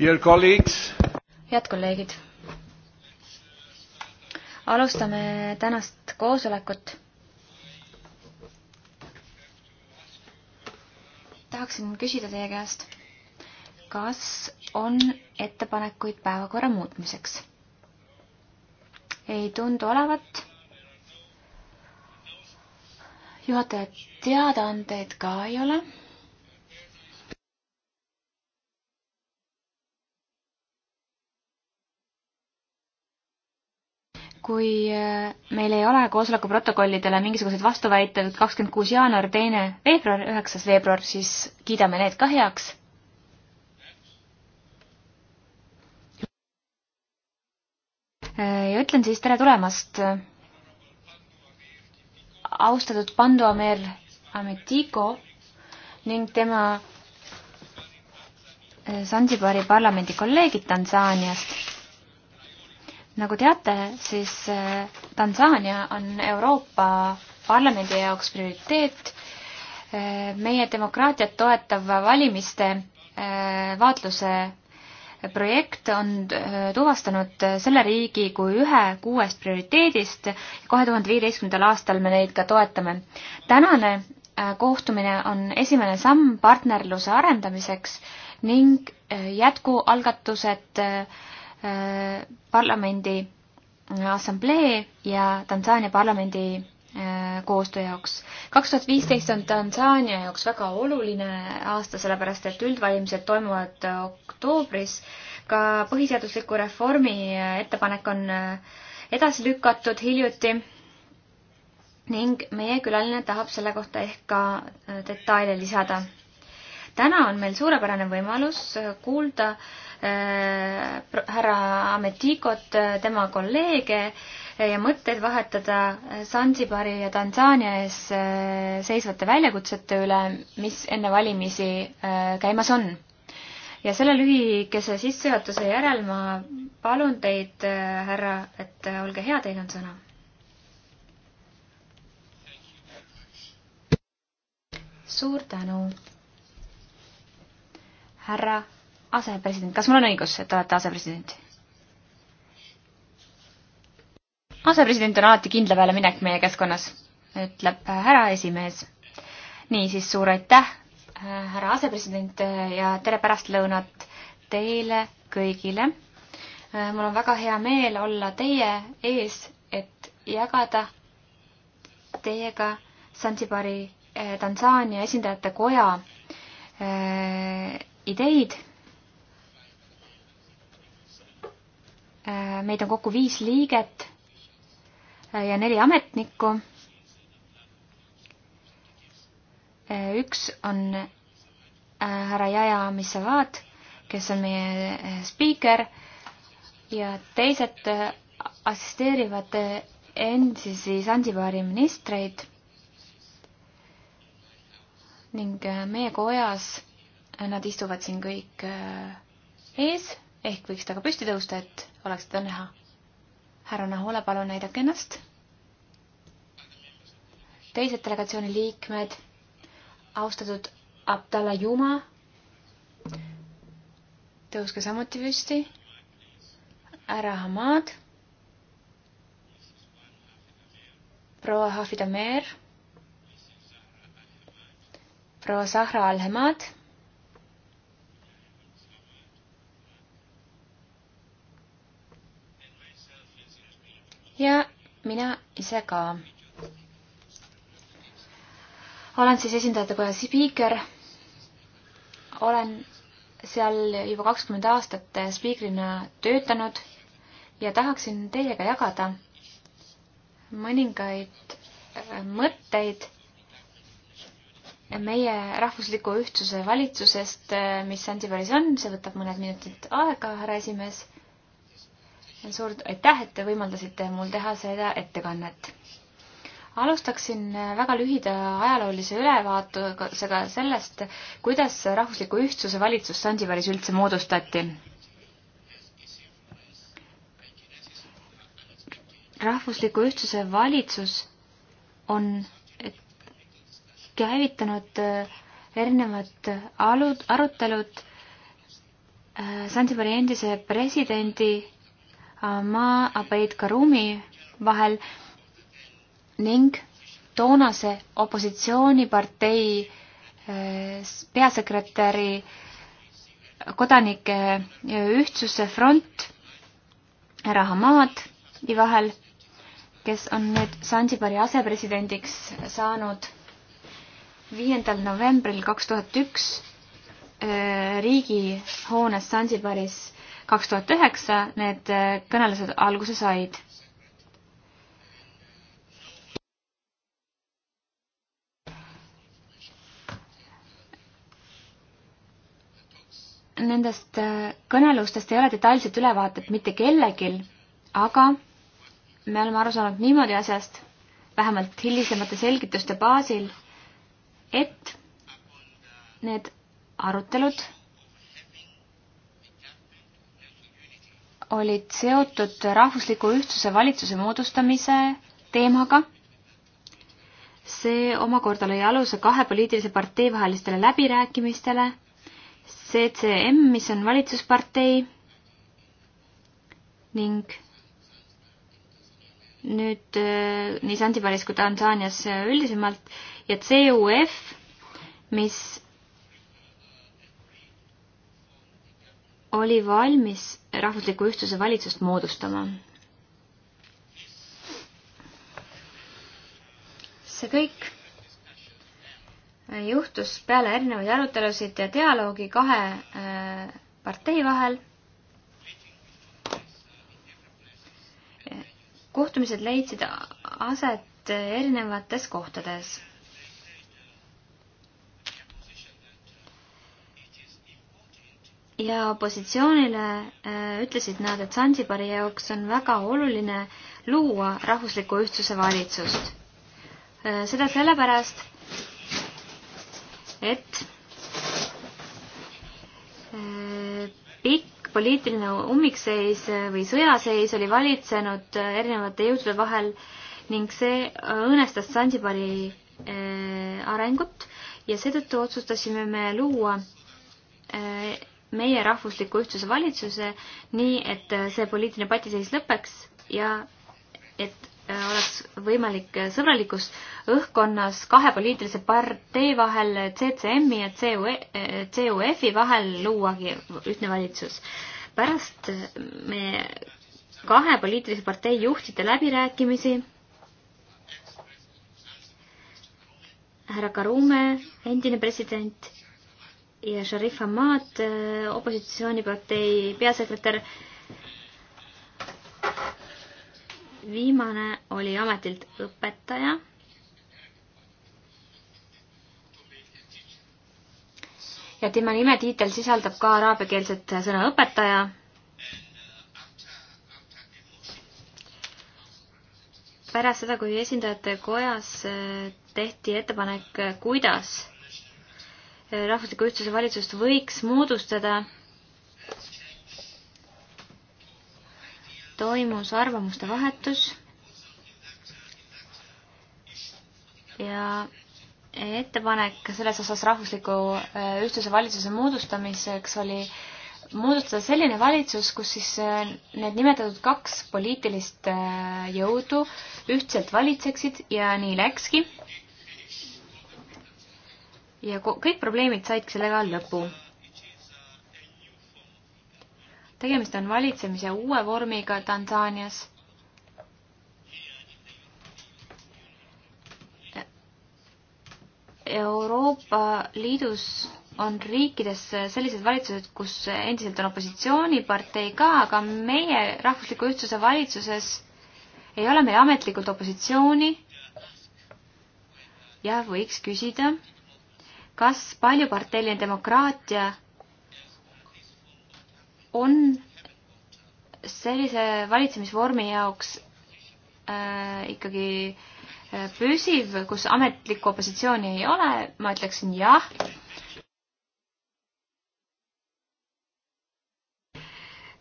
head kolleegid, alustame tänast koosolekut. tahaksin küsida teie käest, kas on ettepanekuid päevakorra muutmiseks? ei tundu olevat. juhataja teadaandeid ka ei ole kui äh, meil ei ole koosoleku protokollidele mingisuguseid vastuväiteid, kakskümmend kuus jaanuar, teine veebruar, üheksas veebruar, siis kiidame need ka heaks. Äh, ja ütlen siis tere tulemast, äh, austatud Pando Amer Ametiko ning tema Sansibari parlamendi kolleegid Tansaaniast nagu teate, siis äh, Tansaania on Euroopa Parlamendi jaoks prioriteet. Äh, meie demokraatiat toetav valimiste äh, vaatluse projekt on tuvastanud selle riigi kui ühe kuuest prioriteedist ja kahe tuhande viieteistkümnendal aastal me neid ka toetame. tänane kohtumine on esimene samm partnerluse arendamiseks ning jätkualgatused äh, parlamendi äh, assamblee ja Tansaania parlamendi äh, koostöö jaoks. kaks tuhat viisteist on Tansaania jaoks väga oluline aasta, sellepärast et üldvalimised toimuvad äh, oktoobris. ka põhiseadusliku reformi ettepanek on edasi lükatud hiljuti ning meie külaline tahab selle kohta ehk ka detaile lisada täna on meil suurepärane võimalus äh, kuulda äh, härra Ametikot, äh, tema kolleege ja mõtteid vahetada Sansibari ja Tansaania ees seisvate väljakutsete üle, mis enne valimisi käimas on. ja selle lühikese sissejuhatuse järel ma palun teid, härra, et olge hea, teil on sõna. suur tänu härra asepresident, kas mul on õigus, et te olete asepresident? asepresident on alati kindla peale minek meie keskkonnas, ütleb härra esimees. niisiis, suur aitäh, härra asepresident ja tere pärastlõunat teile kõigile. mul on väga hea meel olla teie ees, et jagada teiega Sansibari eh, Tansaania esindajate koja eh, ideid. Äh, meid on kokku viis liiget äh, ja neli ametnikku. Äh, üks on härra Jaja Misavad, kes on meie spiiker ja teised assisteerivad endisi Sansibaari ministreid ning meie kojas nad istuvad siin kõik äh, ees, ehk võiks ta ka püsti tõusta, et oleks teda näha. härra Nahula, palun näidake ennast. teised delegatsiooni liikmed, austatud Abdallah Juma, tõuske samuti püsti. härra Hamad, proua Hafid Amer, proua Zahra Al-Hamad ja mina ise ka. olen siis esindajate koja spiiker. olen seal juba kakskümmend aastat spiikrina töötanud ja tahaksin teiega jagada mõningaid äh, mõtteid meie rahvusliku ühtsuse valitsusest, äh, mis Antiveris on, see võtab mõned minutid aega, härra esimees suur aitäh, et te võimaldasite mul teha seda ettekannet alustaksin väga lühida ajaloolise ülevaatusega sellest, kuidas rahvusliku ühtsuse valitsus Sandivaris üldse moodustati. rahvusliku ühtsuse valitsus on käivitanud erinevad alud, arutelud Sandivari äh, endise presidendi Äh, maa Abeid Karumi vahel ning toonase opositsioonipartei äh, peasekretäri kodanike äh, ühtsuse front härra Hamadi vahel, kes on nüüd Sansibari asepresidendiks saanud viiendal novembril kaks tuhat üks riigihoones Sansibaris kaks tuhat üheksa need äh, kõnelused alguse said. Nendest äh, kõnelustest ei ole detailset ülevaatet mitte kellelgi, aga me oleme aru saanud niimoodi asjast, vähemalt hilisemate selgituste baasil, et need arutelud olid seotud rahvusliku ühtsuse valitsuse moodustamise teemaga. see omakorda lõi aluse kahe poliitilise partei vahelistele läbirääkimistele. CCM, mis on valitsuspartei ning nüüd äh, nii Sansibaris kui Tansaanias äh, üldisemalt ja CUF, mis oli valmis rahvusliku ühtsuse valitsust moodustama. see kõik juhtus peale erinevaid arutelusid ja dialoogi kahe äh, partei vahel. kohtumised leidsid aset erinevates kohtades ja positsioonile äh, ütlesid nad, et Sansibari jaoks on väga oluline luua rahvusliku ühtsuse valitsust. Äh, seda sellepärast, et äh, pikk poliitiline ummikseis või sõjaseis oli valitsenud erinevate jõudude vahel ning see õõnestas Sansibari arengut ja seetõttu otsustasime me luua meie rahvusliku ühtsuse valitsuse, nii et äh, see poliitiline patiseis lõpeks ja et äh, oleks võimalik äh, sõbralikus õhkkonnas kahe poliitilise partei vahel, CCM-i ja CUF-i e, vahel luuagi ühtne valitsus. pärast me kahe poliitilise partei juhtide läbirääkimisi härra Karume, endine president ja Sharif Hamad, äh, opositsioonipartei peasekretär. viimane oli ametilt õpetaja. ja tema nimetiitel sisaldab ka araabiakeelset sõna õpetaja pärast seda, kui esindajate kojas äh, tehti ettepanek, kuidas rahvusliku ühtsuse valitsust võiks moodustada, toimus arvamuste vahetus ja ettepanek selles osas rahvusliku äh, ühtsuse valitsuse moodustamiseks oli moodustada selline valitsus, kus siis äh, need nimetatud kaks poliitilist äh, jõudu ühtselt valitseksid ja nii läkski ja kõik probleemid said sellega lõpu. tegemist on valitsemise uue vormiga Tansaanias. Euroopa Liidus on riikides sellised valitsused, kus endiselt on opositsioonipartei ka, aga meie rahvusliku ühtsuse valitsuses ei ole meil ametlikult opositsiooni ja võiks küsida, kas paljuparteiline demokraatia on sellise valitsemisvormi jaoks äh, ikkagi äh, püsiv, kus ametlikku opositsiooni ei ole, ma ütleksin jah.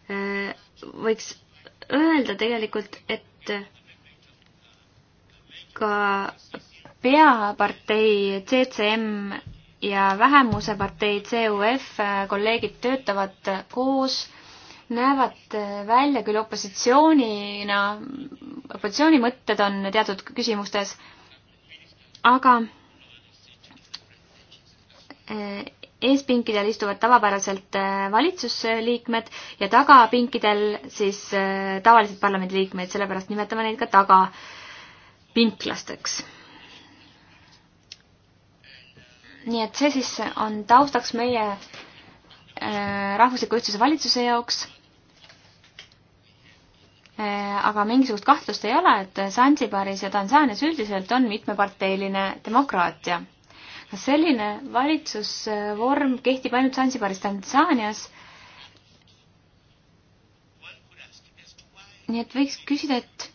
Äh, võiks öelda tegelikult, et ka peapartei CCM ja vähemuse partei CUF äh, kolleegid töötavad koos, näevad äh, välja küll opositsioonina, opositsiooni mõtted on teatud küsimustes, aga äh, eespinkidel istuvad tavapäraselt valitsusliikmed ja tagapinkidel siis tavalised parlamendiliikmed, sellepärast nimetame neid ka tagapinklasteks nii et see siis on taustaks meie äh, rahvusliku ühtsuse valitsuse jaoks. Äh, aga mingisugust kahtlust ei ole, et Zanzibaris ja Tansaanias üldiselt on mitmeparteiline demokraatia. selline valitsusvorm kehtib ainult Zanzibaris, Tansaanias. nii et võiks küsida, et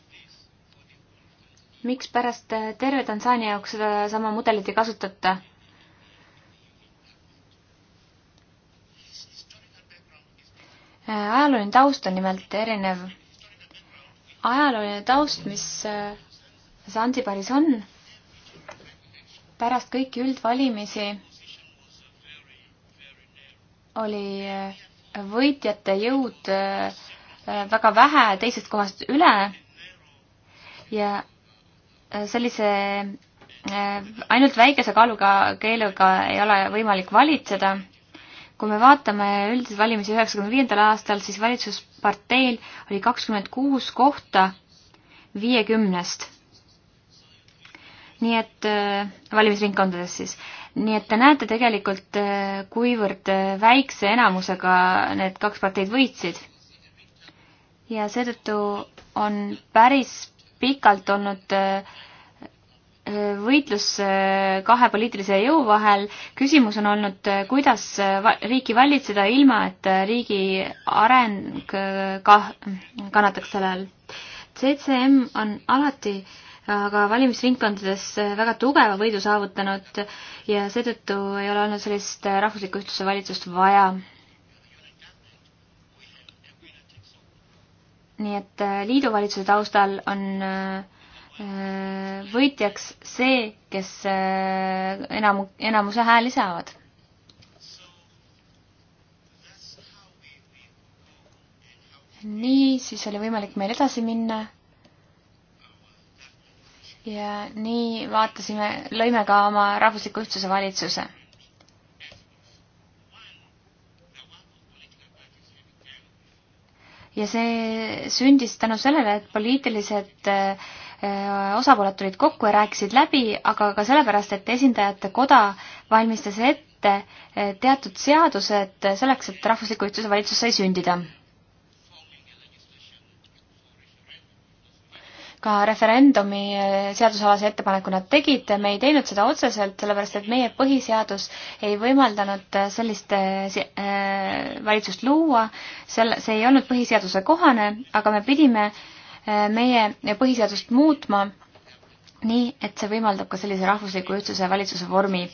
mikspärast terve Tansaania jaoks seda sama mudelit ei kasutata ajalooline taust on nimelt erinev. ajalooline taust, mis Zanzibaris on, pärast kõiki üldvalimisi oli äh, võitjate jõud äh, väga vähe teisest kohast üle ja äh, sellise ainult väikese kaaluga keeluga ei ole võimalik valitseda kui me vaatame üldisi valimisi üheksakümne viiendal aastal, siis valitsusparteil oli kakskümmend kuus kohta viiekümnest. nii et äh, valimisringkondades siis. nii et te näete tegelikult, äh, kuivõrd äh, väikse enamusega need kaks parteid võitsid. ja seetõttu on päris pikalt olnud äh, võitlus äh, kahe poliitilise jõu vahel. küsimus on olnud, äh, kuidas äh, riiki valitseda, ilma et riigi areng kah-, kannataks selle all. CCM on alati aga valimisringkondades väga tugeva võidu saavutanud ja seetõttu ei ole olnud sellist rahvusliku ühtsuse valitsust vaja. nii et liiduvalitsuse taustal on äh, võitjaks see, kes äh, enam, enamuse hääli saavad. nii, siis oli võimalik meil edasi minna. ja nii vaatasime, lõime ka oma rahvusliku ühtsuse valitsuse ja see sündis tänu sellele, et poliitilised äh, Äh, osapooled tulid kokku ja rääkisid läbi, aga ka sellepärast, et esindajate koda valmistas ette äh, teatud seadused selleks, et rahvusliku ühtsuse valitsus sai sündida. ka referendumi äh, seadusalase ettepaneku nad tegid, me ei teinud seda otseselt, sellepärast et meie põhiseadus ei võimaldanud sellist valitsust luua, selle, see ei olnud põhiseaduse kohane, aga me pidime äh, meie põhiseadust muutma nii, et see võimaldab ka sellise rahvusliku ühtsuse valitsuse vormi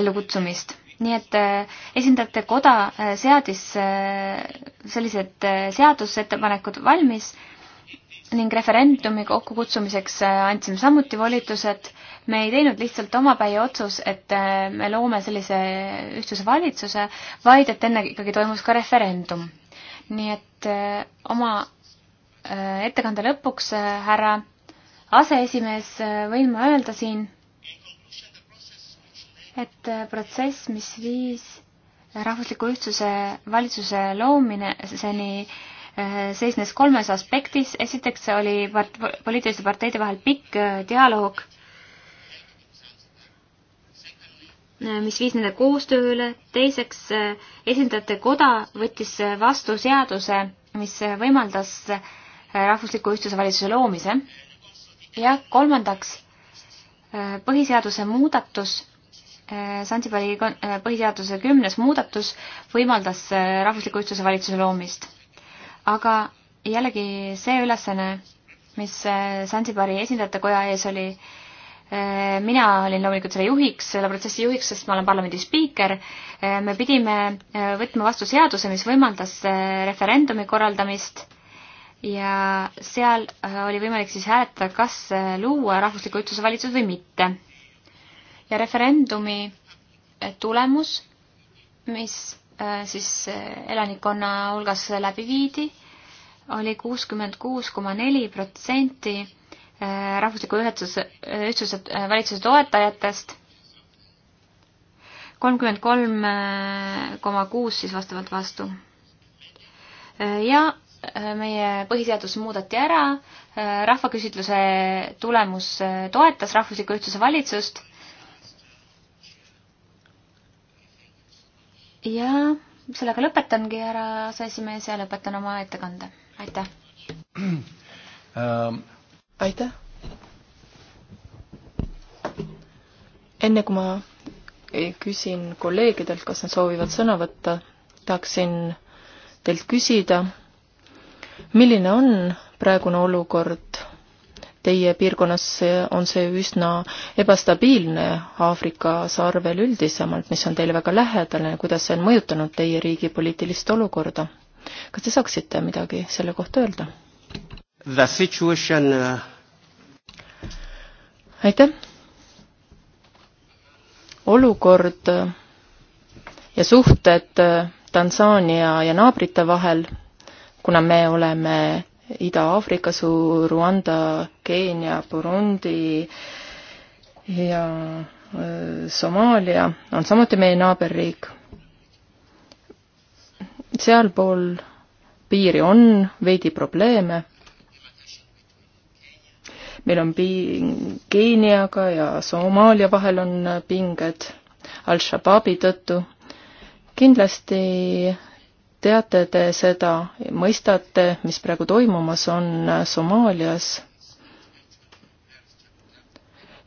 ellukutsumist. nii et äh, esindajate koda äh, seadis äh, sellised seadusettepanekud valmis ning referendumi kokkukutsumiseks andsime samuti volitused. me ei teinud lihtsalt omapäi otsus, et me loome sellise ühtsuse valitsuse, vaid et enne ikkagi toimus ka referendum. nii et oma Äh, ettekande lõpuks, äh, härra aseesimees, äh, võin ma öelda siin, et protsess, mis viis rahvusliku ühtsuse valitsuse loomineseni, seisnes kolmes aspektis. esiteks oli part-, poliitiliste parteide vahel pikk dialoog, mis viis nende koostööle. teiseks, esindajate koda võttis vastu seaduse, mis võimaldas äh, Äh, rahvusliku ühtsuse valitsuse loomise. ja kolmandaks, äh, põhiseaduse muudatus, Sansibari äh, põhiseaduse kümnes muudatus võimaldas rahvusliku ühtsuse valitsuse loomist. aga jällegi see ülesanne, mis Sansibari esindajate koja ees oli, mina olin loomulikult selle juhiks, selle protsessi juhiks, sest ma olen parlamendi spiiker. me pidime võtma vastu seaduse, mis võimaldas referendumi korraldamist ja seal äh, oli võimalik siis hääletada, kas äh, luua rahvusliku ühtsuse valitsus või mitte. ja referendumi äh, tulemus, mis siis elanikkonna hulgas läbi viidi oli, oli kuuskümmend kuus koma neli protsenti rahvusliku ühtsuse, ühtsuse valitsuse toetajatest, kolmkümmend kolm koma kuus siis vastavalt vastu. ja Äh, meie põhiseadus muudeti ära, äh, rahvaküsitluse tulemus äh, toetas rahvusliku ühtsuse valitsust ja sellega lõpetangi, härra aseesimees, ja lõpetan oma ettekande. aitäh ähm.! aitäh! enne kui ma küsin kolleegidelt, kas nad soovivad sõna võtta, tahaksin teilt küsida milline on praegune olukord? Teie piirkonnas on see üsna ebastabiilne Aafrika sarvel üldisemalt, mis on teile väga lähedane, kuidas see on mõjutanud teie riigi poliitilist olukorda? kas te saaksite midagi selle kohta öelda? The situation uh, aitäh! olukord ja suhted Tansaania ja naabrite vahel kuna me oleme Ida-Aafrikas, Rwanda, Keenia, Burundi ja äh, Somaalia on samuti meie naaberriik. sealpool piiri on veidi probleeme. meil on pii-, Keeniaga ja Somaalia vahel on pinged Al-Shabaabi tõttu. kindlasti teate te seda, mõistate, mis praegu toimumas on äh, Somaalias?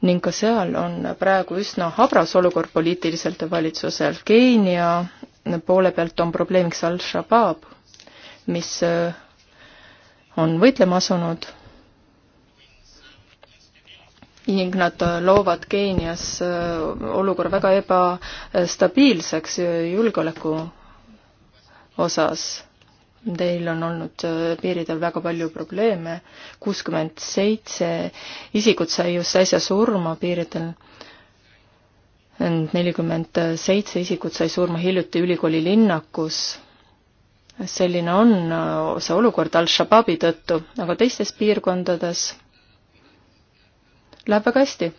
ning ka seal on praegu üsna habras olukord poliitiliselt ja valitsusel. Keenia poole pealt on probleemiks Al-Shabaab, mis äh, on võitlema asunud ning nad äh, loovad Keenias olukorra väga ebastabiilseks julgeoleku osas. Teil on olnud äh, piiridel väga palju probleeme, kuuskümmend seitse isikut sai just äsja surma piiridel. nelikümmend seitse isikut sai surma hiljuti ülikooli linnakus. selline on äh, see olukord Al-Shabaabi tõttu, aga teistes piirkondades läheb väga hästi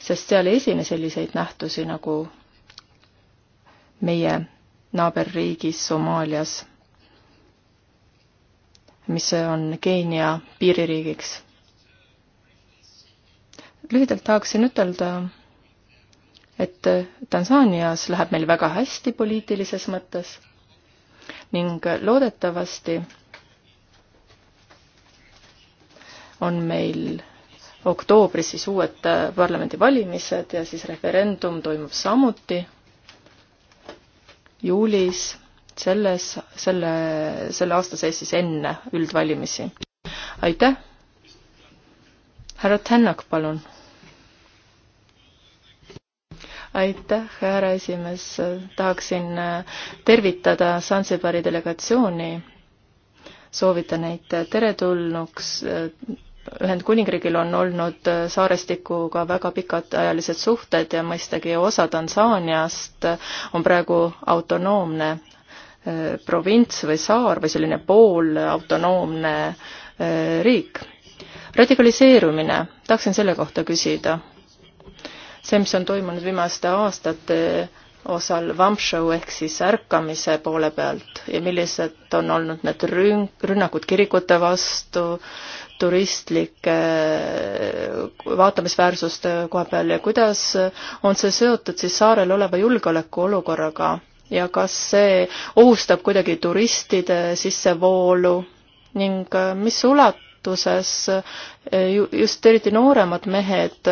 sest seal ei esine selliseid nähtusi nagu meie naaberriigis Somaalias, mis on Keenia piiririigiks. lühidalt tahaksin ütelda, et Tansaanias läheb meil väga hästi poliitilises mõttes ning loodetavasti on meil oktoobris siis uued parlamendivalimised ja siis referendum toimub samuti juulis selles, selle, selle aasta sees siis enne üldvalimisi. aitäh! härra Tännak, palun! aitäh, härra esimees, tahaksin äh, tervitada Sansebari delegatsiooni, soovida neid teretulnuks äh, Ühendkuningriigil on olnud äh, saarestikuga väga pikaajalised suhted ja mõistagi osa Tansaaniast äh, on praegu autonoomne äh, provints või saar või selline poolautonoomne riik. radikaliseerumine, tahaksin selle kohta küsida. see, mis on toimunud viimaste aastate osal Vamšõu ehk siis ärkamise poole pealt ja millised on olnud need rünn-, rünnakud kirikute vastu, turistlike eh, vaatamisväärsuste eh, koha peal ja kuidas on see seotud siis saarel oleva julgeolekuolukorraga ja kas see ohustab kuidagi turistide sissevoolu ning eh, mis ulatuses just eriti nooremad mehed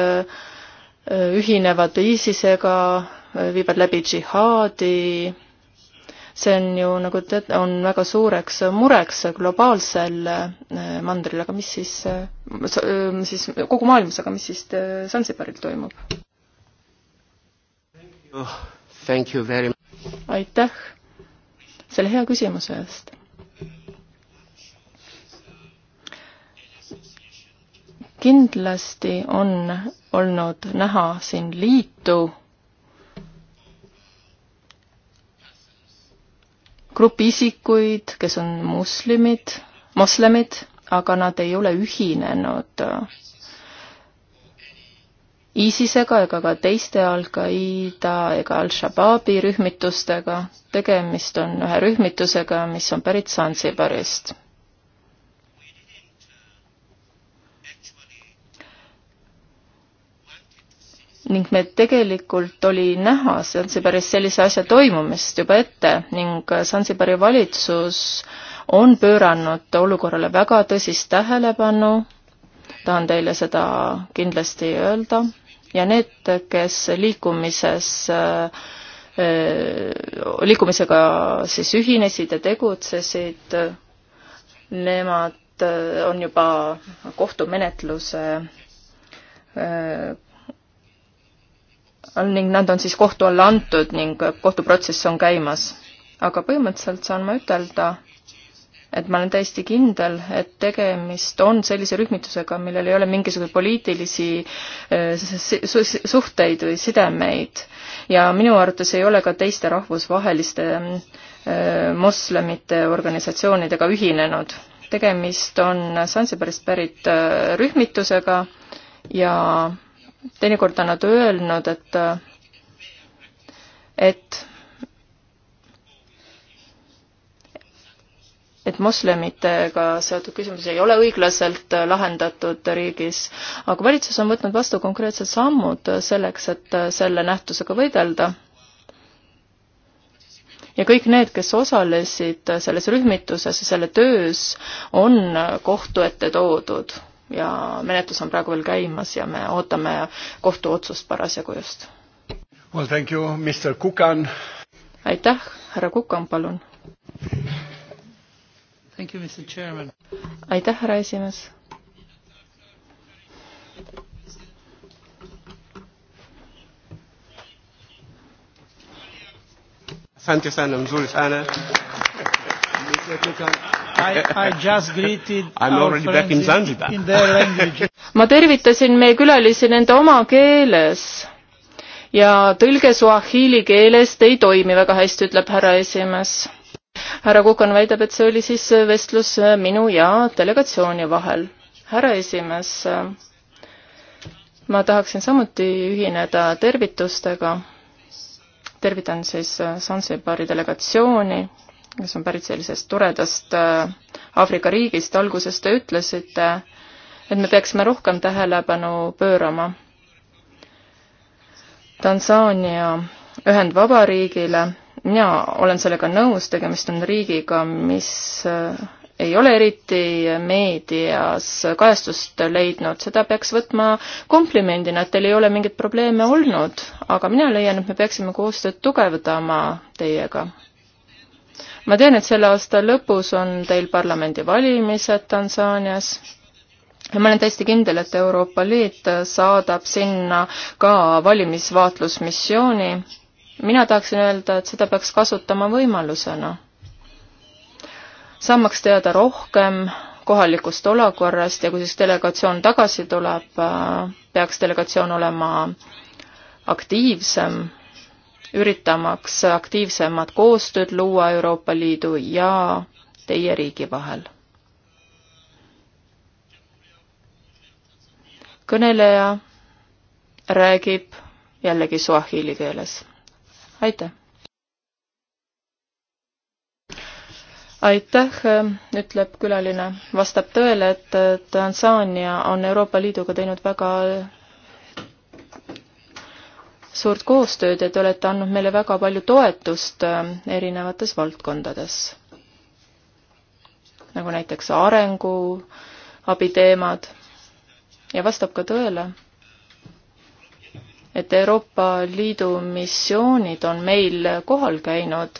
ühinevad ISISega, viivad läbi džihaadi see on ju nagu te-, on väga suureks mureks globaalsel äh, mandril, aga mis siis, äh, äh, siis kogu maailmas, aga mis siis Zanzibaril toimub? aitäh selle hea küsimuse eest kindlasti on olnud näha siin liitu grupi isikuid, kes on muslimid, moslemid, aga nad ei ole ühinenud äh, ISISega ega ka teiste Al-Qaeda ega Al-Shabaabi rühmitustega. tegemist on ühe rühmitusega, mis on pärit Zanzibarist ning me tegelikult oli näha Sansibaris sellise asja toimumist juba ette ning Sansibari valitsus on pööranud olukorrale väga tõsist tähelepanu, tahan teile seda kindlasti öelda, ja need, kes liikumises äh, liikumisega siis ühinesid ja tegutsesid, nemad äh, on juba kohtumenetluse äh, ning nad on siis kohtu alla antud ning kohtuprotsess on käimas. aga põhimõtteliselt saan ma ütelda, et ma olen täiesti kindel, et tegemist on sellise rühmitusega, millel ei ole mingisuguseid poliitilisi äh, suhteid või sidemeid. ja minu arvates ei ole ka teiste rahvusvaheliste äh, moslemite organisatsioonidega ühinenud. tegemist on Sansibarist pärit äh, rühmitusega ja teinekord on nad öelnud, et, et et moslemitega seotud küsimusi ei ole õiglaselt lahendatud riigis, aga valitsus on võtnud vastu konkreetsed sammud selleks, et selle nähtusega võidelda. ja kõik need, kes osalesid selles rühmituses ja selle töös, on kohtu ette toodud ja menetlus on praegu veel käimas ja me ootame kohtuotsust parasjagu just. Well thank you, Mr Kukan. aitäh, härra Kukan, palun. Thank you, Mr Chairman. aitäh, härra esimees. Asante sana, mzuri sana. Mr Kukan. I, I just greeted I'm already back in Zanzibar. In their language. ma tervitasin meie külalisi nende oma keeles ja tõlge suahiili keelest ei toimi väga hästi, ütleb härra esimees. härra Kukan väidab, et see oli siis vestlus minu ja delegatsiooni vahel. härra esimees, ma tahaksin samuti ühineda tervitustega. tervitan siis Zanzibari delegatsiooni kes on pärit sellisest toredast äh, Aafrika riigist, alguses te ütlesite, et me peaksime rohkem tähelepanu pöörama Tansaania Ühendvabariigile. mina olen sellega nõus, tegemist on riigiga, mis äh, ei ole eriti meedias kajastust leidnud, seda peaks võtma komplimendina, et teil ei ole mingeid probleeme olnud, aga mina leian, et me peaksime koostööd tugevdama teiega ma tean, et selle aasta lõpus on teil parlamendivalimised Tansaanias ja ma olen täiesti kindel, et Euroopa Liit saadab sinna ka valimisvaatlusmissiooni. mina tahaksin öelda, et seda peaks kasutama võimalusena, saamaks teada rohkem kohalikust olukorrast ja kui siis delegatsioon tagasi tuleb, peaks delegatsioon olema aktiivsem üritamaks aktiivsemat koostööd luua Euroopa Liidu ja teie riigi vahel. kõneleja räägib jällegi suahiili keeles. aitäh! aitäh, ütleb külaline. vastab tõele, et Tansaania on Euroopa Liiduga teinud väga suurt koostööd ja te olete andnud meile väga palju toetust äh, erinevates valdkondades. nagu näiteks arenguabi teemad ja vastab ka tõele, et Euroopa Liidu missioonid on meil kohal käinud.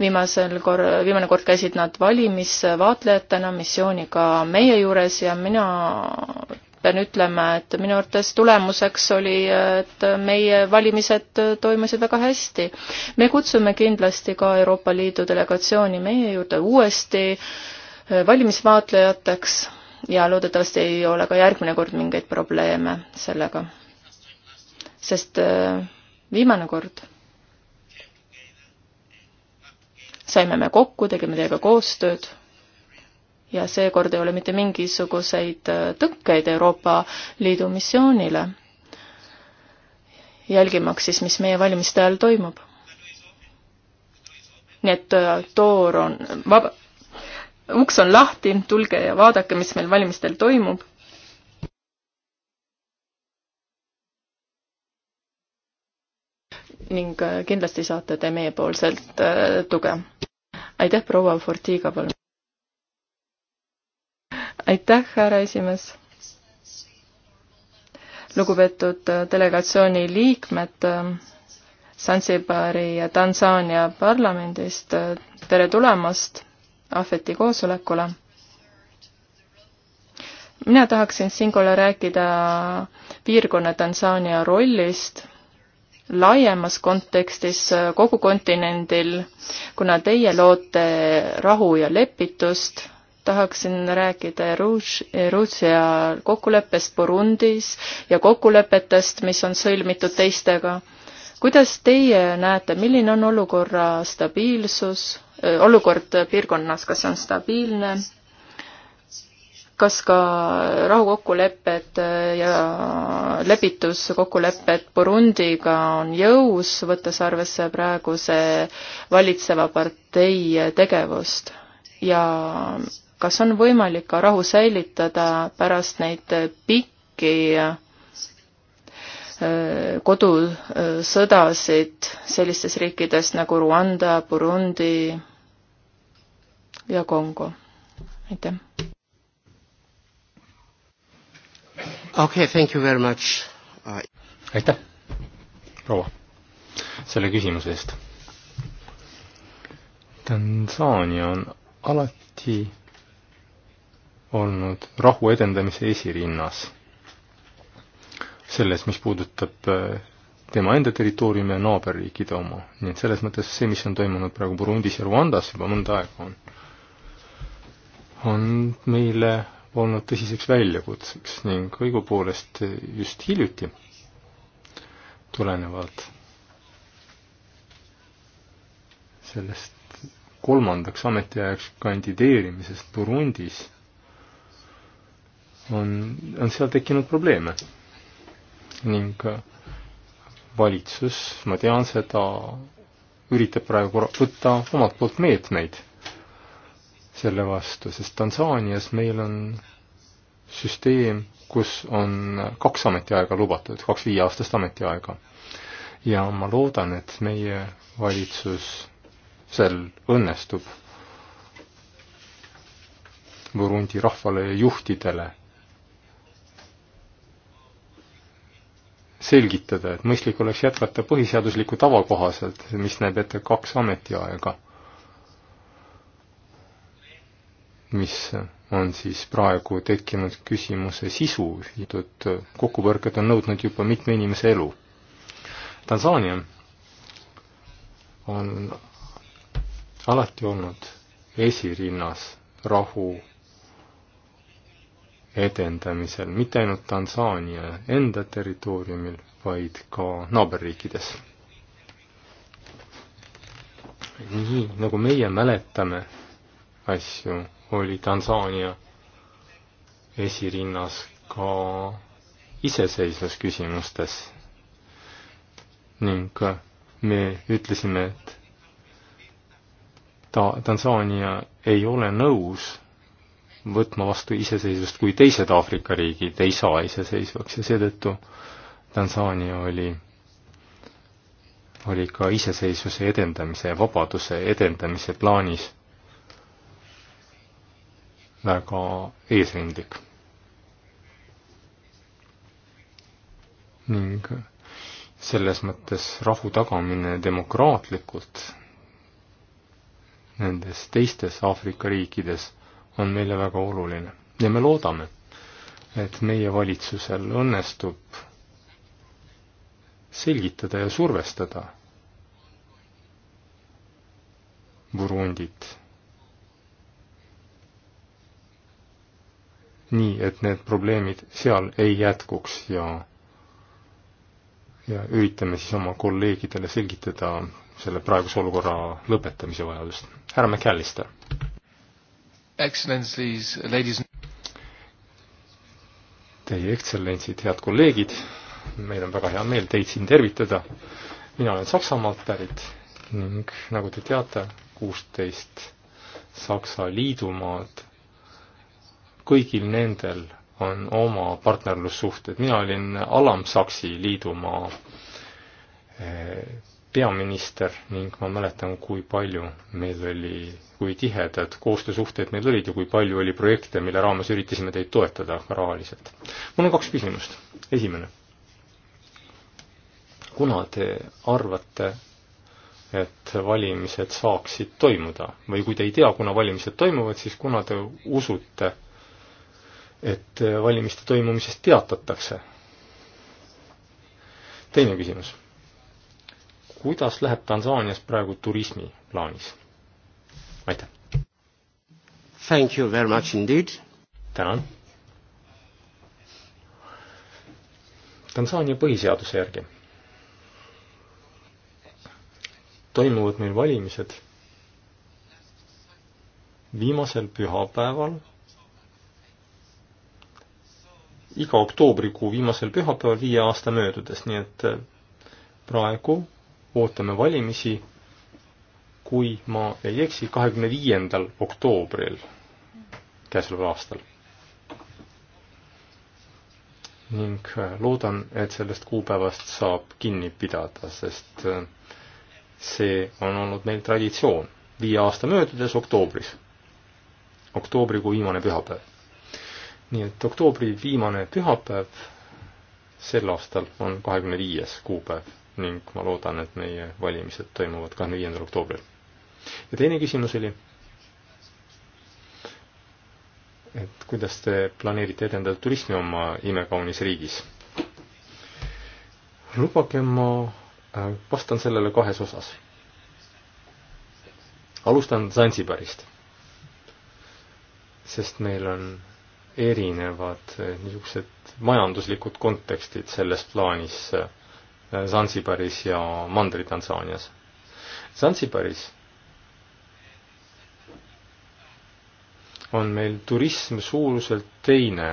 viimasel kor-, viimane kord käisid nad valimisvaatlejatena missiooniga meie juures ja mina pean ütlema, et minu arvates tulemuseks oli, et meie valimised toimusid väga hästi. me kutsume kindlasti ka Euroopa Liidu delegatsiooni meie juurde uuesti valimisvaatlejateks ja loodetavasti ei ole ka järgmine kord mingeid probleeme sellega. sest äh, viimane kord saime me kokku, tegime teiega koostööd ja seekord ei ole mitte mingisuguseid äh, tõkkeid Euroopa Liidu missioonile, jälgimaks siis, mis meie valimiste ajal toimub. nii et äh, toor on vaba, uks on lahti, tulge ja vaadake, mis meil valimistel toimub ning äh, kindlasti saate te meiepoolselt tuge. aitäh, proua Fortiga, palun! aitäh, härra esimees. lugupeetud delegatsiooni liikmed Sansibari äh, ja Tansaania parlamendist, äh, tere tulemast Ahveti koosolekule. mina tahaksin siinkohal rääkida piirkonna Tansaania rollist laiemas kontekstis äh, kogu kontinendil, kuna teie loote rahu ja lepitust tahaksin rääkida Ruutsia kokkuleppest Burundis ja kokkulepetest, mis on sõlmitud teistega. kuidas teie näete, milline on olukorra stabiilsus, olukord piirkonnas, kas see on stabiilne? kas ka rahukokkulepped ja lepituskokkulepped Burundiga on jõus, võttes arvesse praeguse valitseva partei tegevust ja kas on võimalik ka rahu säilitada pärast neid pikki äh, kodusõdasid sellistes riikides nagu Rwanda, Burundi ja Kongo. aitäh. okei okay,, thank you very much uh.... aitäh, proua, selle küsimuse eest. Tansaania on alati olnud rahu edendamise esirinnas. selles, mis puudutab äh, tema enda territooriumi ja naaberriikide oma. nii et selles mõttes see, mis on toimunud praegu Burundis ja Rwandas juba mõnda aega, on, on meile olnud tõsiseks väljakutseks ning õigupoolest just hiljuti tulenevalt sellest kolmandaks ametiajaks kandideerimisest Burundis on, on seal tekkinud probleeme. ning äh, valitsus, ma tean seda, üritab praegu võtta omalt poolt meetmeid selle vastu, sest Tansaanias meil on süsteem, kus on kaks ametiaega lubatud, kaks viieaastast ametiaega. ja ma loodan, et meie valitsus sel õnnestub Burundi rahvale ja juhtidele selgitada, et mõistlik oleks jätkata põhiseadusliku tava kohaselt, mis näeb ette kaks ametiaega, mis on siis praegu tekkinud küsimuse sisu, et kokkupõrked on nõudnud juba mitme inimese elu. Tansaania on alati olnud esirinnas rahu edendamisel, mitte ainult Tansaania enda territooriumil, vaid ka naaberriikides. nii, nagu meie mäletame asju, oli Tansaania esirinnas ka iseseisvusküsimustes ning me ütlesime, et ta, Tansaania ei ole nõus võtma vastu iseseisvust, kui teised Aafrika riigid ei saa iseseisvaks ja seetõttu Tansaania oli, oli ka iseseisvuse edendamise ja vabaduse edendamise plaanis väga eesrindlik. ning selles mõttes rahu tagamine demokraatlikult nendes teistes Aafrika riikides on meile väga oluline ja me loodame, et meie valitsusel õnnestub selgitada ja survestada Burundit nii, et need probleemid seal ei jätkuks ja ja üritame siis oma kolleegidele selgitada selle praeguse olukorra lõpetamise vajadust. härra McAllister Excellencies, ladies. Teie ekstsellentsid, head kolleegid, meil on väga hea meel teid siin tervitada. mina olen Saksamaalt pärit ning nagu te teate, kuusteist Saksa liidumaad, kõigil nendel on oma partnerlussuhted. mina olin Alam-Saksi liidumaa eh, peaminister ning ma mäletan, kui palju meil oli, kui tihedad koostöösuhted meil olid ja kui palju oli projekte, mille raames üritasime teid toetada ka rahaliselt. mul on kaks küsimust. esimene. kuna te arvate, et valimised saaksid toimuda või kui te ei tea, kuna valimised toimuvad, siis kuna te usute, et valimiste toimumisest teatatakse? teine küsimus kuidas läheb Tansaanias praegu turismi plaanis? aitäh! Thank you very much indeed! tänan! Tansaania põhiseaduse järgi toimuvad meil valimised viimasel pühapäeval, iga oktoobrikuu viimasel pühapäeval viie aasta möödudes, nii et eh, praegu ootame valimisi, kui ma ei eksi, kahekümne viiendal oktoobril käesoleval aastal. ning äh, loodan, et sellest kuupäevast saab kinni pidada, sest äh, see on olnud meil traditsioon viie aasta möödudes oktoobris, oktoobrikuu viimane pühapäev. nii et oktoobri viimane pühapäev sel aastal on kahekümne viies kuupäev ning ma loodan, et meie valimised toimuvad kahekümne viiendal oktoobril. ja teine küsimus oli, et kuidas te planeerite edendada turismi oma imekaunis riigis? lubage, ma äh, vastan sellele kahes osas. alustan Zanzibarist, sest meil on erinevad äh, niisugused majanduslikud kontekstid selles plaanis äh, Zanzibaris ja Mandri-Tansaanias. Zanzibaris on meil turism suuruselt teine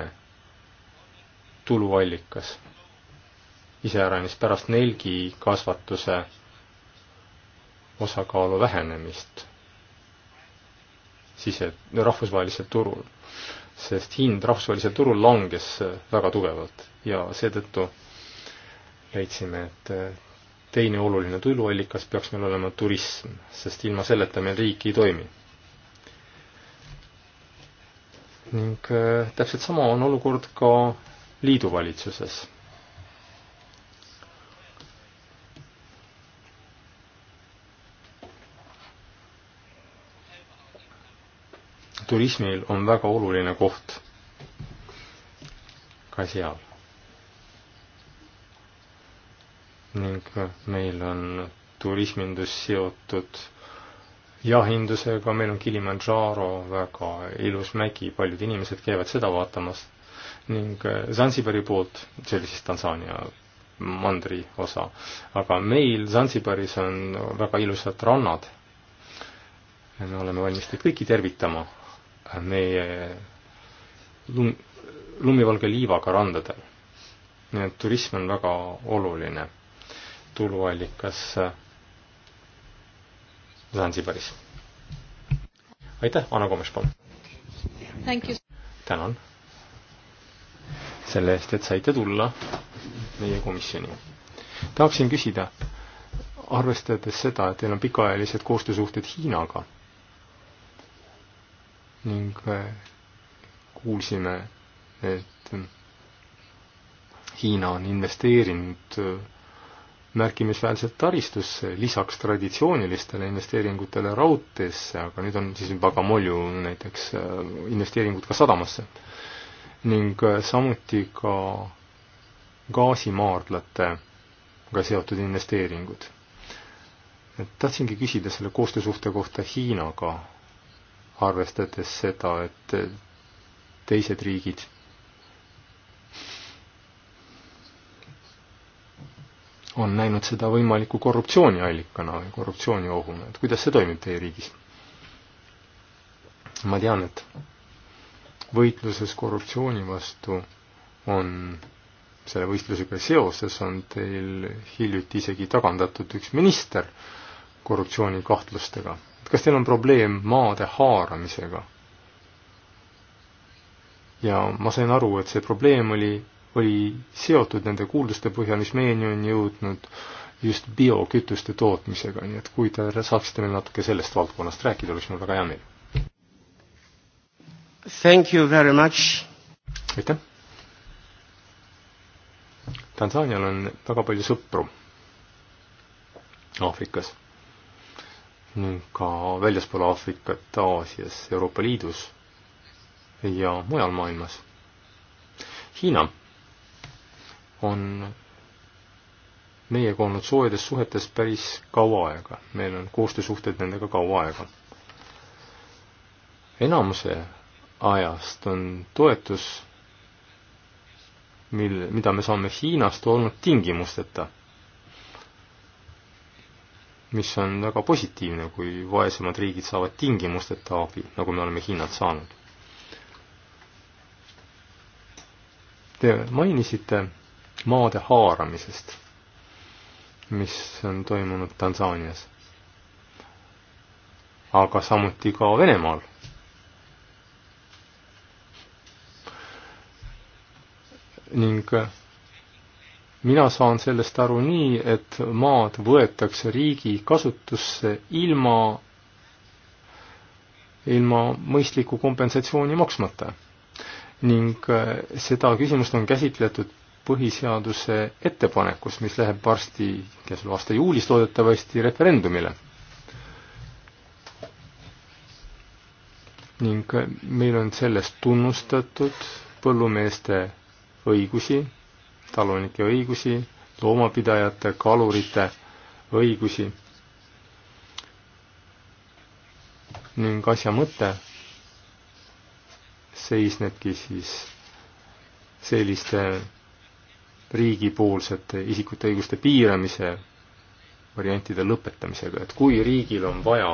tuluallikas, iseäranis pärast nelgi kasvatuse osakaalu vähenemist sise, rahvusvahelisel turul. sest hind rahvusvahelisel turul langes väga tugevalt ja seetõttu leidsime, et äh, teine oluline tuluallikas peaks meil olema turism, sest ilma selleta meil riik ei toimi. ning äh, täpselt sama on olukord ka liiduvalitsuses. turismil on väga oluline koht ka seal ning meil on turismindus seotud jahindusega, meil on Kilimandžaro, väga ilus mägi, paljud inimesed käivad seda vaatamas ning Zanzibari poolt, see oli siis Tansaania mandri osa, aga meil Zanzibaris on väga ilusad rannad. me oleme valmis teid kõiki tervitama meie lum-, lumivalge liivaga randadel. nii et turism on väga oluline tuluallikas Zanzibaris. aitäh, Anna Komes, palun! tänan selle eest, et saite tulla meie komisjoni. tahaksin küsida, arvestades seda, et teil on pikaajalised koostöösuhted Hiinaga ning äh, kuulsime, et Hiina on investeerinud äh, märkimisväärselt taristusse, lisaks traditsioonilistele investeeringutele raudteesse, aga nüüd on siis juba ka molju näiteks äh, investeeringud ka sadamasse. ning äh, samuti ka gaasimaardlatega seotud investeeringud. et tahtsingi küsida selle koostöösuhte kohta Hiinaga, arvestades seda, et teised riigid on näinud seda võimaliku korruptsiooniallikana või korruptsiooniohuna, et kuidas see toimib teie riigis? ma tean, et võitluses korruptsiooni vastu on selle võistlusega seoses on teil hiljuti isegi tagandatud üks minister korruptsioonikahtlustega. kas teil on probleem maade haaramisega? ja ma sain aru, et see probleem oli või seotud nende kuulduste põhjal, mis meieni on jõudnud just biokütuste tootmisega, nii et kui te saaksite meil natuke sellest valdkonnast rääkida, oleks mul väga hea meel. Thank you very much. aitäh. Tansaanial on väga palju sõpru Aafrikas ning ka väljaspool Aafrikat, Aasias, Euroopa Liidus ja mujal maailmas. Hiina on meiega olnud soojades suhetes päris kaua aega, meil on koostöösuhted nendega kaua aega. enamuse ajast on toetus, mil, mida me saame Hiinast, olnud tingimusteta, mis on väga positiivne, kui vaesemad riigid saavad tingimusteta abi, nagu me oleme Hiinalt saanud. Te mainisite maade haaramisest, mis on toimunud Tansaanias, aga samuti ka Venemaal. ning mina saan sellest aru nii, et maad võetakse riigi kasutusse ilma, ilma mõistliku kompensatsiooni maksmata ning seda küsimust on käsitletud põhiseaduse ettepanekus, mis läheb varsti, käesoleva aasta juulis loodetavasti referendumile. ning äh, meil on selles tunnustatud põllumeeste õigusi, talunike õigusi, loomapidajate, kalurite õigusi. ning asja mõte seisnebki siis selliste riigipoolsete isikute õiguste piiramise variantide lõpetamisega, et kui riigil on vaja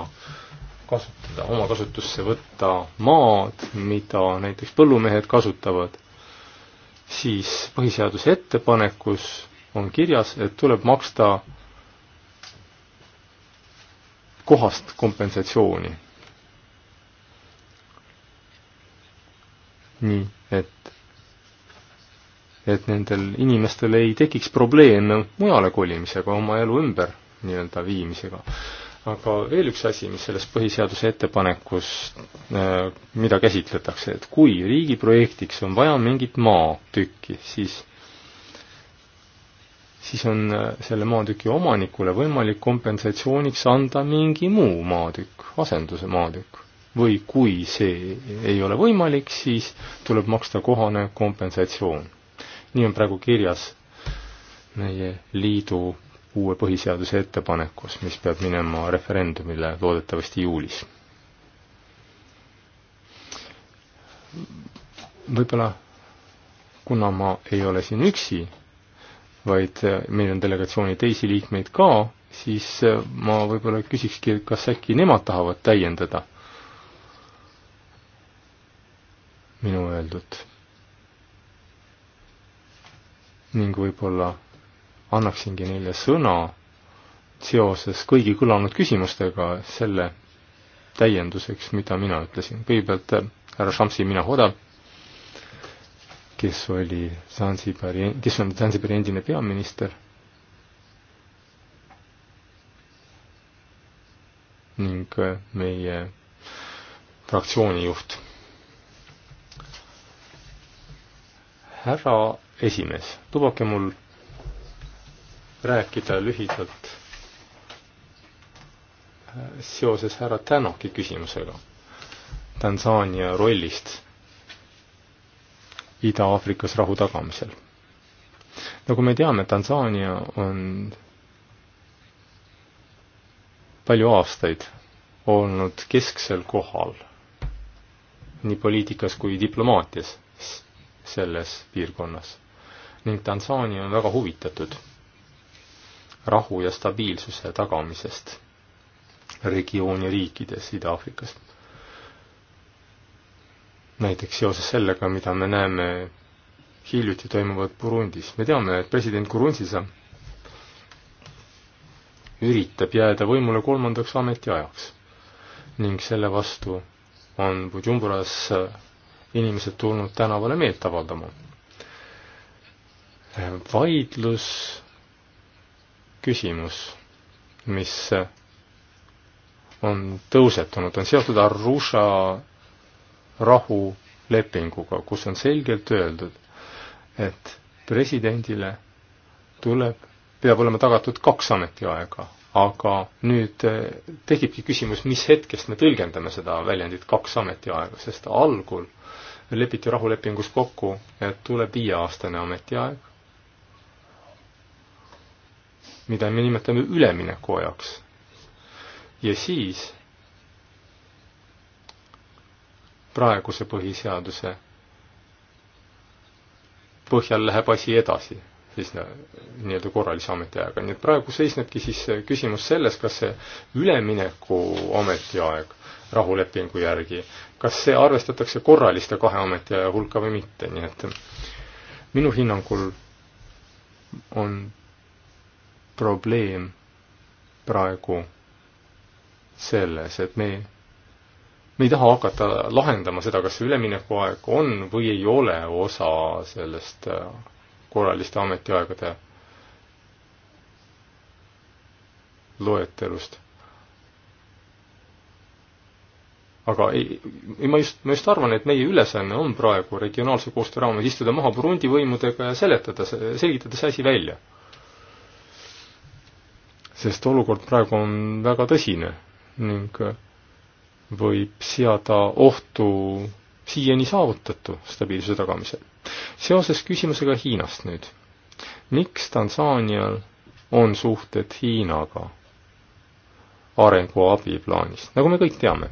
kasutada, oma kasutusse võtta maad, mida näiteks põllumehed kasutavad, siis põhiseaduse ettepanekus on kirjas, et tuleb maksta kohast kompensatsiooni. nii, et et nendel inimestel ei tekiks probleeme mujale kolimisega, oma elu ümber nii-öelda viimisega. aga veel üks asi, mis selles põhiseaduse ettepanekus, äh, mida käsitletakse, et kui riigiprojektiks on vaja mingit maatükki, siis siis on äh, selle maatüki omanikule võimalik kompensatsiooniks anda mingi muu maatükk, asenduse maatükk. või kui see ei ole võimalik, siis tuleb maksta kohane kompensatsioon nii on praegu kirjas meie liidu uue põhiseaduse ettepanekus, mis peab minema referendumile loodetavasti juulis. võib-olla kuna ma ei ole siin üksi, vaid meil on delegatsiooni teisi liikmeid ka, siis ma võib-olla küsikski, kas äkki nemad tahavad täiendada minu öeldut ning võib-olla annaksingi neile sõna seoses kõigi kõlanud küsimustega selle täienduseks, mida mina ütlesin. kõigepealt äh, härra Shamsi Minahoda, kes oli Zanzibari, kes on Zanzibari endine peaminister ning äh, meie fraktsiooni juht. härra esimees, lubage mul rääkida lühidalt seoses härra Tänoki küsimusega Tansaania rollist Ida-Aafrikas rahu tagamisel. nagu me teame, Tansaania on palju aastaid olnud kesksel kohal nii poliitikas kui diplomaatias selles piirkonnas ning Tansaania on väga huvitatud rahu ja stabiilsuse tagamisest regiooni riikides Ida-Aafrikas. näiteks seoses sellega, mida me näeme hiljuti toimuvat Burundis. me teame, et president Kurunziza üritab jääda võimule kolmandaks ametiajaks ning selle vastu on Bujumburas inimesed tulnud tänavale meelt avaldama vaidlus, küsimus, mis on tõusetunud, on seotud Arusha rahulepinguga, kus on selgelt öeldud, et presidendile tuleb, peab olema tagatud kaks ametiaega, aga nüüd eh, tekibki küsimus, mis hetkest me tõlgendame seda väljendit kaks ametiaega, sest algul lepiti rahulepingus kokku, et tuleb viieaastane ametiaeg mida me nimetame üleminekuajaks. ja siis praeguse põhiseaduse põhjal läheb asi edasi, siis nii-öelda korralise ametiajaga, nii et praegu seisnebki siis küsimus selles, kas see ülemineku ametiaeg rahulepingu järgi, kas see arvestatakse korraliste kahe ametiaja hulka või mitte, nii et minu hinnangul on probleem praegu selles, et me, me ei taha hakata lahendama seda, kas see üleminekuaeg on või ei ole osa sellest äh, korraliste ametiaegade loetelust. aga ei, ei, ma just, ma just arvan, et meie ülesanne on praegu regionaalse koostöö raames istuda maha Burundi võimudega ja seletada see, selgitada see asi välja sest olukord praegu on väga tõsine ning võib seada ohtu siiani saavutatu stabiilsuse tagamisel. seoses küsimusega Hiinast nüüd. miks Tansaanial on suhted Hiinaga arenguabi plaanis, nagu me kõik teame?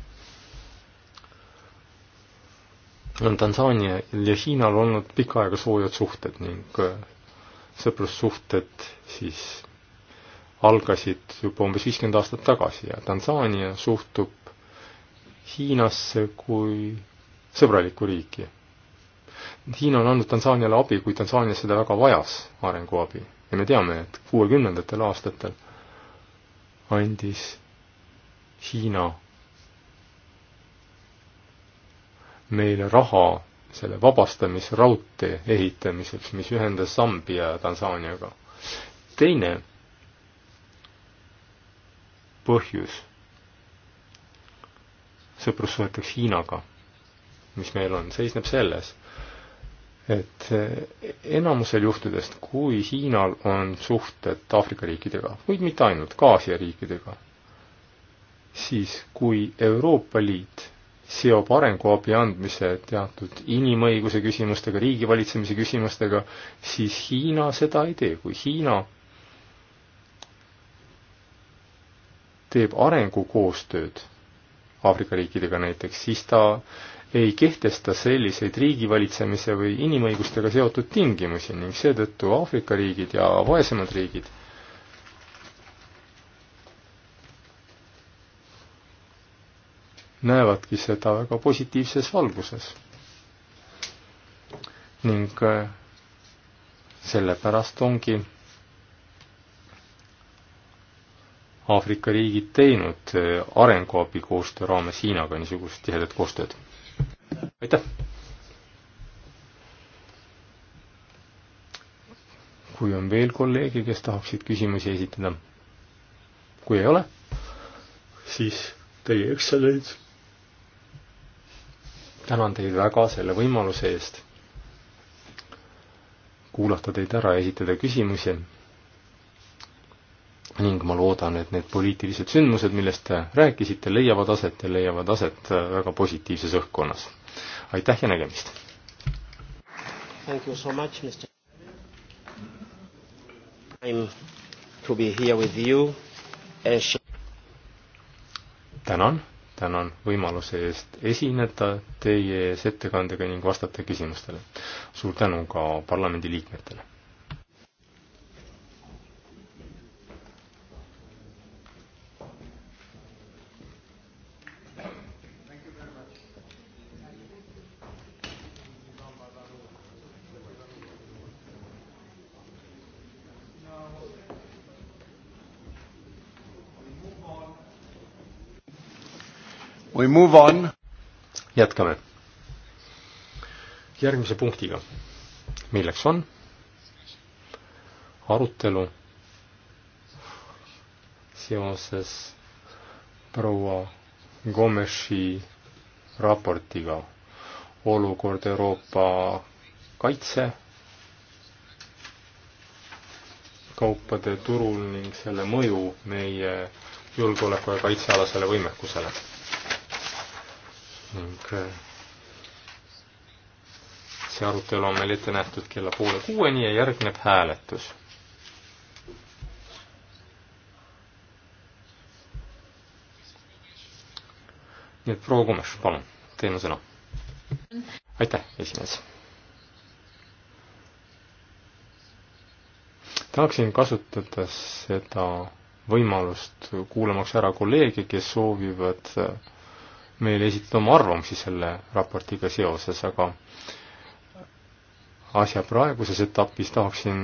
on Tansaanial ja Hiinal olnud pikka aega soojad suhted ning sõprussuhted siis algasid juba umbes viiskümmend aastat tagasi ja Tansaania suhtub Hiinasse kui sõbralikku riiki. Hiina on andnud Tansaaniale abi, kui Tansaania seda väga vajas, arenguabi. ja me teame, et kuuekümnendatel aastatel andis Hiina meile raha selle vabastamisraudtee ehitamiseks, mis ühendas Sambia ja Tansaaniaga. teine põhjus sõprussuheteks Hiinaga, mis meil on, seisneb selles, et enamusel juhtudest, kui Hiinal on suhted Aafrika riikidega, kuid mitte ainult, ka Aasia riikidega, siis kui Euroopa Liit seob arenguabi andmise teatud inimõiguse küsimustega, riigivalitsemise küsimustega, siis Hiina seda ei tee. kui Hiina teeb arengukoostööd Aafrika riikidega näiteks, siis ta ei kehtesta selliseid riigivalitsemise või inimõigustega seotud tingimusi ning seetõttu Aafrika riigid ja vaesemad riigid näevadki seda väga positiivses valguses. ning äh, sellepärast ongi Aafrika riigid teinud eh, arenguabi koostöö raames Hiinaga niisugust tihedat koostööd? aitäh! kui on veel kolleege, kes tahaksid küsimusi esitada. kui ei ole, siis teie ekstsellents. tänan teid väga selle võimaluse eest kuulata teid ära ja esitada küsimusi ning ma loodan, et need poliitilised sündmused, millest te rääkisite, leiavad aset ja leiavad aset äh, väga positiivses õhkkonnas. aitäh ja nägemist! Thank you so much, Mr. I'm to be here with you and she... tänan, tänan võimaluse eest esineda teie ees ettekandega ning vastata küsimustele. suur tänu ka parlamendiliikmetele We move on. jätkame järgmise punktiga, milleks on arutelu seoses proua Gomeshi raportiga olukord Euroopa kaitse kaupade turul ning selle mõju meie julgeoleku ja kaitsealasele võimekusele ning äh, see arutelu on meil ette nähtud kella poole kuueni ja järgneb hääletus. nii et proua Kumes, palun, teil on sõna. aitäh, esimees. tahaksin kasutada seda võimalust kuulamaks ära kolleege, kes soovivad äh, meile esitada oma arvamusi selle raportiga seoses, aga asja praeguses etapis tahaksin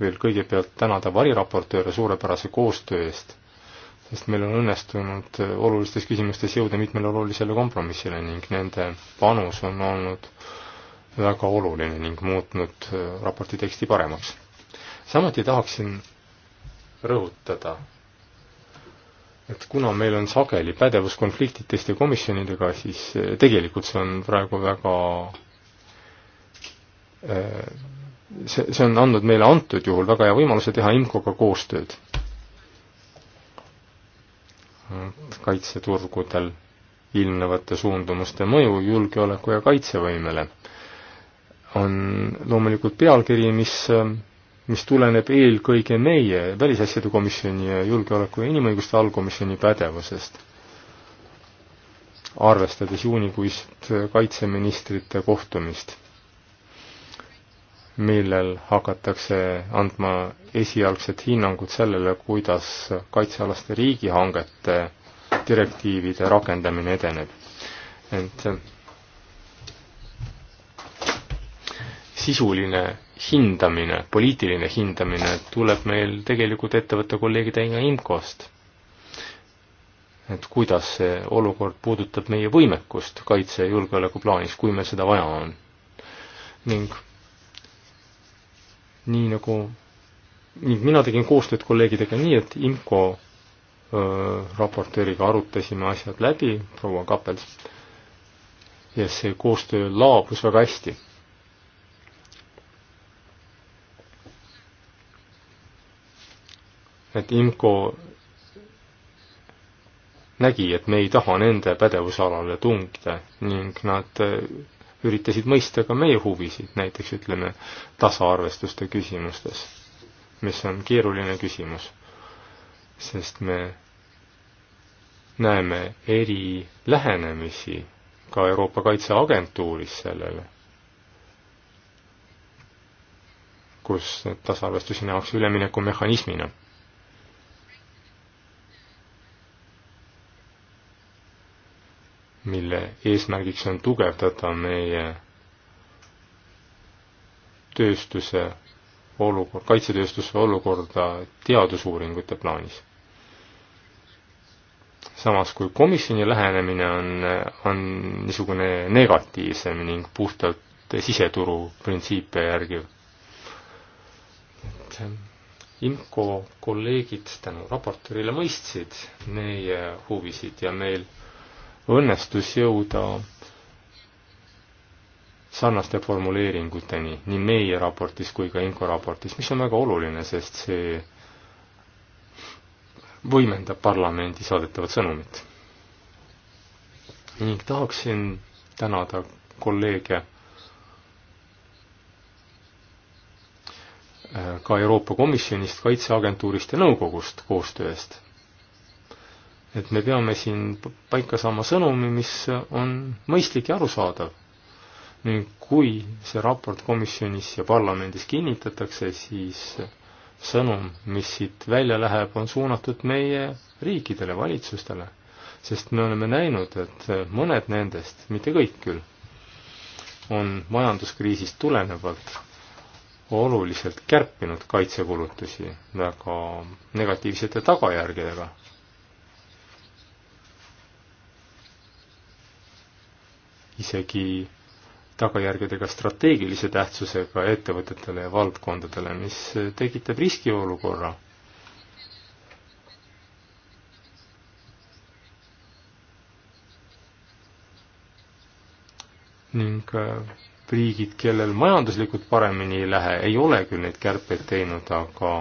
veel kõigepealt tänada variraportööre suurepärase koostöö eest, sest meil on õnnestunud olulistes küsimustes jõuda mitmele olulisele kompromissile ning nende panus on olnud väga oluline ning muutnud raporti teksti paremaks. samuti tahaksin rõhutada et kuna meil on sageli pädevuskonfliktid teiste komisjonidega, siis eh, tegelikult see on praegu väga eh, see, see on andnud meile antud juhul väga hea võimaluse teha IMCO-ga koostööd kaitseturgudel ilmnevate suundumuste mõju julgeoleku ja kaitsevõimele on loomulikult pealkiri, mis eh, mis tuleneb eelkõige meie, Välisasjade Komisjoni ja Julgeoleku ja Inimõiguste allkomisjoni pädevusest, arvestades juunikuist kaitseministrite kohtumist, millel hakatakse andma esialgset hinnangut sellele, kuidas kaitsealaste riigihangete direktiivide rakendamine edeneb. ent sisuline hindamine, poliitiline hindamine tuleb meil tegelikult ettevõtte kolleegidega IMCO-st. et kuidas see olukord puudutab meie võimekust kaitse- ja julgeolekuplaanis, kui meil seda vaja on. ning nii nagu, ning mina tegin koostööd kolleegidega nii, et IMCO öö, raportööriga arutasime asjad läbi, proua Kapels, ja see koostöö laabus väga hästi et IMCO nägi, et me ei taha nende pädevusalale tungida ning nad eh, üritasid mõista ka meie huvisid, näiteks ütleme tasaarvestuste küsimustes, mis on keeruline küsimus, sest me näeme eri lähenemisi ka Euroopa Kaitseagentuuris sellele, kus tasaarvestusi nähakse üleminekumehhanismina mille eesmärgiks on tugevdada meie tööstuse olukord, kaitsetööstuse olukorda teadusuuringute plaanis. samas kui komisjoni lähenemine on, on niisugune negatiivsem ning puhtalt siseturu printsiipe järgiv. et ähm, IMCO kolleegid tänu raportöörile mõistsid meie huvisid ja meil õnnestus jõuda sarnaste formuleeringuteni nii meie raportis kui ka Inko raportis, mis on väga oluline, sest see võimendab parlamendi saadetavat sõnumit. ning tahaksin tänada kolleege äh, ka Euroopa Komisjonist, Kaitseagentuurist ja Nõukogust koostöö eest et me peame siin paika saama sõnumi, mis on mõistlik ja arusaadav. ning kui see raport komisjonis ja parlamendis kinnitatakse, siis sõnum, mis siit välja läheb, on suunatud meie riikidele, valitsustele. sest me oleme näinud, et mõned nendest, mitte kõik küll, on majanduskriisist tulenevalt oluliselt kärpinud kaitsekulutusi väga negatiivsete tagajärgedega isegi tagajärgedega strateegilise tähtsusega ettevõtetele ja valdkondadele, mis tekitab riskiolukorra. ning äh, riigid, kellel majanduslikult paremini ei lähe, ei ole küll neid kärpeid teinud, aga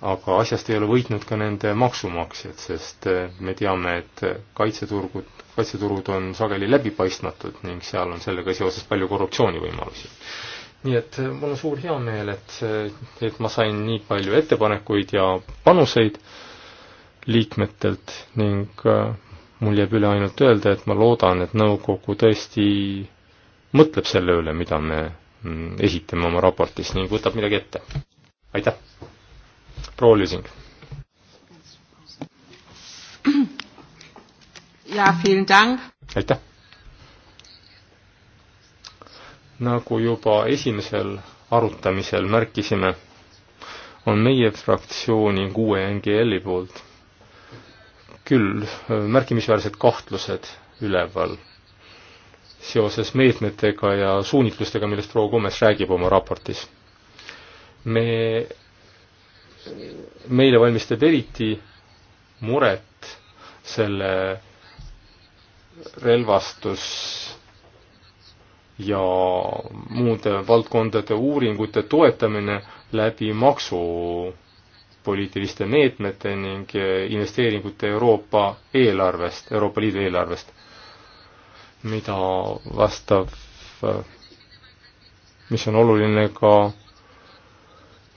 aga asjast ei ole võitnud ka nende maksumaksjad, sest eh, me teame, et kaitseturgud, kaitseturud on sageli läbipaistmatud ning seal on sellega seoses palju korruptsioonivõimalusi. nii et eh, mul on suur heameel, et, eh, et ma sain nii palju ettepanekuid ja panuseid liikmetelt ning mul jääb üle ainult öelda, et ma loodan, et nõukogu tõesti mõtleb selle üle, mida me mm, esitame oma raportis ning võtab midagi ette. aitäh! proua Lüsing. aitäh! nagu juba esimesel arutamisel märkisime, on meie fraktsiooni kuue NGL-i poolt küll äh, märkimisväärsed kahtlused üleval seoses meetmetega ja suunitlustega, millest proua Gomes räägib oma raportis. me meile valmistab eriti muret selle relvastus ja muude valdkondade uuringute toetamine läbi maksupoliitiliste meetmete ning investeeringute Euroopa eelarvest, Euroopa Liidu eelarvest, mida vastav, mis on oluline ka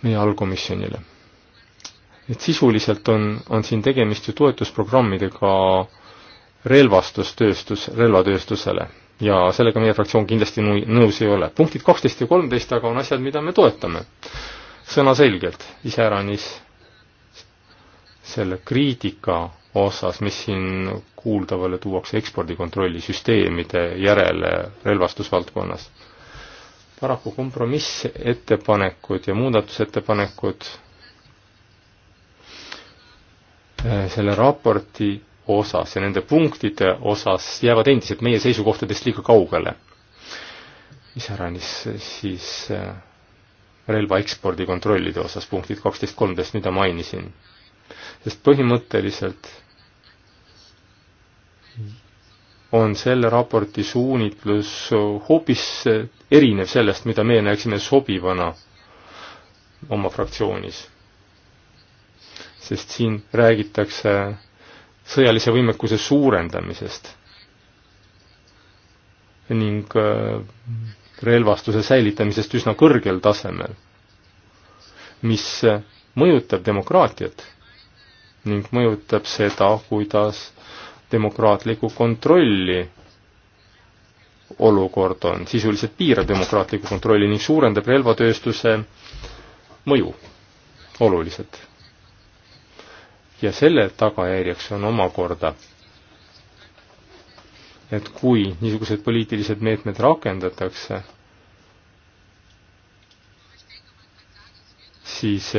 meie allkomisjonile et sisuliselt on, on siin tegemist ju toetusprogrammidega relvastustööstus, relvatööstusele. ja sellega meie fraktsioon kindlasti nõus ei ole. punktid kaksteist ja kolmteist aga on asjad, mida me toetame. sõnaselgelt, iseäranis selle kriitika osas, mis siin kuuldavale tuuakse ekspordikontrollisüsteemide järele relvastusvaldkonnas. paraku kompromissettepanekud ja muudatusettepanekud Äh, selle raporti osas ja nende punktide osas jäävad endiselt meie seisukohtadest liiga kaugele. iseäranis äh, siis äh, relva ekspordi kontrollide osas punktid kaksteist, kolmteist, mida mainisin. sest põhimõtteliselt on selle raporti suunitlus hoopis erinev sellest, mida meie näeksime sobivana oma fraktsioonis sest siin räägitakse sõjalise võimekuse suurendamisest ning äh, relvastuse säilitamisest üsna kõrgel tasemel, mis mõjutab demokraatiat ning mõjutab seda, kuidas demokraatlikku kontrolli olukord on, sisuliselt piirab demokraatlikku kontrolli ning suurendab relvatööstuse mõju oluliselt ja selle tagajärjeks on omakorda, et kui niisugused poliitilised meetmed rakendatakse, siis,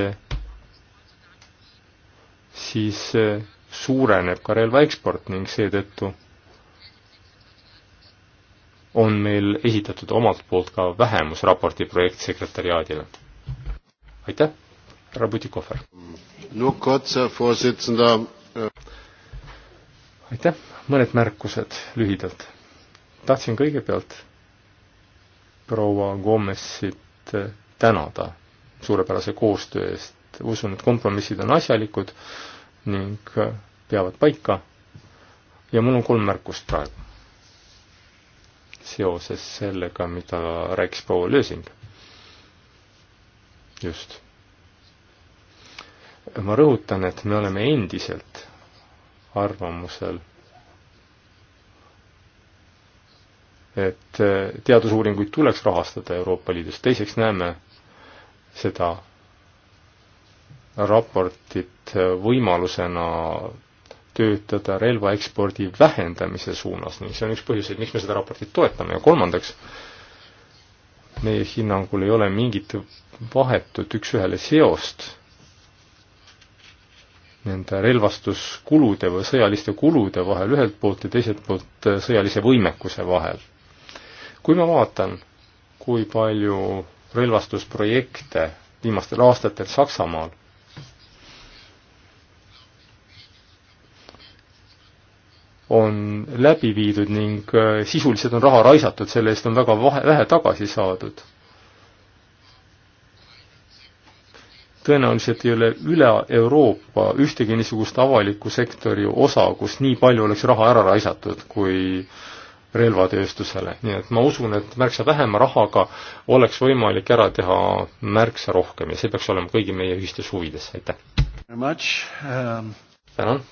siis suureneb ka relvaeksport ning seetõttu on meil esitatud omalt poolt ka vähemusraporti projekt sekretäriaadile. aitäh, härra Putikohver! Äh, aitäh, mõned märkused lühidalt. tahtsin kõigepealt proua Gomesit äh, tänada suurepärase koostöö eest. usun, et kompromissid on asjalikud ning äh, peavad paika. ja mul on kolm märkust praegu seoses sellega, mida rääkis proua Lösing. just ma rõhutan, et me oleme endiselt arvamusel, et äh, teadusuuringuid tuleks rahastada Euroopa Liidus, teiseks näeme seda raportit äh, võimalusena töötada relvaekspordi vähendamise suunas ning see on üks põhjuseid, miks me seda raportit toetame ja kolmandaks, meie hinnangul ei ole mingit vahetut üks-ühele seost nende relvastuskulude või sõjaliste kulude vahel ühelt poolt ja teiselt poolt äh, sõjalise võimekuse vahel. kui ma vaatan, kui palju relvastusprojekte viimastel aastatel Saksamaal on läbi viidud ning äh, sisuliselt on raha raisatud, selle eest on väga vahe, vähe tagasi saadud tõenäoliselt ei ole üle Euroopa ühtegi niisugust avaliku sektori osa, kus nii palju oleks raha ära raisatud, kui relvatööstusele, nii et ma usun, et märksa vähema rahaga oleks võimalik ära teha märksa rohkem ja see peaks olema kõigi meie ühistes huvides, aitäh! Um, tänan!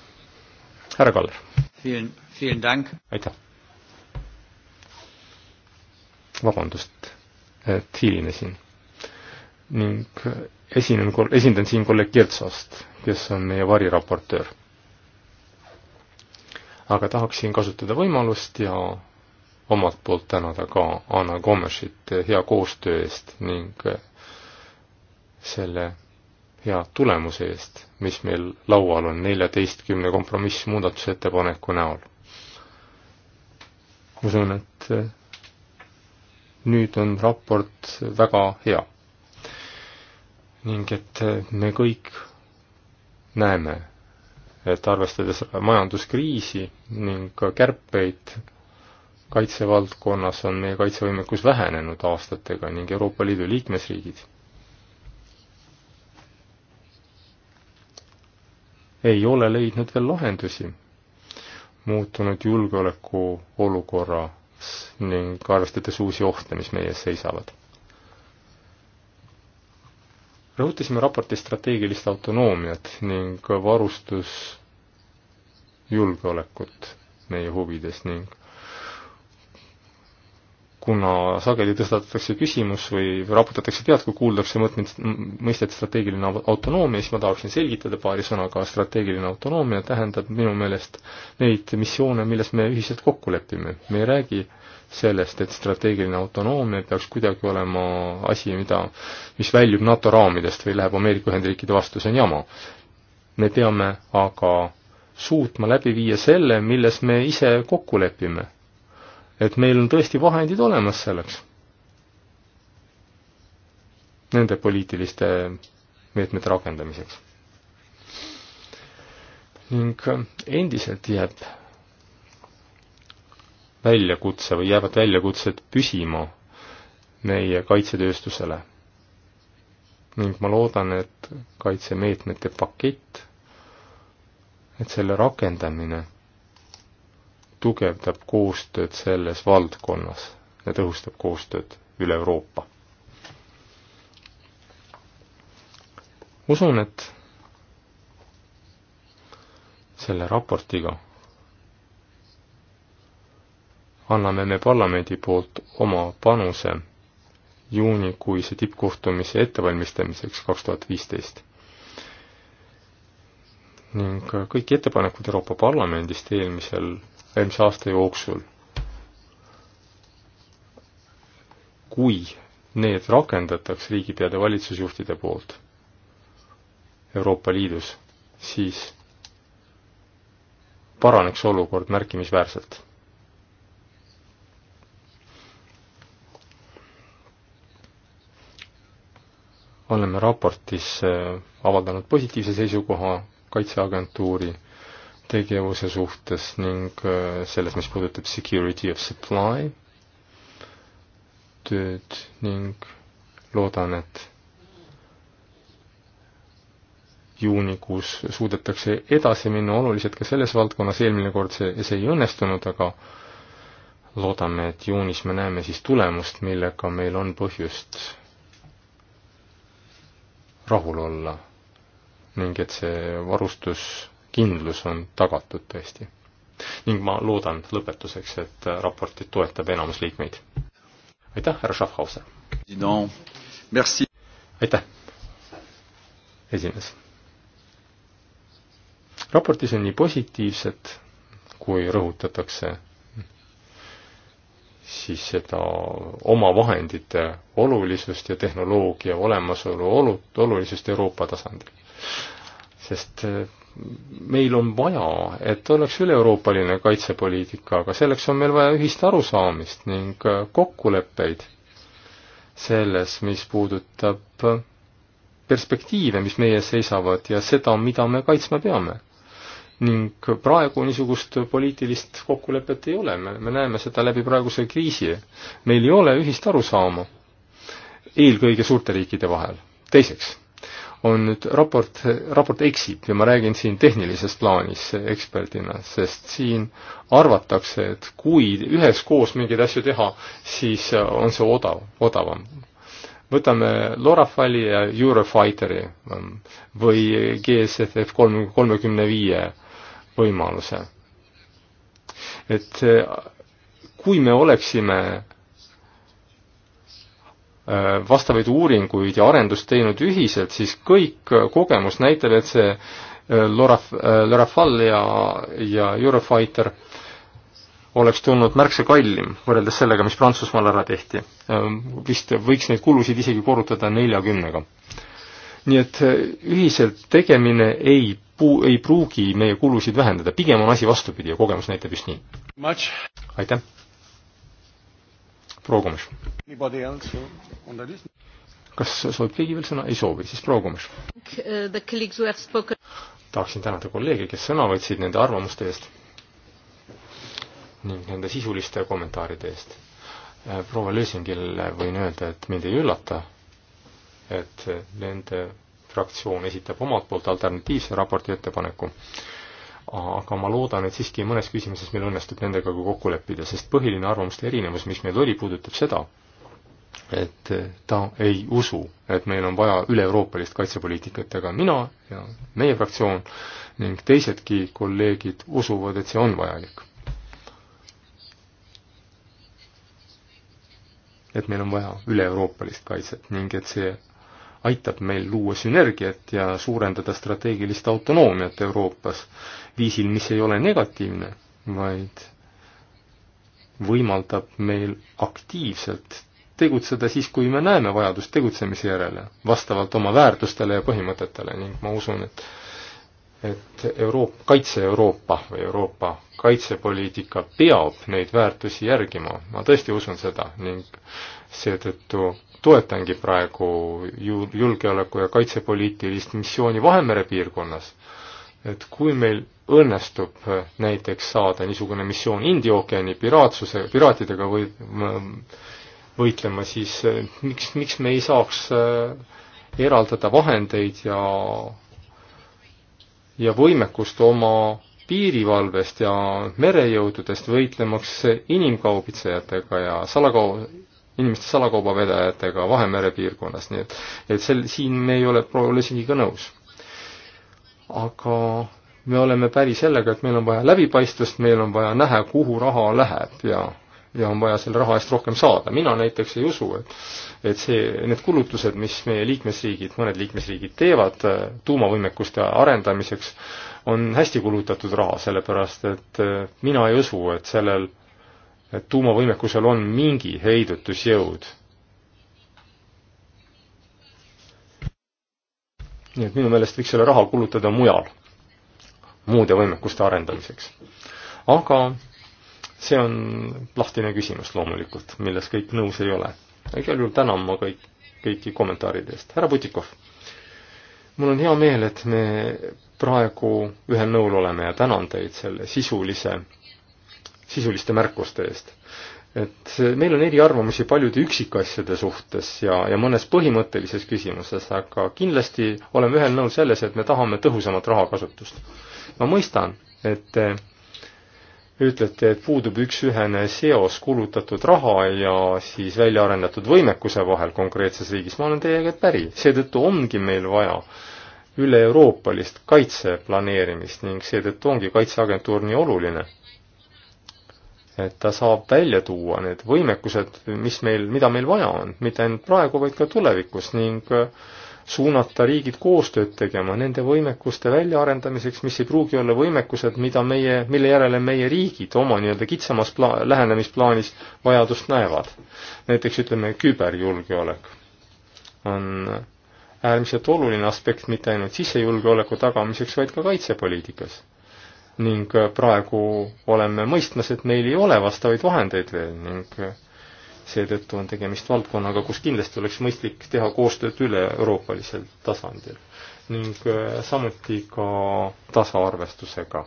härra Kaller! aitäh! vabandust, et hilinesin ning esinen, esindan siin kolleeg Kirtsost, kes on meie variraportöör. aga tahaksin kasutada võimalust ja omalt poolt tänada ka Anna Gomesit hea koostöö eest ning selle hea tulemuse eest, mis meil laual on neljateistkümne kompromissmuudatusettepaneku näol. usun, et nüüd on raport väga hea ning et eh, me kõik näeme, et arvestades majanduskriisi ning ka kärpeid kaitsevaldkonnas on meie kaitsevõimekus vähenenud aastatega ning Euroopa Liidu liikmesriigid ei ole leidnud veel lahendusi muutunud julgeoleku olukorras ning arvestades uusi ohte, mis meie ees seisavad rõhutasime raporti strateegilist autonoomiat ning varustusjulgeolekut meie huvides ning kuna sageli tõstatatakse küsimus või raputatakse pead, kui kuuldakse mõtmed, mõistet strateegiline autonoomia, siis ma tahaksin selgitada paari sõnaga, strateegiline autonoomia tähendab minu meelest neid missioone, milles me ühiselt kokku lepime. me ei räägi sellest, et strateegiline autonoomia peaks kuidagi olema asi, mida, mis väljub NATO raamidest või läheb Ameerika Ühendriikide vastu, see on jama. me peame aga suutma läbi viia selle, milles me ise kokku lepime. et meil on tõesti vahendid olemas selleks. Nende poliitiliste meetmete rakendamiseks. ning endiselt jääb väljakutse või jäävad väljakutsed püsima meie kaitsetööstusele. ning ma loodan, et kaitsemeetmete pakett, et selle rakendamine tugevdab koostööd selles valdkonnas ja tõhustab koostööd üle Euroopa. usun, et selle raportiga anname me parlamendi poolt oma panuse juunikuise tippkohtumise ettevalmistamiseks kaks tuhat viisteist. ning kõik ettepanekud Euroopa Parlamendist eelmisel, eelmise aasta jooksul, kui need rakendataks riigipeade valitsusjuhtide poolt Euroopa Liidus, siis paraneks olukord märkimisväärselt oleme raportis äh, avaldanud positiivse seisukoha Kaitseagentuuri tegevuse suhtes ning äh, selles, mis puudutab security of supply tööd ning loodan, et juunikuus suudetakse edasi minna oluliselt ka selles valdkonnas, eelmine kord see, see ei õnnestunud, aga loodame, et juunis me näeme siis tulemust, millega meil on põhjust rahul olla ning et see varustuskindlus on tagatud tõesti. ning ma loodan lõpetuseks, et raportit toetab enamus liikmeid. aitäh, härra Schaffhauser! aitäh, esimees! raportis on nii positiivset, kui rõhutatakse siis seda oma vahendite olulisust ja tehnoloogia olemasolu olu-, olulisust Euroopa tasandil. sest eh, meil on vaja, et oleks üle-euroopaline kaitsepoliitika, aga selleks on meil vaja ühist arusaamist ning eh, kokkuleppeid selles, mis puudutab eh, perspektiive, mis meie ees seisavad ja seda, mida me kaitsma peame ning praegu niisugust poliitilist kokkulepet ei ole, me, me näeme seda läbi praeguse kriisi. meil ei ole ühist arusaama, eelkõige suurte riikide vahel. teiseks on nüüd raport, raport eksib ja ma räägin siin tehnilises plaanis eksperdina, sest siin arvatakse, et kui üheskoos mingeid asju teha, siis on see odav, odavam. võtame Lorafali ja Eurofighteri või GSFF kolm, kolmekümne viie võimaluse. et eh, kui me oleksime eh, vastavaid uuringuid ja arendust teinud ühiselt, siis kõik kogemus näitab, et see eh, Loraf-, Lorafal ja, ja Eurofighter oleks tulnud märksa kallim võrreldes sellega, mis Prantsusmaal ära tehti. vist võiks neid kulusid isegi korrutada neljakümnega. nii et ühiselt tegemine ei puu, ei pruugi meie kulusid vähendada, pigem on asi vastupidi ja kogemus näitab just nii. aitäh. proua Komes. kas soovib keegi veel sõna? ei soovi, siis proua Komes. Uh, tahaksin tänada kolleege, kes sõna võtsid nende arvamuste eest ning nende sisuliste kommentaaride eest. Äh, proua Lösingile võin öelda, et mind ei üllata, et nende fraktsioon esitab omalt poolt alternatiivse raporti ettepaneku, aga ma loodan, et siiski mõnes küsimuses meil õnnestub nendega ka kokku leppida, sest põhiline arvamuste erinevus, mis meil oli, puudutab seda, et ta ei usu, et meil on vaja üle-euroopalist kaitsepoliitikat, aga mina ja meie fraktsioon ning teisedki kolleegid usuvad, et see on vajalik et meil on vaja üle-euroopalist kaitset ning et see aitab meil luua sünergiat ja suurendada strateegilist autonoomiat Euroopas viisil, mis ei ole negatiivne, vaid võimaldab meil aktiivselt tegutseda siis, kui me näeme vajadust tegutsemise järele, vastavalt oma väärtustele ja põhimõtetele ning ma usun, et et Euroop-, Kaitse-Euroopa või Euroopa kaitsepoliitika peab neid väärtusi järgima, ma tõesti usun seda ning seetõttu toetangi praegu ju-, julgeoleku- ja kaitsepoliitilist missiooni Vahemere piirkonnas. et kui meil õnnestub näiteks saada niisugune missioon India ookeani piraatsuse, piraatidega või võitlema, siis miks, miks me ei saaks äh, eraldada vahendeid ja ja võimekust oma piirivalvest ja merejõududest võitlemaks inimkaubitsejatega ja salakau-, inimeste salakaubavedajatega Vahemere piirkonnas, nii et, et sel-, siin me ei ole progressiga nõus. aga me oleme päri sellega, et meil on vaja läbipaistvust, meil on vaja näha, kuhu raha läheb ja ja on vaja selle raha eest rohkem saada. mina näiteks ei usu, et et see, need kulutused, mis meie liikmesriigid, mõned liikmesriigid teevad äh, tuumavõimekuste arendamiseks, on hästi kulutatud raha, sellepärast et äh, mina ei usu, et sellel, et tuumavõimekusel on mingi heidutusjõud. nii et minu meelest võiks selle raha kulutada mujal, muude võimekuste arendamiseks. aga see on lahtine küsimus loomulikult, milles kõik nõus ei ole. igal juhul tänan ma kõik, kõiki kommentaaride eest. härra Putikov, mul on hea meel, et me praegu ühel nõul oleme ja tänan teid selle sisulise, sisuliste märkuste eest. et meil on eriarvamusi paljude üksikasjade suhtes ja, ja mõnes põhimõttelises küsimuses, aga kindlasti oleme ühel nõul selles, et me tahame tõhusamat rahakasutust. ma mõistan, et ütlete, et puudub üks-ühene seos kulutatud raha ja siis välja arendatud võimekuse vahel konkreetses riigis, ma olen teiega päri, seetõttu ongi meil vaja üle-euroopalist kaitseplaneerimist ning seetõttu ongi Kaitseagentuur nii oluline. et ta saab välja tuua need võimekused, mis meil, mida meil vaja on, mitte ainult praegu, vaid ka tulevikus ning äh, suunata riigid koostööd tegema nende võimekuste väljaarendamiseks, mis ei pruugi olla võimekused, mida meie, mille järele meie riigid oma nii-öelda kitsamas pla-, lähenemisplaanis vajadust näevad. näiteks ütleme, küberjulgeolek on äärmiselt oluline aspekt mitte ainult sisejulgeoleku tagamiseks, vaid ka kaitsepoliitikas. ning praegu oleme mõistmas, et meil ei ole vastavaid vahendeid veel ning seetõttu on tegemist valdkonnaga, kus kindlasti oleks mõistlik teha koostööd üle-euroopalisel tasandil ning äh, samuti ka tasaarvestusega,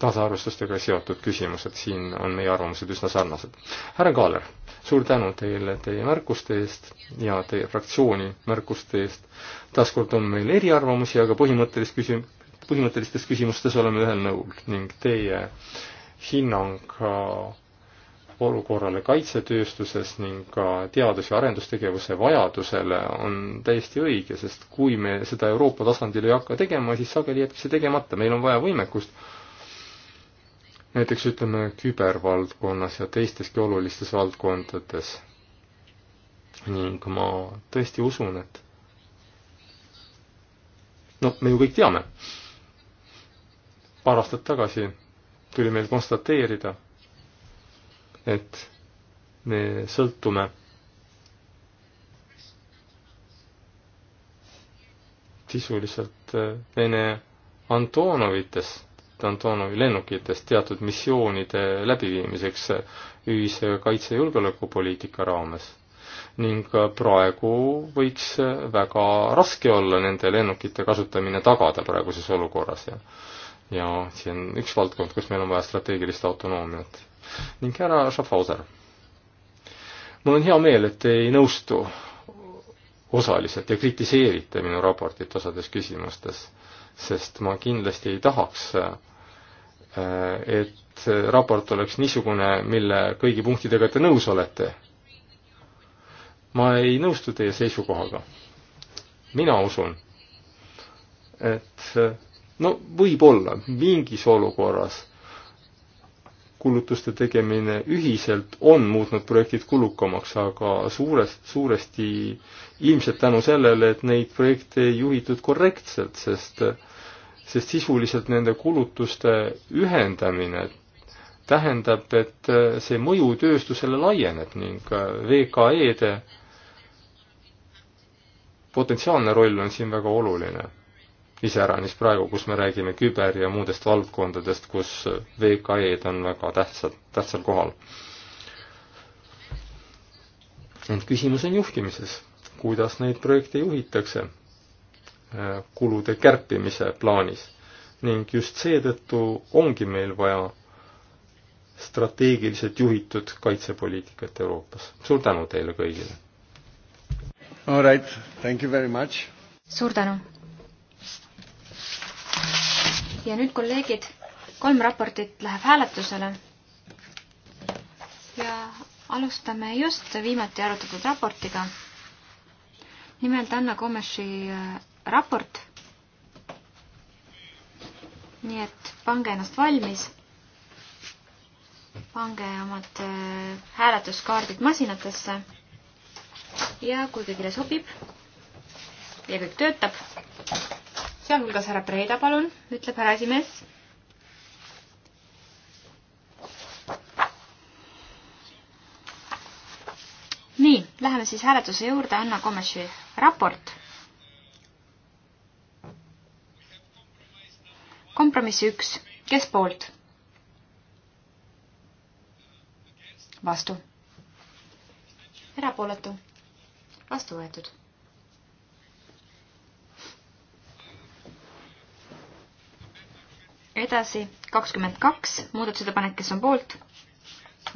tasaarvestustega seotud küsimused, siin on meie arvamused üsna sarnased. härra Kaaler, suur tänu teile teie märkuste eest ja teie fraktsiooni märkuste eest. taaskord on meil eriarvamusi, aga põhimõttelist küsim-, põhimõttelistes küsimustes oleme ühel nõul ning teie hinnang äh, olukorrale kaitsetööstuses ning ka teadus- ja arendustegevuse vajadusele on täiesti õige, sest kui me seda Euroopa tasandil ei hakka tegema, siis sageli jääbki see tegemata, meil on vaja võimekust, näiteks ütleme kübervaldkonnas ja teisteski olulistes valdkondades. ning ma tõesti usun, et no me ju kõik teame, paar aastat tagasi tuli meil konstateerida, et me sõltume sisuliselt äh, Vene Antonovitest, Antonovi lennukitest teatud missioonide läbiviimiseks äh, ühise kaitse- ja julgeolekupoliitika raames. ning äh, praegu võiks väga raske olla nende lennukite kasutamine tagada praeguses olukorras ja ja see on üks valdkond, kus meil on vaja strateegilist autonoomiat ning härra Schaffhauser. mul on hea meel, et te ei nõustu osaliselt ja kritiseerite minu raportit osades küsimustes, sest ma kindlasti ei tahaks, äh, et raport oleks niisugune, mille kõigi punktidega te nõus olete. ma ei nõustu teie seisukohaga. mina usun, et no võib-olla mingis olukorras kulutuste tegemine ühiselt on muutnud projektid kulukamaks, aga suures, suuresti ilmselt tänu sellele, et neid projekte ei juhitud korrektselt, sest sest sisuliselt nende kulutuste ühendamine tähendab, et see mõju tööstusele laieneb ning VKE-de potentsiaalne roll on siin väga oluline iseäranis praegu, kus me räägime küber- ja muudest valdkondadest, kus VKE-d on väga tähtsad, tähtsal kohal. ent küsimus on juhtimises, kuidas neid projekte juhitakse äh, kulude kärpimise plaanis ning just seetõttu ongi meil vaja strateegiliselt juhitud kaitsepoliitikat Euroopas. suur tänu teile kõigile! All right, thank you very much! suur tänu! ja nüüd, kolleegid, kolm raportit läheb hääletusele. ja alustame just viimati arutatud raportiga. nimelt Anna Komeši äh, raport. nii et pange ennast valmis. pange omad äh, hääletuskaardid masinatesse. ja kui kõigile sobib ja kõik töötab, sealhulgas härra Preeda, palun, ütleb härra esimees. nii, läheme siis hääletuse juurde, Anna Komeši raport. kompromiss üks, kes poolt? vastu. erapooletu, vastu võetud edasi, kakskümmend kaks, muudatusettepanek, kes on poolt,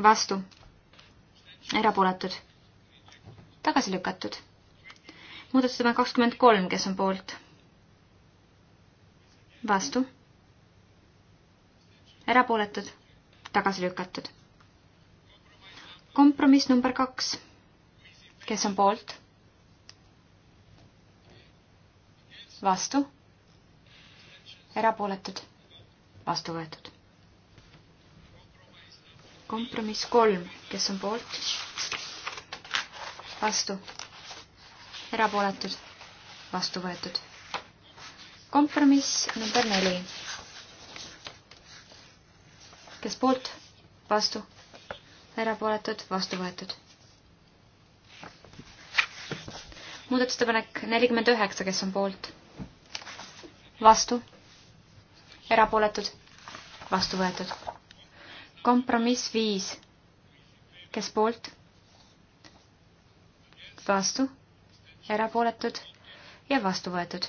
vastu, erapooletud, tagasi lükatud. muudatusettepanek kakskümmend kolm, kes on poolt, vastu, erapooletud, tagasi lükatud. kompromiss number kaks, kes on poolt, vastu, erapooletud vastu võetud. kompromiss kolm, kes on poolt? vastu. erapooletud? vastu võetud. kompromiss number neli. kes poolt? vastu. erapooletud? vastu võetud. muudatusettepanek nelikümmend üheksa, kes on poolt? vastu erapooletud, vastu võetud. kompromiss viis, kes poolt, vastu, erapooletud ja vastu võetud.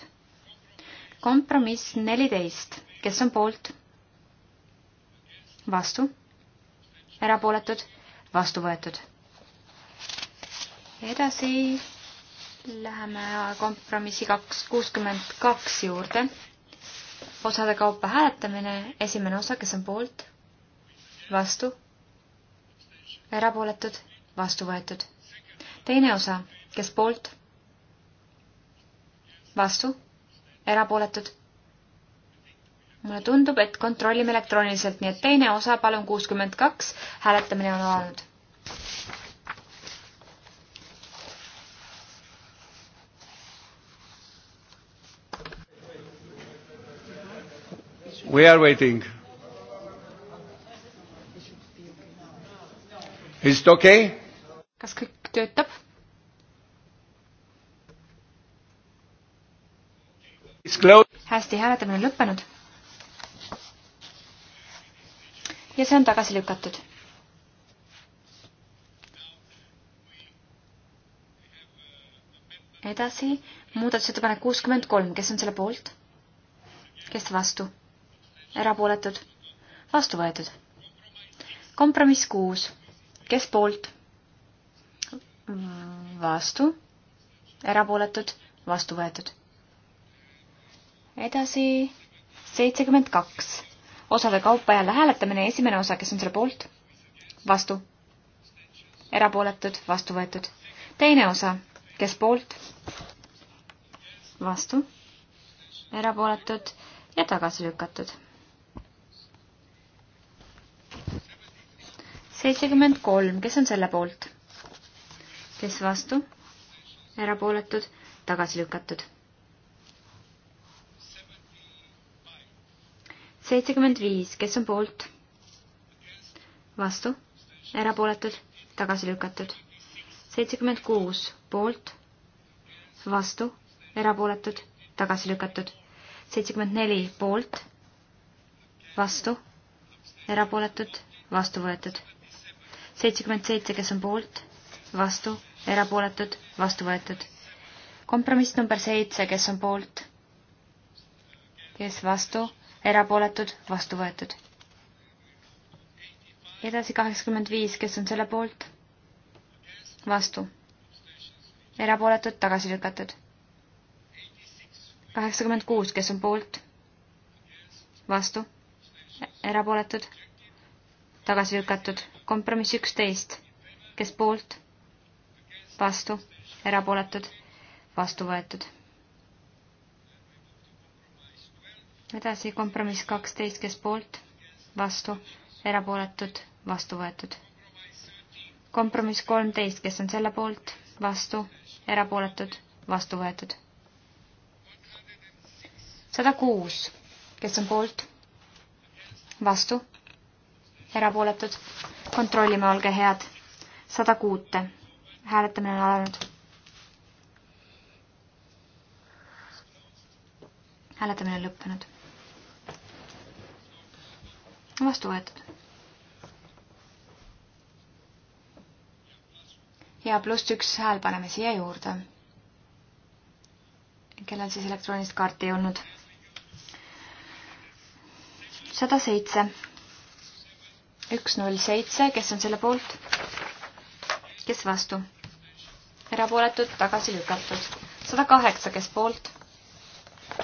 kompromiss neliteist, kes on poolt, vastu, erapooletud, vastu võetud. edasi läheme kompromissi kaks, kuuskümmend kaks juurde osade kaupa hääletamine, esimene osa, kes on poolt, vastu, erapooletud, vastu võetud. teine osa, kes poolt, vastu, erapooletud. mulle tundub, et kontrollime elektrooniliselt, nii et teine osa, palun kuuskümmend kaks, hääletamine on alanud We are waiting. Is it okay? kas kõik töötab? hästi, hääletamine on lõppenud. ja see on tagasi lükatud. edasi muudatusettepanek kuuskümmend kolm, kes on selle poolt? kes vastu? erapooletud, vastu võetud. kompromiss kuus, kes poolt? vastu, erapooletud, vastu võetud. edasi seitsekümmend kaks, osade kaupa jälle hääletamine, esimene osa, kes on selle poolt? vastu, erapooletud, vastu võetud. teine osa, kes poolt? vastu, erapooletud ja tagasi lükatud seitsekümmend kolm, kes on selle poolt? kes vastu? erapooletud, tagasi lükatud. seitsekümmend viis, kes on poolt? vastu, erapooletud, tagasi lükatud. seitsekümmend kuus, poolt, vastu, erapooletud, tagasi lükatud. seitsekümmend neli, poolt, vastu, erapooletud, vastu võetud seitsekümmend seitse, kes on poolt, vastu, erapooletud, vastu võetud. kompromiss number seitse, kes on poolt, kes vastu, erapooletud, vastu võetud. edasi kaheksakümmend viis, kes on selle poolt, vastu, erapooletud, tagasi lükatud. kaheksakümmend kuus, kes on poolt, vastu, erapooletud tagasi lükatud. kompromiss üksteist, kes poolt, vastu, erapooletud, vastu võetud. edasi kompromiss kaksteist, kes poolt, vastu, erapooletud, vastu võetud. kompromiss kolmteist, kes on selle poolt, vastu, erapooletud, vastu võetud. sada kuus, kes on poolt, vastu erapooletud, kontrollime, olge head. sada kuute, hääletamine on alanud. hääletamine on lõppenud. vastu võetud. ja pluss üks hääl paneme siia juurde. kellel siis elektroonilist kaarti ei olnud? sada seitse üks, null, seitse, kes on selle poolt? kes vastu? erapooletud, tagasi lükatud. sada kaheksa, kes poolt?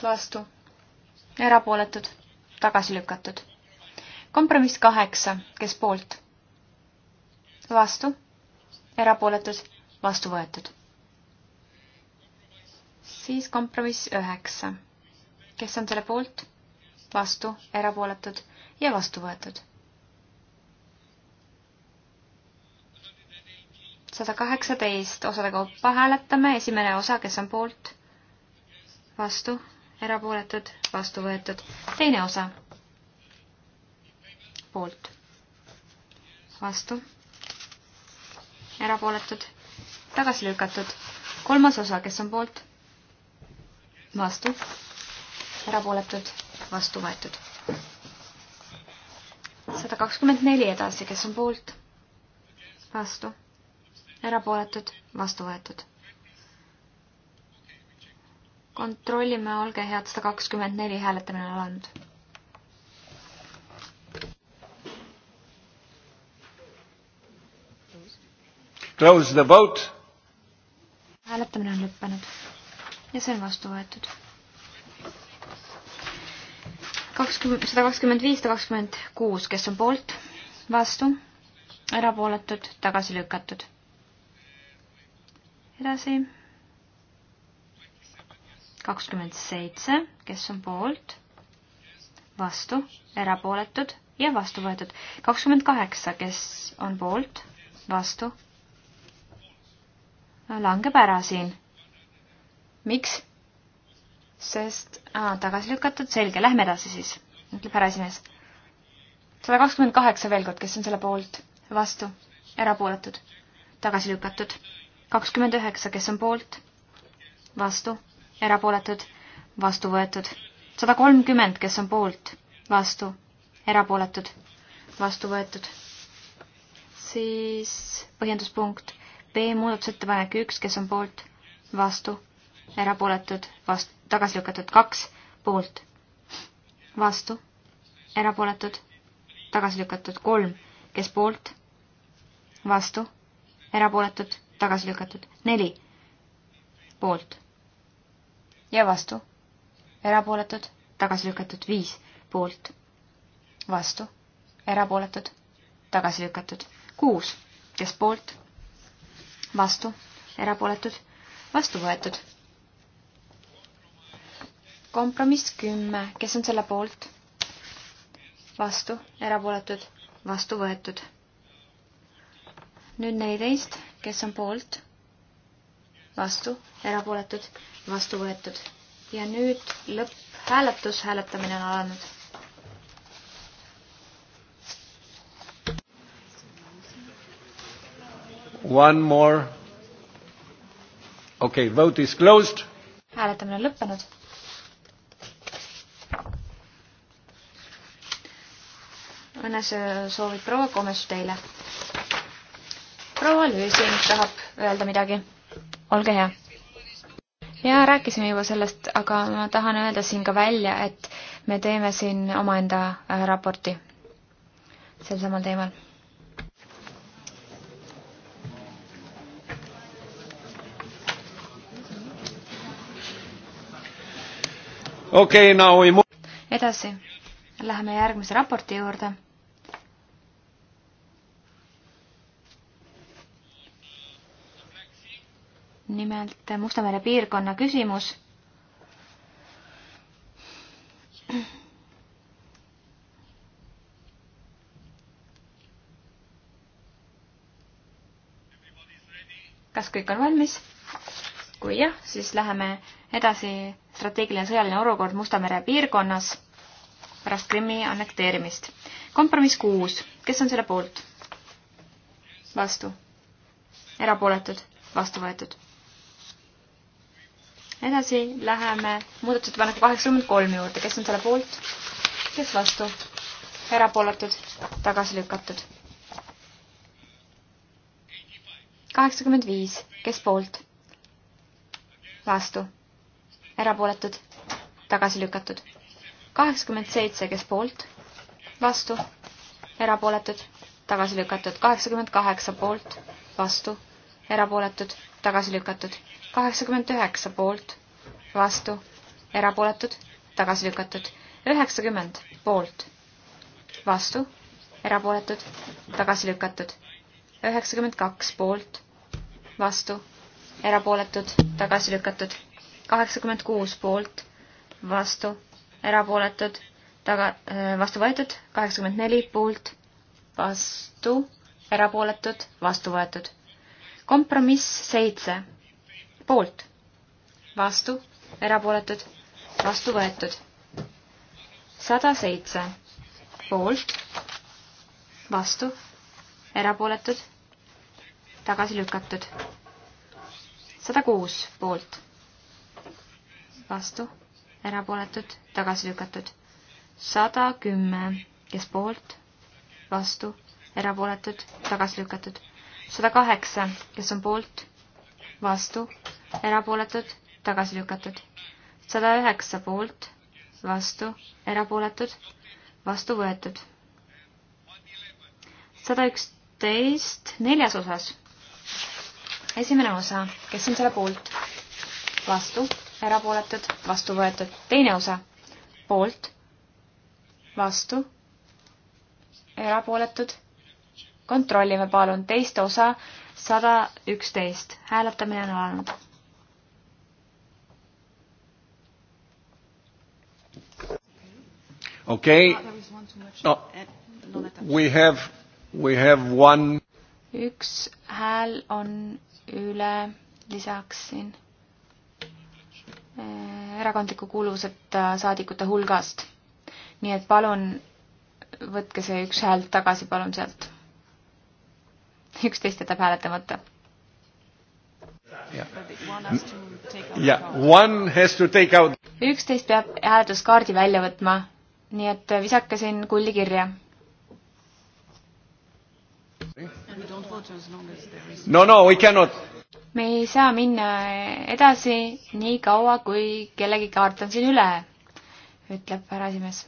vastu. erapooletud, tagasi lükatud. kompromiss kaheksa, kes poolt? vastu. erapooletud, vastu võetud. siis kompromiss üheksa. kes on selle poolt? vastu, erapooletud ja vastu võetud sada kaheksateist, osade kaupa hääletame, esimene osa, kes on poolt, vastu, erapooletud, vastu võetud, teine osa, poolt, vastu, erapooletud, tagasi lükatud, kolmas osa, kes on poolt, vastu, erapooletud, vastu võetud sada kakskümmend neli edasi, kes on poolt? vastu erapooletud, vastu võetud. kontrollime, olge head, sada kakskümmend neli hääletamine on alanud. Close the vote. hääletamine on lõppenud ja see on vastu võetud. kakskümmend, sada kakskümmend viis, sada kakskümmend kuus, kes on poolt, vastu, erapooletud, tagasi lükatud edasi. kakskümmend seitse, kes on poolt, vastu, erapooletud ja vastu võetud. kakskümmend kaheksa, kes on poolt, vastu, langeb ära siin. miks? sest ah, tagasi lükatud, selge, lähme edasi siis, ütleb härra esimees. sada kakskümmend kaheksa veel kord, kes on selle poolt, vastu, erapooletud, tagasi lükatud kakskümmend üheksa, kes on poolt, vastu, erapooletud, vastu võetud. sada kolmkümmend, kes on poolt, vastu, erapooletud, vastu võetud. siis põhjenduspunkt B muudatusettepanek üks, kes on poolt, vastu, erapooletud, vastu, tagasi lükatud, kaks, poolt, vastu, erapooletud, tagasi lükatud, kolm, kes poolt, vastu, erapooletud tagasi lükatud. neli poolt ja vastu, erapooletud, tagasi lükatud. viis poolt, vastu, erapooletud, tagasi lükatud. kuus, kes poolt, vastu, erapooletud, vastu võetud. kompromiss kümme, kes on selle poolt? vastu, erapooletud, vastu võetud. nüüd neliteist kes on poolt, vastu, erapooletud, vastu võetud. ja nüüd lõpphääletus, hääletamine on alanud. One more. okei okay,, vote is closed. hääletamine on lõppenud õnnesoovid proua Komes teile! proua Lüüsing tahab öelda midagi. olge hea. jaa, rääkisime juba sellest, aga ma tahan öelda siin ka välja, et me teeme siin omaenda äh, raporti sel samal teemal okei okay,, now we move. edasi, läheme järgmise raporti juurde nimelt Mustamere piirkonna küsimus. kas kõik on valmis? kui jah, siis läheme edasi strateegiline sõjaline olukord Mustamere piirkonnas pärast Krimmi annekteerimist. kompromiss kuus, kes on selle poolt? vastu. erapooletud, vastu võetud edasi läheme muudatusettepaneku kaheksakümmend kolm juurde, kes on selle poolt, kes vastu, erapooletud, tagasi lükatud. kaheksakümmend viis, kes poolt, vastu, erapooletud, tagasi lükatud. kaheksakümmend seitse, kes poolt, vastu, erapooletud, tagasi lükatud. kaheksakümmend kaheksa poolt, vastu, erapooletud, tagasi lükatud kaheksakümmend üheksa poolt, vastu, erapooletud, tagasi lükatud. üheksakümmend poolt, vastu, erapooletud, tagasi lükatud. üheksakümmend kaks poolt, vastu, erapooletud, tagasi lükatud. kaheksakümmend kuus poolt, vastu, erapooletud, taga, äh, vastu võetud. kaheksakümmend neli poolt, vastu, erapooletud, vastu võetud. kompromiss seitse poolt, vastu, erapooletud, vastu võetud. sada seitse poolt, vastu, erapooletud, tagasi lükatud. sada kuus poolt, vastu, erapooletud, tagasi lükatud. sada kümme, kes poolt, vastu, erapooletud, tagasi lükatud. sada kaheksa, kes on poolt, vastu, erapooletud, tagasi lükatud. sada üheksa poolt, vastu, erapooletud, vastu võetud. sada üksteist neljas osas. esimene osa, kes on selle poolt? vastu, erapooletud, vastu võetud. teine osa, poolt, vastu, erapooletud. kontrollime palun teist osa, sada üksteist. hääletamine on alanud okei okay. no,. We have, we have one. üks hääl on üle lisaks siin eh, erakondliku kuuluvuseta saadikute hulgast. nii et palun võtke see üks hääl tagasi, palun sealt. üksteist jätab hääletamata. üksteist peab hääletuskaardi välja võtma nii et äh, visake siin kulli kirja. no no we cannot. me ei saa minna edasi nii kaua, kui kellegi kaart on siin üle, ütleb härrasimees.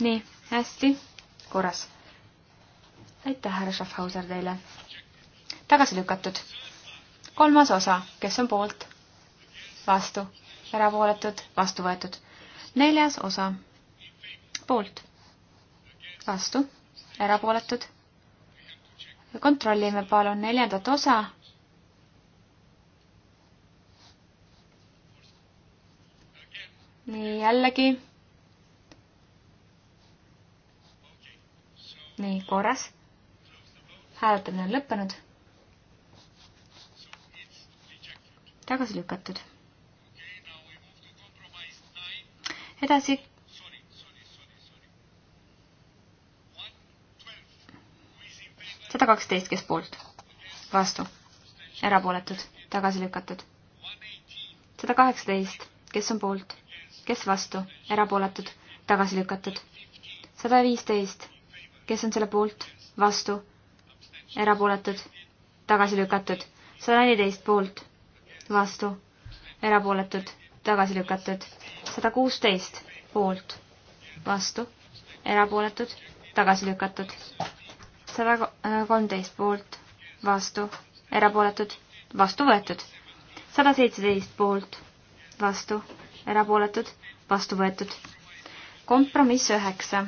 nii, hästi, korras. aitäh, härra Schaffhauser teile. tagasi lükatud kolmas osa, kes on poolt, vastu, erapooletud, vastu võetud. neljas osa, poolt, vastu, erapooletud. kontrollime palun neljandat osa. nii, jällegi. nii, korras. hääletamine on lõppenud tagasi lükatud. edasi. sada kaksteist, kes poolt? vastu. erapooletud, tagasi lükatud. sada kaheksateist, kes on poolt? kes vastu? erapooletud, tagasi lükatud. sada viisteist, kes on selle poolt? vastu? erapooletud, tagasi lükatud. sada neliteist poolt vastu, erapooletud, tagasi lükatud. sada kuusteist poolt, vastu, erapooletud, tagasi lükatud. sada äh, kolmteist poolt, vastu, erapooletud, vastu võetud. sada seitseteist poolt, vastu, erapooletud, vastu võetud. kompromiss üheksa.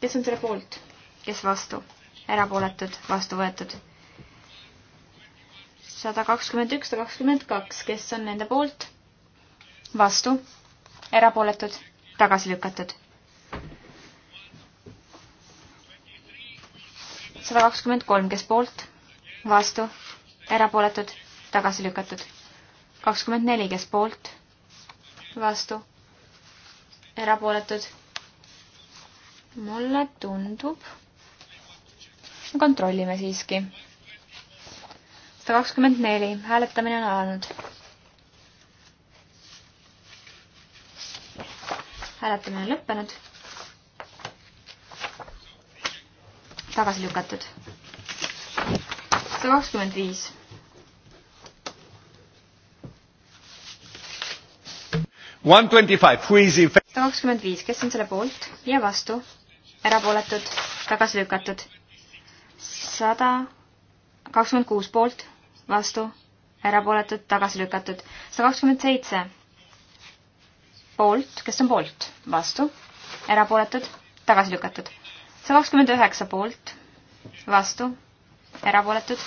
kes on selle poolt, kes vastu? erapooletud, vastu võetud sada kakskümmend üks, sada kakskümmend kaks, kes on nende poolt? vastu, erapooletud, tagasi lükatud. sada kakskümmend kolm, kes poolt? vastu, erapooletud, tagasi lükatud. kakskümmend neli, kes poolt? vastu, erapooletud. mulle tundub kontrollime siiski sada kakskümmend neli, hääletamine on alanud. hääletamine on lõppenud. tagasi lükatud. sada kakskümmend viis. sada kakskümmend viis, kes on selle poolt ja vastu? erapooletud, tagasi lükatud. sada kakskümmend kuus poolt, vastu, erapooletud, tagasi lükatud. sada kakskümmend seitse poolt, kes on poolt, vastu, erapooletud, tagasi lükatud. sada kakskümmend üheksa poolt, vastu, erapooletud,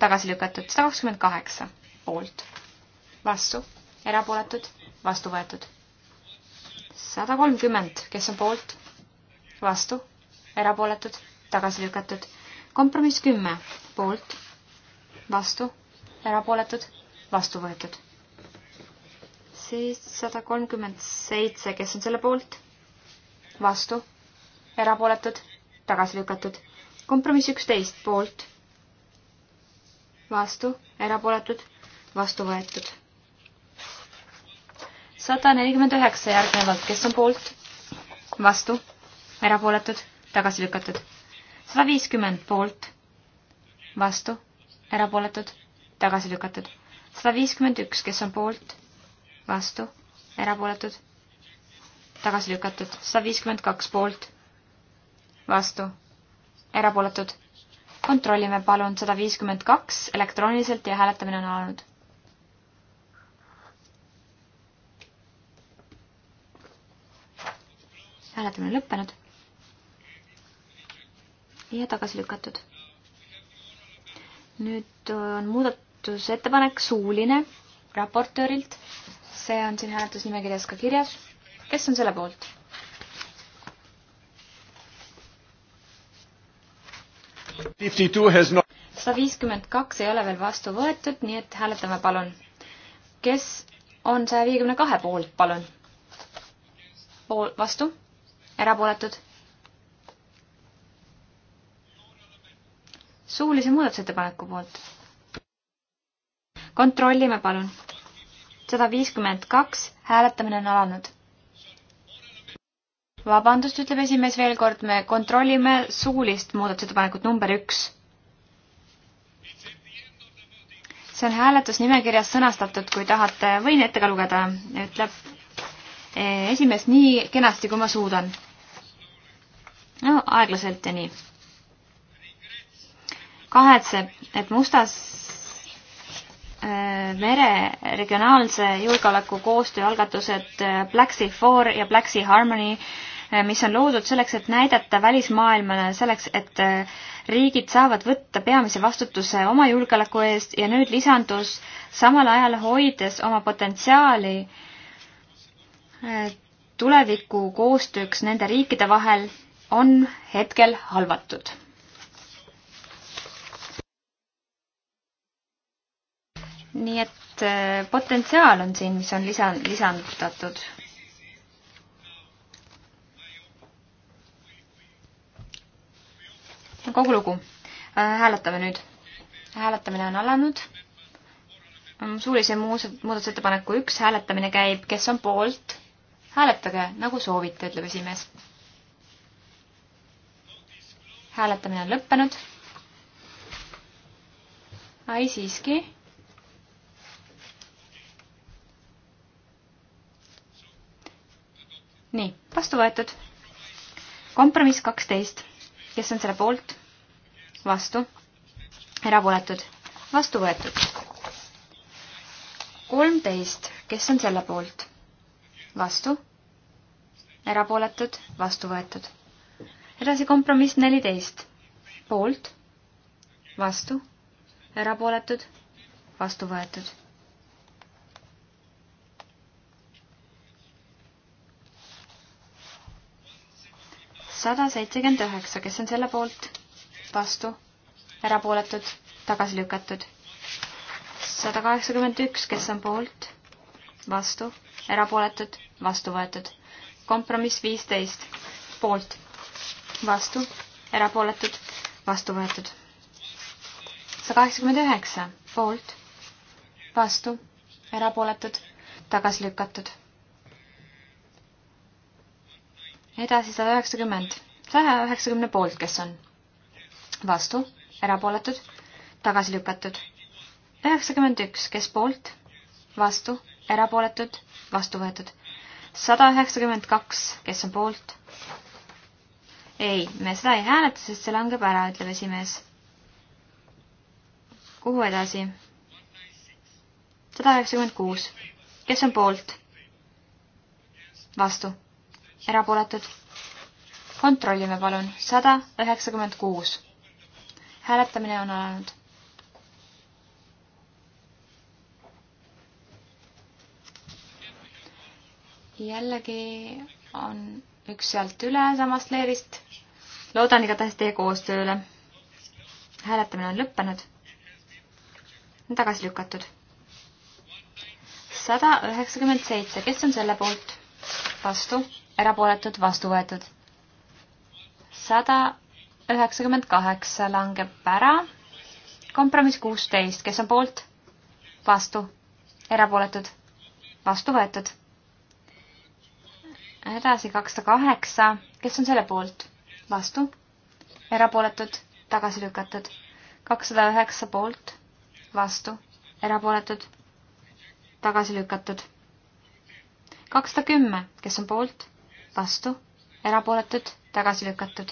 tagasi lükatud. sada kakskümmend kaheksa poolt, vastu, erapooletud, vastu võetud. sada kolmkümmend, kes on poolt, vastu, erapooletud, tagasi lükatud. kompromiss kümme poolt, vastu erapooletud, vastu võetud. siis sada kolmkümmend seitse, kes on selle poolt, vastu, erapooletud, tagasi lükatud. kompromiss üksteist poolt, vastu, erapooletud, vastu võetud. sada nelikümmend üheksa järgnevalt, kes on poolt, vastu, erapooletud, tagasi lükatud. sada viiskümmend poolt, vastu, erapooletud tagasi lükatud. sada viiskümmend üks, kes on poolt, vastu, erapooletud, tagasi lükatud. sada viiskümmend kaks poolt, vastu, erapooletud. kontrollime palun sada viiskümmend kaks elektrooniliselt ja hääletamine on alanud. hääletamine on lõppenud ja tagasi lükatud. nüüd on muudat-, muudatusettepanek, suuline, raportöörilt. see on siin hääletusnimekirjas ka kirjas. kes on selle poolt? sada viiskümmend kaks ei ole veel vastu võetud, nii et hääletame palun. kes on saja viiekümne kahe poolt, palun? pool, vastu? erapooletud? suulise muudatusettepaneku poolt kontrollime, palun. sada viiskümmend kaks, hääletamine on alanud. vabandust, ütleb esimees veel kord, me kontrollime suulist muudatusettepanekut number üks. see on hääletusnimekirjas sõnastatud, kui tahate, võin ette ka lugeda, ütleb e, esimees nii kenasti, kui ma suudan. no aeglaselt ja nii kahetseb, et mustas Äh, mere regionaalse julgeoleku koostööalgatused äh, Black Sea Four ja Black Sea Harmony, äh, mis on loodud selleks, et näidata välismaailmale selleks, et riigid saavad võtta peamise vastutuse oma julgeoleku eest ja nüüd lisandus samal ajal hoides oma potentsiaali tuleviku koostööks nende riikide vahel on hetkel halvatud nii et äh, potentsiaal on siin, mis on lisa, lisandatud. kogu lugu. Äh, hääletame nüüd. hääletamine on alanud. Mm, suulise muudatusettepaneku üks hääletamine käib, kes on poolt, hääletage nagu soovite, ütleb esimees. hääletamine on lõppenud. ai siiski vastu võetud. kompromiss kaksteist, kes on selle poolt? vastu, erapooletud, vastu võetud. kolmteist, kes on selle poolt? vastu, erapooletud, vastu võetud. edasi kompromiss neliteist, poolt, vastu, erapooletud, vastu võetud sada seitsekümmend üheksa, kes on selle poolt, vastu, erapooletud, tagasi lükatud. sada kaheksakümmend üks, kes on poolt, vastu, erapooletud, vastu võetud. kompromiss viisteist, poolt, vastu, erapooletud, vastu võetud. sada kaheksakümmend üheksa, poolt, vastu, erapooletud, tagasi lükatud edasi sada üheksakümmend, saja üheksakümne poolt, kes on vastu, erapooletud, tagasi lükatud. üheksakümmend üks, kes poolt, vastu, erapooletud, vastu võetud. sada üheksakümmend kaks, kes on poolt. ei, me seda ei hääleta, sest see langeb ära, ütleb esimees. kuhu edasi? sada üheksakümmend kuus, kes on poolt? vastu erapooletud. kontrollime palun, sada üheksakümmend kuus. hääletamine on alanud. jällegi on üks sealt üle samast leerist. loodan igatahes teie koostööle. hääletamine on lõppenud. tagasi lükatud. sada üheksakümmend seitse, kes on selle poolt? vastu erapooletud, vastu võetud. sada üheksakümmend kaheksa langeb ära. kompromiss kuusteist, kes on poolt? vastu, erapooletud, vastu võetud. edasi kakssada kaheksa, kes on selle poolt? vastu, erapooletud, tagasi lükatud. kakssada üheksa poolt, vastu, erapooletud, tagasi lükatud. kakssada kümme, kes on poolt? vastu, erapooletud, tagasi lükatud.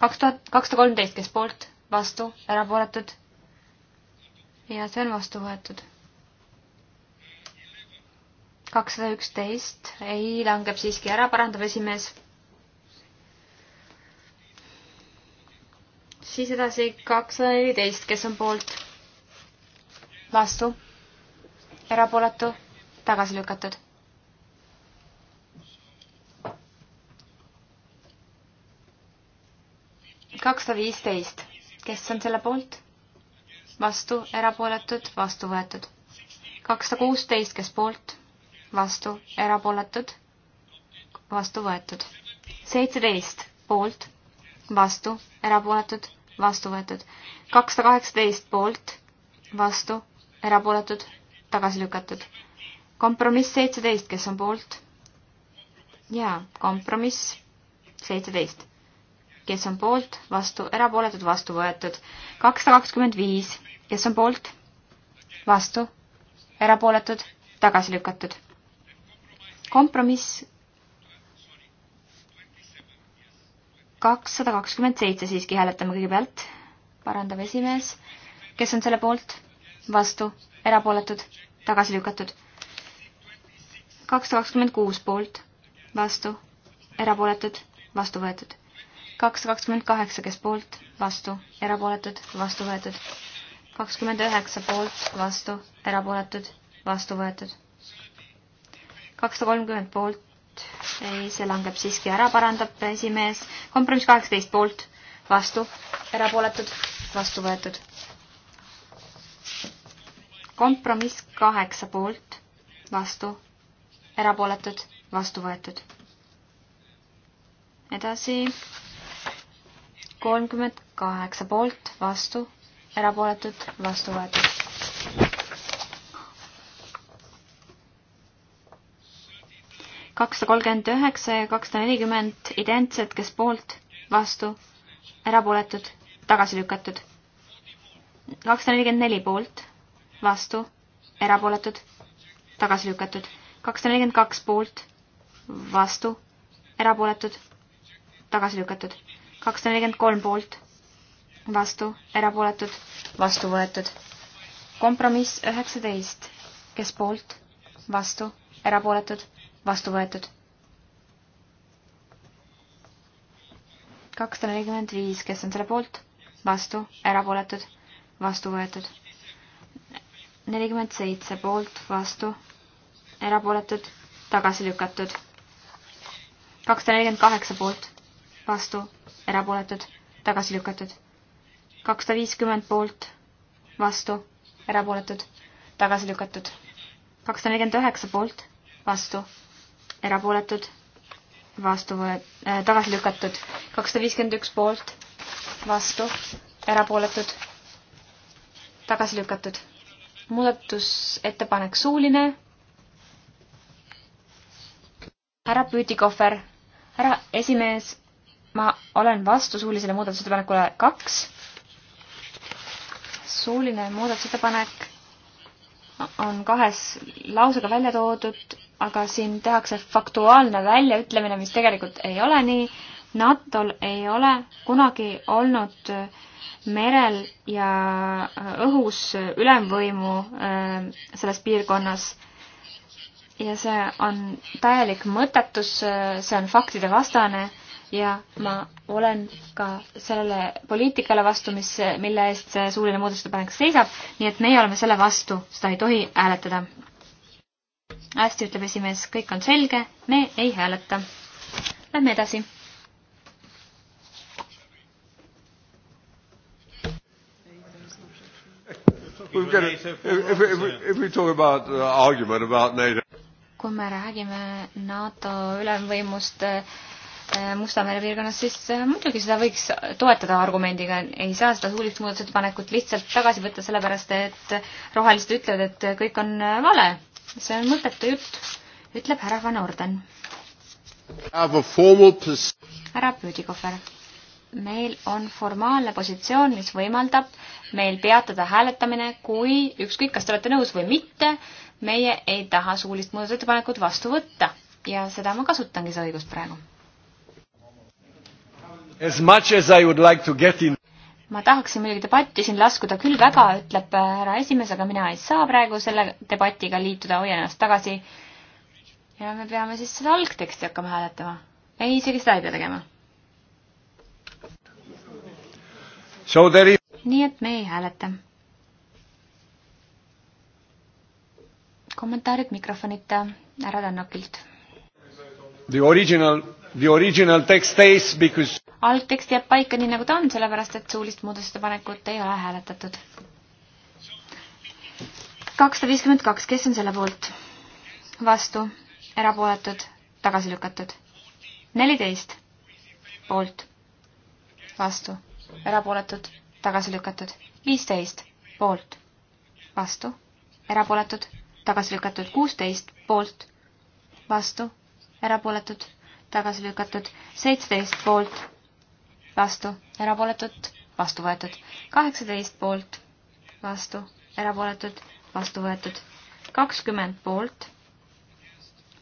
kaks tuhat, kakssada kolmteist, kes poolt, vastu, erapooletud. ja see on vastu võetud. kakssada üksteist, ei, langeb siiski ära, parandab esimees. siis edasi kakssada neliteist, kes on poolt, vastu, erapooletu, tagasi lükatud kakssada viisteist, kes on selle poolt? vastu, erapooletud, vastu võetud. kakssada kuusteist, kes poolt? vastu, erapooletud, vastu võetud. seitseteist, poolt, vastu, erapooletud, vastu võetud. kakssada kaheksateist, poolt, vastu, erapooletud, tagasi lükatud. kompromiss seitseteist, kes on poolt? jaa, kompromiss seitseteist kes on poolt, vastu, erapooletud, vastu võetud. kakssada kakskümmend viis, kes on poolt, vastu, erapooletud, tagasi lükatud. kompromiss kakssada kakskümmend seitse siiski hääletame kõigepealt, parandab esimees, kes on selle poolt, vastu, erapooletud, tagasi lükatud. kakssada kakskümmend kuus poolt, vastu, erapooletud, vastu võetud kakssada kakskümmend kaheksa, kes poolt, vastu, erapooletud, vastu võetud. kakskümmend üheksa poolt, vastu, erapooletud, vastu võetud. kakssada kolmkümmend poolt, ei, see langeb siiski ära, parandab esimees. kompromiss kaheksateist poolt, vastu, erapooletud, vastu võetud. kompromiss kaheksa poolt, vastu, erapooletud, vastu võetud. edasi kolmkümmend kaheksa poolt, vastu, erapooletud, vastu võetud. kakssada kolmkümmend üheksa ja kakssada nelikümmend identsed, kes poolt, vastu, erapooletud, tagasi lükatud. kakssada nelikümmend neli poolt, vastu, erapooletud, tagasi lükatud. kakssada nelikümmend kaks poolt, vastu, erapooletud, tagasi lükatud kakssada nelikümmend kolm poolt, vastu, erapooletud, vastu võetud. kompromiss üheksateist, kes poolt, vastu, erapooletud, vastu võetud. kakssada nelikümmend viis, kes on selle poolt, vastu, erapooletud, vastu võetud. nelikümmend seitse poolt, vastu, erapooletud, tagasi lükatud. kakssada nelikümmend kaheksa poolt, vastu, erapooletud, tagasi lükatud. kakssada viiskümmend poolt, vastu, erapooletud, tagasi lükatud. kakssada nelikümmend üheksa poolt, vastu, erapooletud, vastu võet- äh,, tagasi lükatud. kakssada viiskümmend üks poolt, vastu, erapooletud, tagasi lükatud. muudatusettepanek suuline. härra Püütikohver, härra esimees ma olen vastu suulisele muudatusettepanekule kaks. suuline muudatusettepanek on kahes lausega välja toodud, aga siin tehakse faktuaalne väljaütlemine, mis tegelikult ei ole nii. NATO-l ei ole kunagi olnud merel ja õhus ülemvõimu äh, selles piirkonnas ja see on täielik mõttetus, äh, see on faktide vastane ja ma olen ka sellele poliitikale vastu, mis, mille eest see suuline muudatusettepanek seisab, nii et meie oleme selle vastu, seda ei tohi hääletada. hästi, ütleb esimees, kõik on selge, me ei hääleta. Lähme edasi. Uh, kui me räägime NATO ülemvõimust äh, Äh, Musta mere piirkonnas, siis äh, muidugi seda võiks toetada argumendiga, ei saa seda suulist muudatusettepanekut lihtsalt tagasi võtta, sellepärast et rohelised ütlevad, et kõik on äh, vale. see on mõttetu jutt, ütleb härra Van Orden. härra Püüdikohver, meil on formaalne positsioon, mis võimaldab meil peatada hääletamine, kui ükskõik, kas te olete nõus või mitte, meie ei taha suulist muudatusettepanekut vastu võtta ja seda ma kasutangi, see õigus praegu As much as I would like to get in ma tahaksin muidugi debatti siin laskuda küll väga, ütleb äh, härra esimees, aga mina ei saa praegu selle debatiga liituda, hoian ennast tagasi. ja me peame siis seda algteksti hakkama hääletama. ei, isegi seda ei pea tegema. Is... nii et me ei hääleta. kommentaarid mikrofonita härra Tannokilt. The original, the original text stays because algtekst jääb paika nii, nagu ta on, sellepärast et suulist muudatusettepanekut ei ole hääletatud. kakssada viiskümmend kaks, kes on selle poolt? vastu, erapooletud, tagasi lükatud. neliteist, poolt, vastu, erapooletud, tagasi lükatud. viisteist, poolt, vastu, erapooletud, tagasi lükatud. kuusteist, poolt, vastu, erapooletud, tagasi lükatud. seitseteist, poolt vastu, erapooletud, vastu võetud. kaheksateist poolt, vastu, erapooletud, vastu võetud. kakskümmend poolt,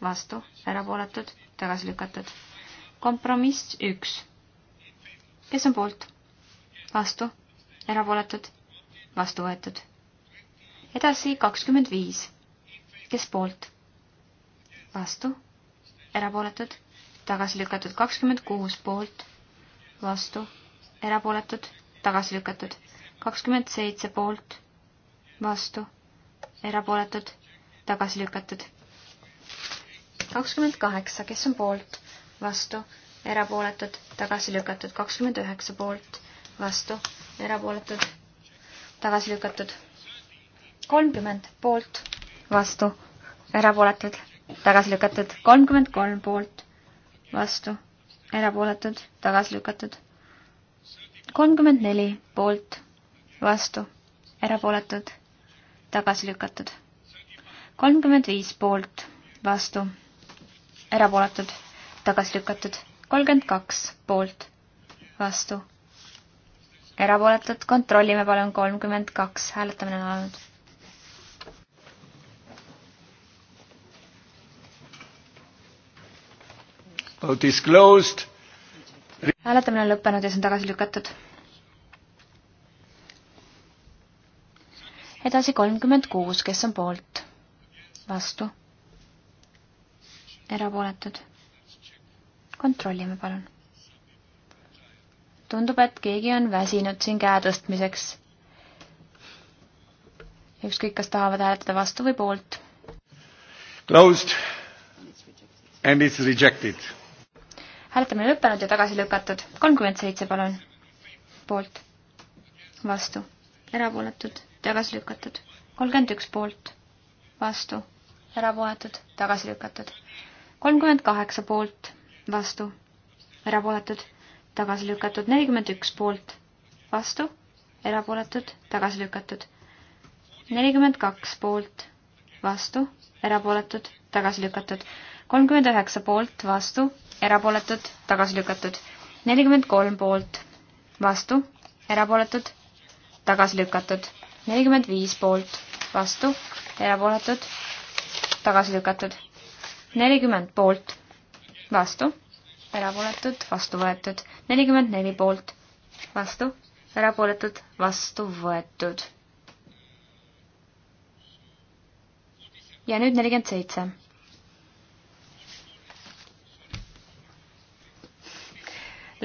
vastu, erapooletud, tagasi lükatud. kompromiss üks. kes on poolt? vastu, erapooletud, vastu võetud. edasi kakskümmend viis. kes poolt? vastu, erapooletud, tagasi lükatud kakskümmend kuus poolt vastu, erapooletud, tagasi lükatud. kakskümmend seitse poolt, vastu, erapooletud, tagasi lükatud. kakskümmend kaheksa, kes on poolt, vastu, erapooletud, tagasi lükatud. kakskümmend üheksa poolt, vastu, erapooletud, tagasi lükatud. kolmkümmend poolt, vastu, erapooletud, tagasi lükatud. kolmkümmend kolm poolt, vastu erapooletud, tagasi lükatud. kolmkümmend neli poolt, vastu, erapooletud, tagasi lükatud. kolmkümmend viis poolt, vastu, erapooletud, tagasi lükatud. kolmkümmend kaks poolt, vastu, erapooletud, kontrollime palun, kolmkümmend kaks, hääletamine on alanud Vote is closed. hääletamine on lõppenud ja see on tagasi lükatud. edasi kolmkümmend kuus, kes on poolt? vastu? erapooletud? kontrollime, palun. tundub, et keegi on väsinud siin käe tõstmiseks. ükskõik, kas tahavad hääletada vastu või poolt. Closed and it's rejected hääletamine lõppenud ja tagasi lükatud. kolmkümmend seitse, palun. poolt, vastu, erapooletud, tagasi lükatud. kolmkümmend üks poolt, vastu, erapooletud, tagasi lükatud. kolmkümmend kaheksa poolt, vastu, erapooletud, tagasi lükatud. nelikümmend üks poolt, vastu, erapooletud, tagasi lükatud. nelikümmend kaks poolt, vastu, erapooletud, tagasi lükatud. kolmkümmend üheksa poolt, vastu, erapooletud, tagasi lükatud. nelikümmend kolm poolt, vastu, erapooletud, tagasi lükatud. nelikümmend viis poolt, vastu, erapooletud, tagasi lükatud. nelikümmend poolt, vastu, erapooletud, vastu võetud. nelikümmend neli poolt, vastu, erapooletud, vastu võetud. ja nüüd nelikümmend seitse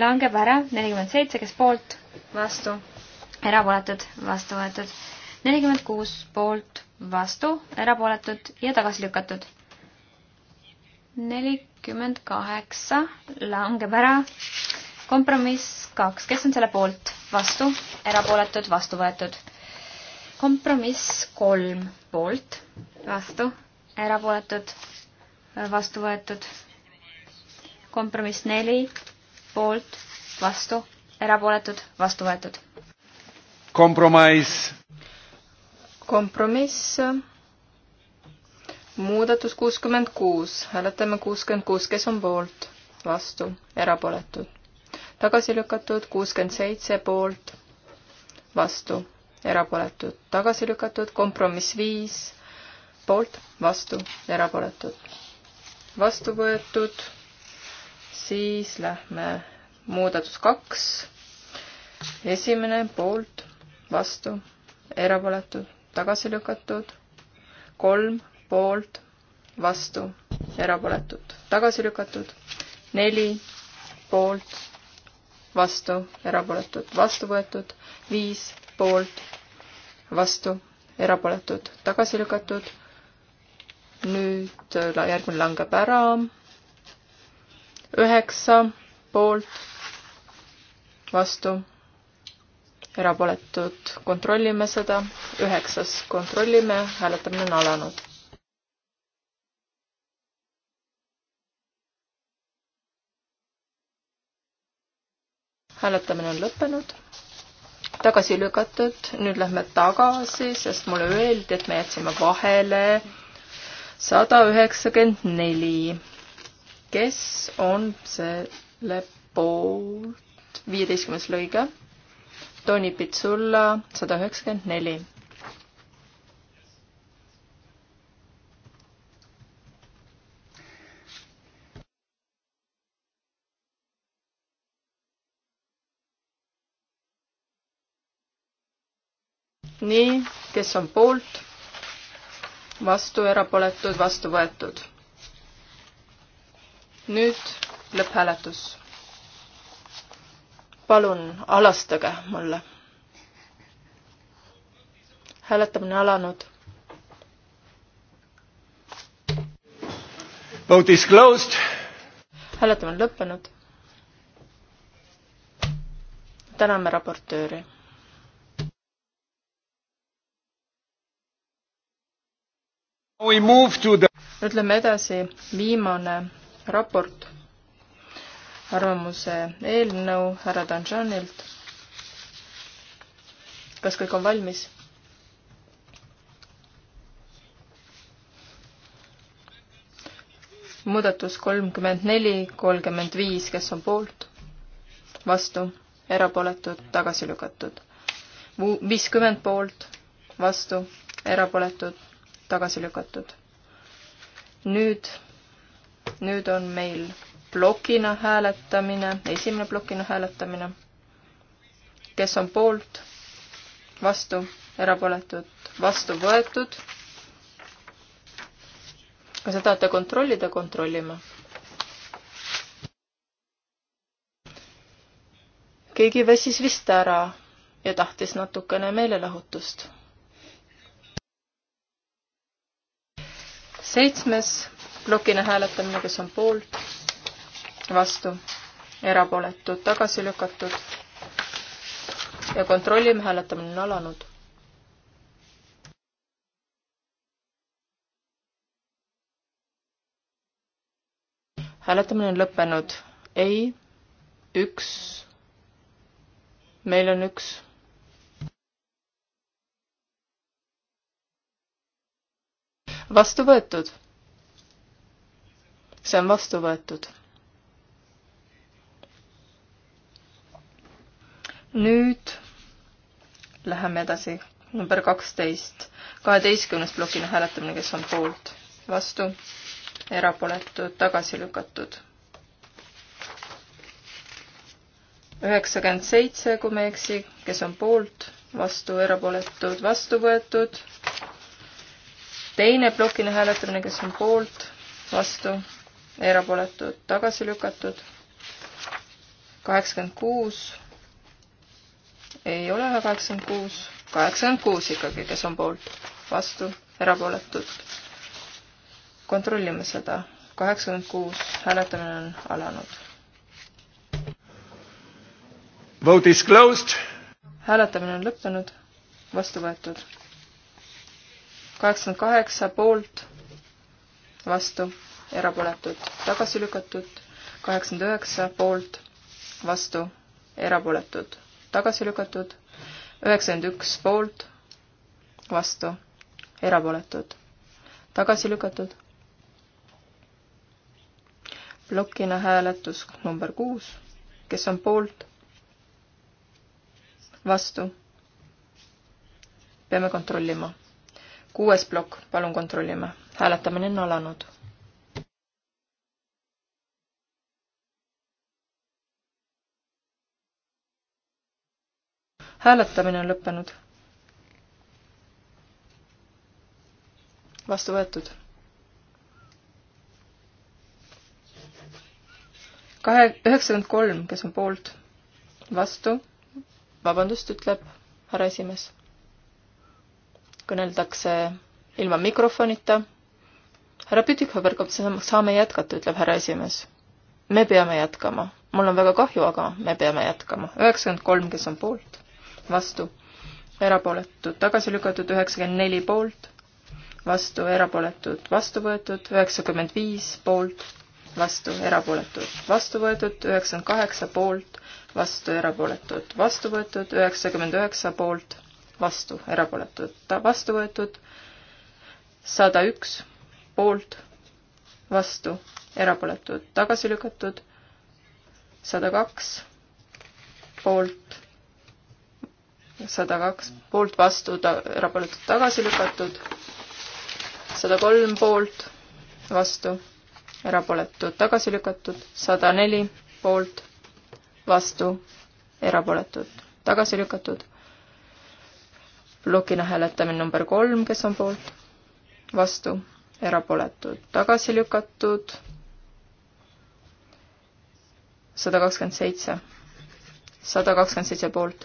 langeb ära, nelikümmend seitse, kes poolt, vastu, erapooletud, vastu võetud. nelikümmend kuus poolt, vastu, erapooletud ja tagasi lükatud. nelikümmend kaheksa langeb ära, kompromiss kaks, kes on selle poolt, vastu, erapooletud, vastu võetud. kompromiss kolm poolt, vastu, erapooletud, vastu võetud. kompromiss neli poolt, vastu, erapooletud, vastu võetud. kompromiss. kompromiss. muudatus kuuskümmend kuus, hääletame kuuskümmend kuus, kes on poolt, vastu, erapooletud. tagasi lükatud kuuskümmend seitse poolt, vastu, erapooletud. tagasi lükatud kompromiss viis, poolt, vastu, erapooletud. vastu võetud siis lähme muudatus kaks, esimene poolt, vastu, erapooletud, tagasi lükatud, kolm poolt, vastu, erapooletud, tagasi lükatud, neli poolt, vastu, erapooletud, vastu võetud, viis poolt, vastu, erapooletud, tagasi lükatud, nüüd järgmine langeb ära üheksa poolt, vastu, erapooletud, kontrollime seda, üheksas kontrollime, hääletamine on alanud. hääletamine on lõppenud, tagasi lükatud, nüüd lähme tagasi, sest mulle öeldi, et me jätsime vahele sada üheksakümmend neli kes on selle poolt, viieteistkümnes lõige, Tony Pitsulla, sada üheksakümmend neli. nii, kes on poolt, vastu, erapooletud, vastu võetud nüüd lõpphääletus. palun alastage mulle. hääletamine alanud. Vote is closed. hääletamine lõppenud. täname raportööri nüüd lähme edasi, viimane raport, arvamuse eelnõu härra Danjanilt. kas kõik on valmis? muudatus kolmkümmend neli, kolmkümmend viis, kes on poolt, vastu, erapooletud, tagasi lükatud. viiskümmend poolt, vastu, erapooletud, tagasi lükatud. nüüd nüüd on meil plokina hääletamine, esimene plokina hääletamine. kes on poolt, vastu, erapooletud, vastu võetud. kas te tahate kontrollida, kontrollime. keegi väsis vist ära ja tahtis natukene meelelahutust. seitsmes plokina hääletamine, kes on poolt, vastu, erapooletud, tagasi lükatud. ja kontrollime, hääletamine on alanud. hääletamine on lõppenud. ei, üks, meil on üks vastu võetud see on vastu võetud. nüüd läheme edasi number kaksteist, kaheteistkümnes plokina hääletamine, kes on poolt, vastu, erapooletud, tagasi lükatud. üheksakümmend seitse, kui ma ei eksi, kes on poolt, vastu, erapooletud, vastu võetud. teine plokina hääletamine, kes on poolt, vastu, erapooletud, tagasi lükatud. kaheksakümmend kuus, ei ole kaheksakümmend kuus, kaheksakümmend kuus ikkagi, kes on poolt, vastu, erapooletud. kontrollime seda, kaheksakümmend kuus, hääletamine on alanud. Vote is closed. hääletamine on lõppenud, vastu võetud. kaheksakümmend kaheksa poolt, vastu erapooletud, tagasi lükatud, kaheksakümmend üheksa poolt, vastu, erapooletud, tagasi lükatud, üheksakümmend üks poolt, vastu, erapooletud, tagasi lükatud. plokina hääletus number kuus, kes on poolt, vastu, peame kontrollima kuues plokk, palun kontrollime. hääletamine on alanud. hääletamine on lõppenud. vastu võetud. kahe, üheksakümmend kolm, kes on poolt, vastu, vabandust, ütleb härra esimees. kõneldakse ilma mikrofonita. härra Pütikhofer, saame jätkata, ütleb härra esimees. me peame jätkama. mul on väga kahju, aga me peame jätkama. üheksakümmend kolm, kes on poolt vastu, erapooletud, tagasi lükatud, üheksakümmend neli poolt, vastu, erapooletud, vastu võetud, üheksakümmend viis poolt, vastu, erapooletud, vastu võetud, üheksakümmend kaheksa poolt, vastu, erapooletud, vastu võetud, üheksakümmend üheksa poolt, vastu, erapooletud, vastu võetud, sada üks poolt, vastu, erapooletud, tagasi lükatud, sada kaks poolt, sada kaks poolt vastu, erapooletud tagasi lükatud, sada kolm poolt vastu, erapooletud tagasi lükatud, sada neli poolt vastu, erapooletud tagasi lükatud. plokina hääletamine number kolm, kes on poolt, vastu, erapooletud tagasi lükatud, sada kakskümmend seitse, sada kakskümmend seitse poolt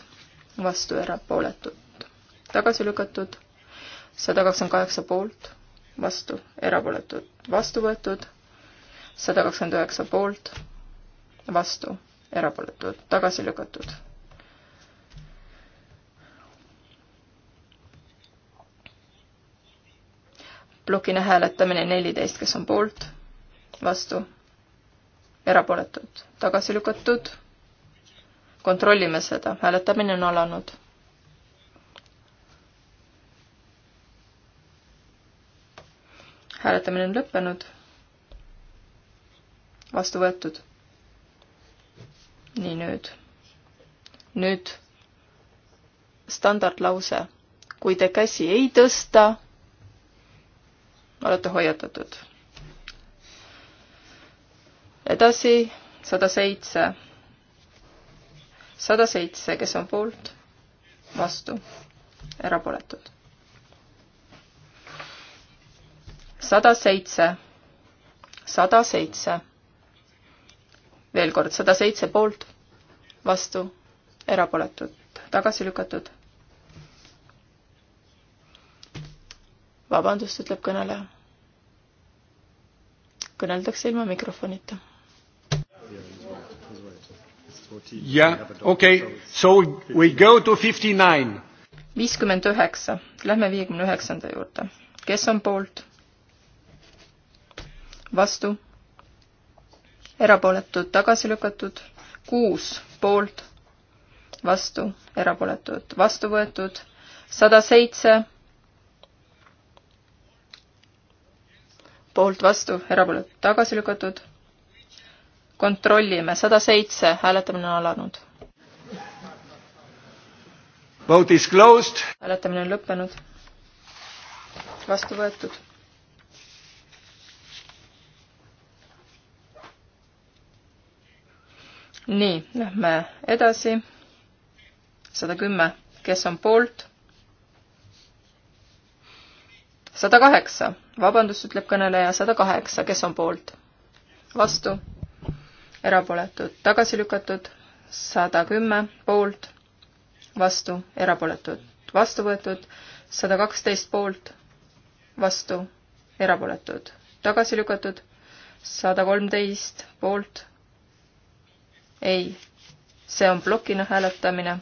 vastu erapooletud, tagasi lükatud, sada kakskümmend kaheksa poolt, vastu erapooletud, vastu võetud, sada kakskümmend üheksa poolt, vastu erapooletud, tagasi lükatud. plokina hääletamine neliteist, kes on poolt, vastu, erapooletud, tagasi lükatud kontrollime seda, hääletamine on alanud. hääletamine on lõppenud. vastu võetud. nii, nüüd. nüüd standardlause. kui te käsi ei tõsta, olete hoiatatud. edasi sada seitse sada seitse, kes on poolt, vastu, erapooletud. sada seitse, sada seitse. veel kord, sada seitse poolt, vastu, erapooletud, tagasi lükatud. vabandust, ütleb kõneleja. kõneldakse ilma mikrofonita jah, okei, so we go to fifty nine. viiskümmend üheksa, lähme viiekümne üheksanda juurde. kes on poolt? vastu? erapooletud, tagasi lükatud? kuus poolt, vastu, erapooletud, vastu võetud, sada seitse poolt, vastu, erapooletud, tagasi lükatud kontrollime, sada seitse, hääletamine on alanud. Vote is closed. hääletamine on lõppenud. vastu võetud. nii, lähme edasi. sada kümme, kes on poolt? sada kaheksa, vabandust, ütleb kõneleja, sada kaheksa, kes on poolt? vastu erapooletud, tagasi lükatud, sada kümme poolt, vastu, erapooletud, vastu võetud, sada kaksteist poolt, vastu, erapooletud, tagasi lükatud, sada kolmteist poolt, ei, see on plokina hääletamine,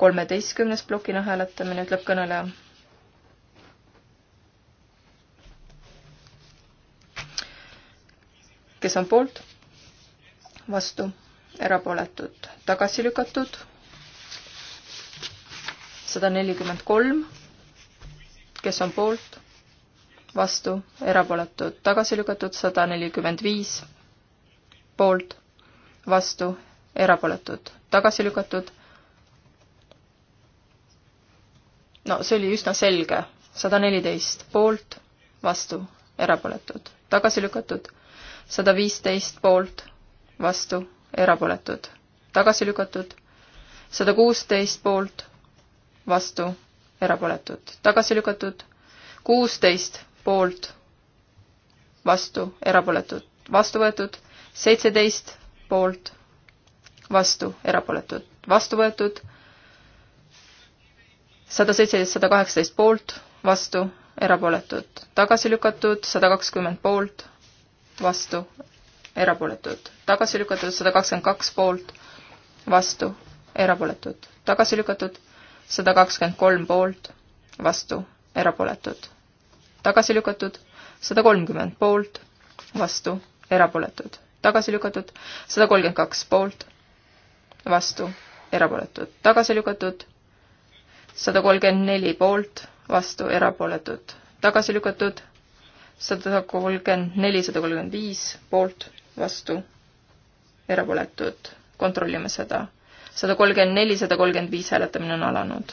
kolmeteistkümnes plokina hääletamine, ütleb kõneleja kes on poolt, vastu, erapooletud, tagasi lükatud. sada nelikümmend kolm, kes on poolt, vastu, erapooletud, tagasi lükatud, sada nelikümmend viis, poolt, vastu, erapooletud, tagasi lükatud. no see oli üsna selge, sada neliteist poolt, vastu, erapooletud, tagasi lükatud, sada viisteist poolt vastu, erapooletud, tagasi lükatud, sada kuusteist poolt, vastu, erapooletud, tagasi lükatud, kuusteist poolt, vastu, erapooletud, vastu võetud, seitseteist poolt, vastu, erapooletud, vastu võetud, sada seitseteist, sada kaheksateist poolt, vastu, erapooletud, tagasi lükatud, sada kakskümmend poolt, vastu, erapooletud, tagasi lükatud, sada kakskümmend kaks poolt, vastu, erapooletud, tagasi lükatud, sada kakskümmend kolm poolt, vastu, erapooletud, tagasi lükatud, sada kolmkümmend poolt, vastu, erapooletud, tagasi lükatud, sada kolmkümmend kaks poolt, vastu, erapooletud, tagasi lükatud, sada kolmkümmend neli poolt, vastu, erapooletud, tagasi lükatud, sada kolmkümmend neli, sada kolmkümmend viis poolt, vastu, erapooletud, kontrollime seda. sada kolmkümmend neli, sada kolmkümmend viis hääletamine on alanud.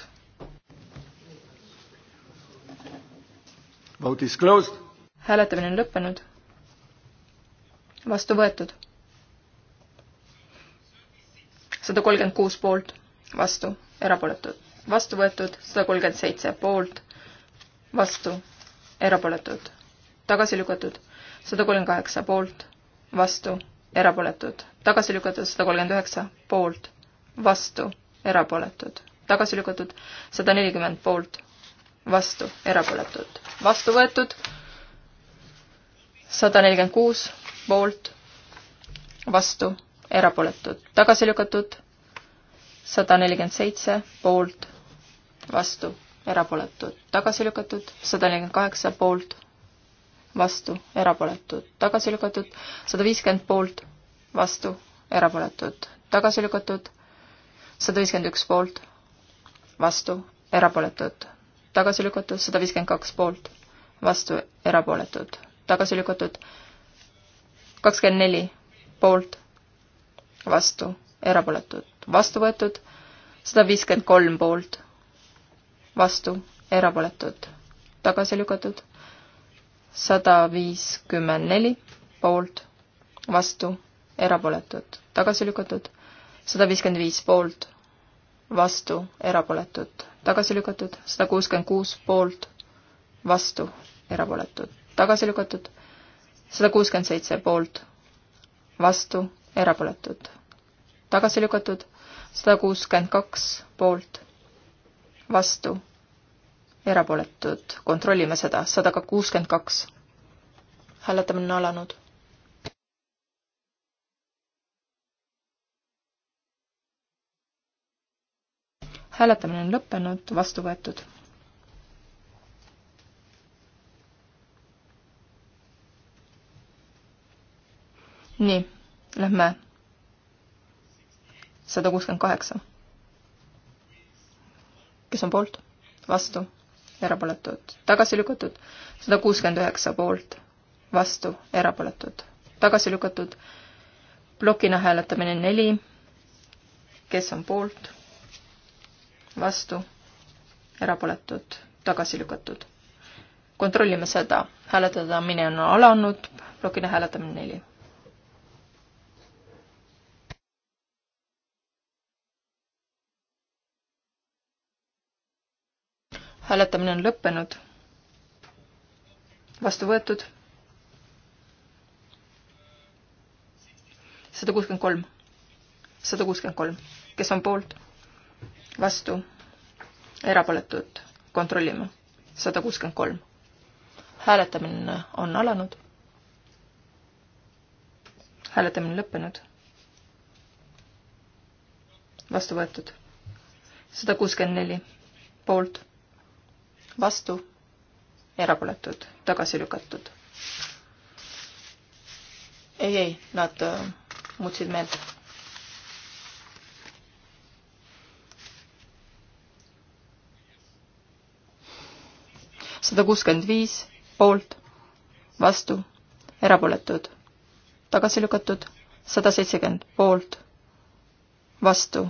Vote is closed. hääletamine on lõppenud. vastu võetud. sada kolmkümmend kuus poolt, vastu, erapooletud, vastu võetud, sada kolmkümmend seitse poolt, vastu, erapooletud tagasi lükatud, sada kolmkümmend kaheksa poolt, vastu, erapooletud, tagasi lükatud sada kolmkümmend üheksa, poolt, vastu, erapooletud, tagasi lükatud sada nelikümmend, poolt, vastu, erapooletud, vastu võetud sada nelikümmend kuus, poolt, vastu, erapooletud, tagasi lükatud sada nelikümmend seitse, poolt, vastu, erapooletud, tagasi lükatud sada nelikümmend kaheksa, poolt vastu, erapooletud, tagasi lükatud, sada viiskümmend poolt, vastu, erapooletud, tagasi lükatud, sada viiskümmend üks poolt, vastu, erapooletud, tagasi lükatud, sada viiskümmend kaks poolt, vastu, erapooletud, tagasi lükatud, kakskümmend neli poolt, vastu, erapooletud, vastu võetud, sada viiskümmend kolm poolt, vastu, erapooletud, tagasi lükatud sada viiskümmend neli poolt, vastu, erapooletud, tagasi lükatud, sada viiskümmend viis poolt, vastu, erapooletud, tagasi lükatud, sada kuuskümmend kuus poolt, vastu, erapooletud, tagasi lükatud, sada kuuskümmend seitse poolt, vastu, erapooletud, tagasi lükatud, sada kuuskümmend kaks poolt, vastu erapooletud, kontrollime seda, sada kuuskümmend kaks. hääletamine on alanud. hääletamine on lõppenud, vastu võetud. nii, lähme sada kuuskümmend kaheksa. kes on poolt? vastu erapooletud, tagasi lükatud, sada kuuskümmend üheksa poolt, vastu, erapooletud, tagasi lükatud, plokina hääletamine neli, kes on poolt, vastu, erapooletud, tagasi lükatud. kontrollime seda, hääletada mine on alanud, plokina hääletamine neli hääletamine on lõppenud. vastu võetud. sada kuuskümmend kolm, sada kuuskümmend kolm, kes on poolt, vastu, erapooletud, kontrollime, sada kuuskümmend kolm. hääletamine on alanud. hääletamine lõppenud. vastu võetud, sada kuuskümmend neli, poolt vastu, erapooletud, tagasi lükatud. ei, ei, nad äh, muutsid meelt. sada kuuskümmend viis poolt, vastu, erapooletud, tagasi lükatud, sada seitsekümmend poolt, vastu,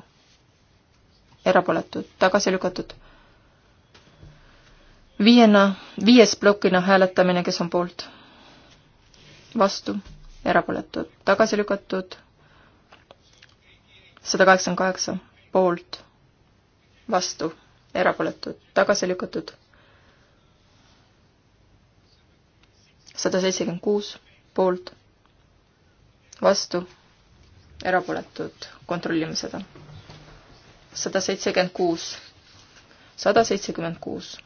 erapooletud, tagasi lükatud viiena, viies plokina hääletamine, kes on poolt? vastu, erapooletud, tagasi lükatud, sada kaheksakümmend kaheksa, poolt, vastu, erapooletud, tagasi lükatud, sada seitsekümmend kuus, poolt, vastu, erapooletud, kontrollime seda. sada seitsekümmend kuus, sada seitsekümmend kuus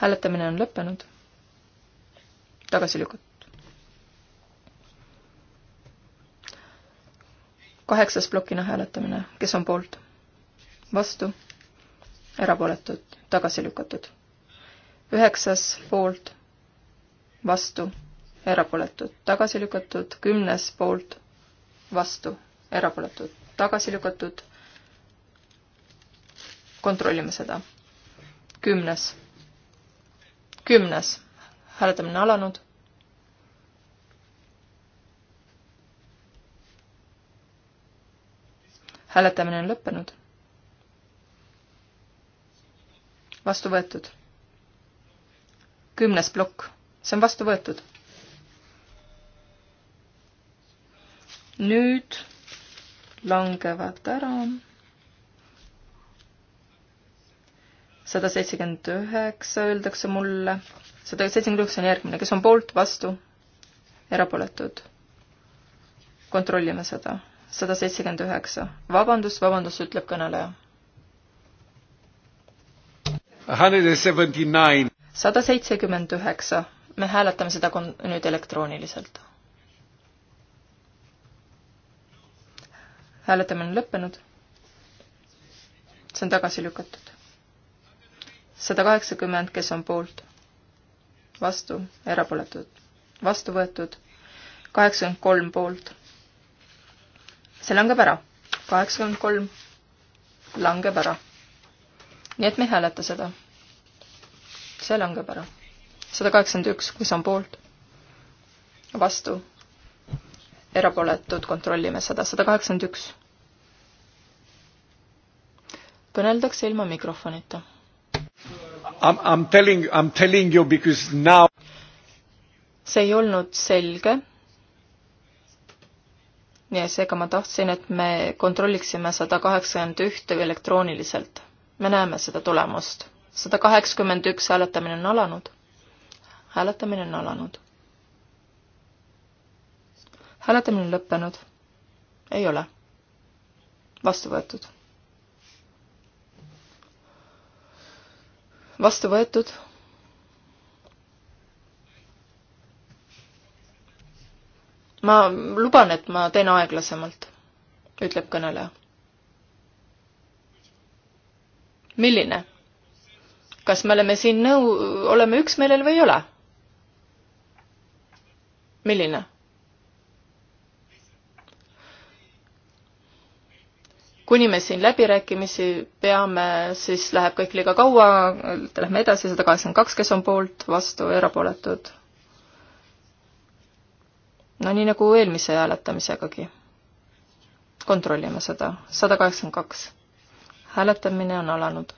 hääletamine on lõppenud. tagasi lükatud. kaheksas plokina hääletamine, kes on poolt? vastu? erapooletud, tagasi lükatud. üheksas poolt, vastu, erapooletud, tagasi lükatud, kümnes poolt, vastu, erapooletud, tagasi lükatud. kontrollime seda. kümnes kümnes, hääletamine alanud. hääletamine on lõppenud. vastu võetud. kümnes plokk, see on vastu võetud. nüüd langevad ära sada seitsekümmend üheksa öeldakse mulle, sada seitsekümmend üheksa on järgmine, kes on poolt, vastu, erapooletud. kontrollime seda, sada seitsekümmend üheksa. vabandust, vabandust, ütleb kõneleja. sada seitsekümmend üheksa, me hääletame seda nüüd elektrooniliselt hääletamine on lõppenud. see on tagasi lükatud sada kaheksakümmend, kes on poolt, vastu, erapooletud, vastu võetud, kaheksakümmend kolm poolt. see langeb ära, kaheksakümmend kolm langeb ära. nii et me ei hääleta seda. see langeb ära. sada kaheksakümmend üks, kes on poolt, vastu, erapooletud, kontrollime seda, sada kaheksakümmend üks kõneldakse ilma mikrofonita I'm, I'm telling, I'm telling you because now see ei olnud selge. ja seega ma tahtsin, et me kontrolliksime sada kaheksakümmend ühte elektrooniliselt. me näeme seda tulemust. sada kaheksakümmend üks hääletamine on alanud. hääletamine on alanud. hääletamine on lõppenud. ei ole. vastu võetud vastu võetud. ma luban, et ma teen aeglasemalt, ütleb kõneleja. milline? kas me oleme siin nõu, oleme üksmeelel või ei ole? milline? kuni me siin läbirääkimisi peame, siis läheb kõik liiga kaua, lähme edasi, sada kaheksakümmend kaks, kes on poolt, vastu, erapooletud. no nii nagu eelmise hääletamisegagi. kontrollime seda, sada kaheksakümmend kaks. hääletamine on alanud.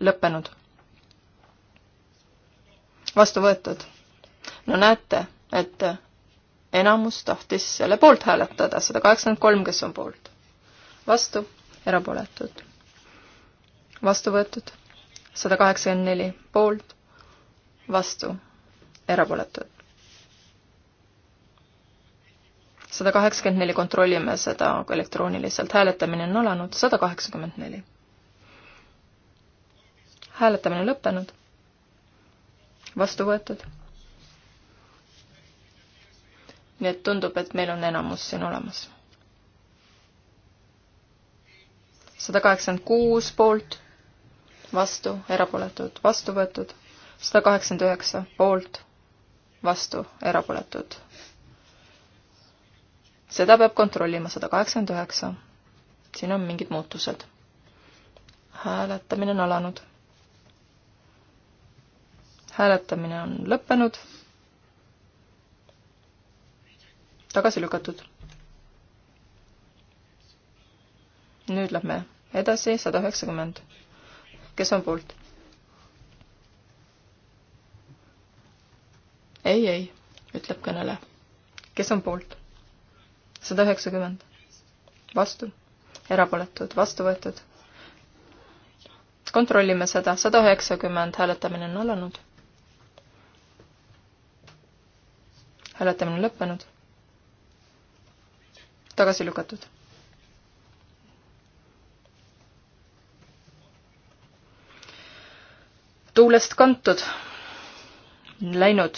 lõppenud. vastu võetud. no näete et enamus tahtis selle poolt hääletada, sada kaheksakümmend kolm, kes on poolt. vastu, erapooletud. vastu võetud, sada kaheksakümmend neli, poolt, vastu, erapooletud. sada kaheksakümmend neli, kontrollime seda elektrooniliselt, hääletamine on alanud, sada kaheksakümmend neli. hääletamine lõppenud, vastu võetud nii et tundub, et meil on enamus siin olemas. sada kaheksakümmend kuus poolt, vastu, erapooletud, vastu võetud, sada kaheksakümmend üheksa poolt, vastu, erapooletud. seda peab kontrollima, sada kaheksakümmend üheksa. siin on mingid muutused. hääletamine on alanud hääletamine on lõppenud tagasi lükatud. nüüd lähme edasi, sada üheksakümmend. kes on poolt? ei, ei, ütleb kõneleja. kes on poolt? sada üheksakümmend. vastu, erapooletud, vastu võetud. kontrollime seda, sada üheksakümmend, hääletamine on alanud. hääletamine on lõppenud tagasi lükatud. tuulest kantud, läinud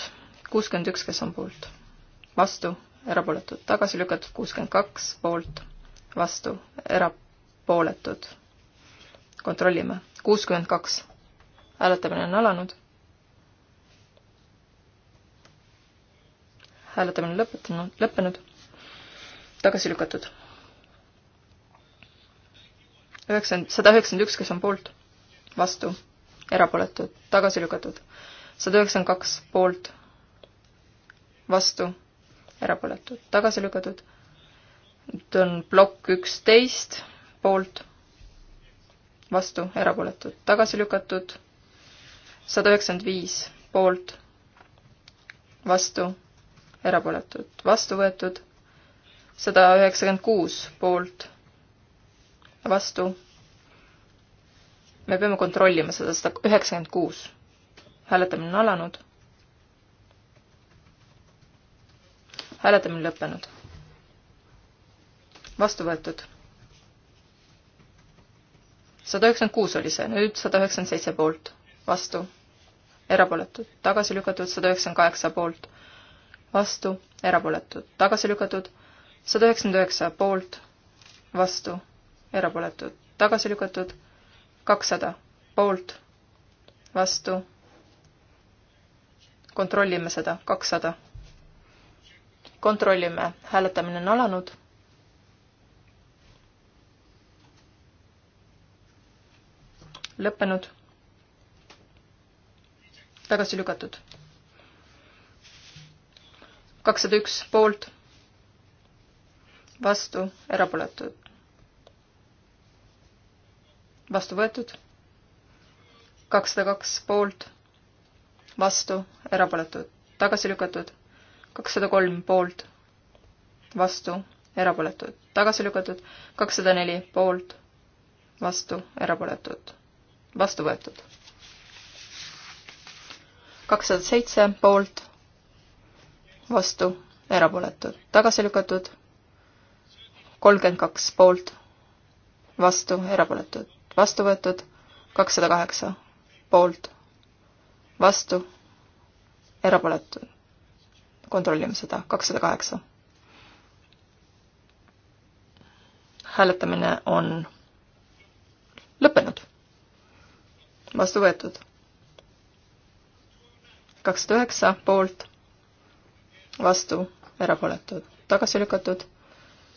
kuuskümmend üks, kes on poolt, vastu, erapooletud, tagasi lükatud kuuskümmend kaks, poolt, vastu, erapooletud. kontrollime, kuuskümmend kaks. hääletamine on alanud. hääletamine on lõpetanud, lõppenud, lõppenud tagasi lükatud. üheksakümmend, sada üheksakümmend üks, kes on poolt, vastu, erapooletud, tagasi lükatud. sada üheksakümmend kaks poolt, vastu, erapooletud, tagasi lükatud. nüüd on plokk üksteist poolt, vastu, erapooletud, tagasi lükatud. sada üheksakümmend viis poolt, vastu, erapooletud, vastu võetud sada üheksakümmend kuus poolt, vastu. me peame kontrollima seda sada üheksakümmend kuus. hääletamine on alanud. hääletamine lõppenud. vastu võetud. sada üheksakümmend kuus oli see, nüüd sada üheksakümmend seitse poolt, vastu, erapooletud, tagasi lükatud sada üheksakümmend kaheksa poolt, vastu, erapooletud, tagasi lükatud sada üheksakümmend üheksa poolt, vastu, erapooletud, tagasi lükatud, kakssada poolt, vastu. kontrollime seda, kakssada. kontrollime, hääletamine on alanud. lõppenud. tagasi lükatud. kakssada üks poolt vastu, erapooletud, vastu võetud, kakssada kaks poolt, vastu, erapooletud, tagasi lükatud, kakssada kolm poolt, vastu, erapooletud, tagasi lükatud, kakssada neli poolt, vastu, erapooletud, vastu võetud. kakssada seitse poolt, vastu, erapooletud, tagasi lükatud kolmkümmend kaks poolt, vastu, erapooletud, vastu võetud, kakssada kaheksa poolt, vastu, erapooletud. kontrollime seda, kakssada kaheksa. hääletamine on lõppenud. vastu võetud. kakssada üheksa poolt, vastu, erapooletud, tagasi lükatud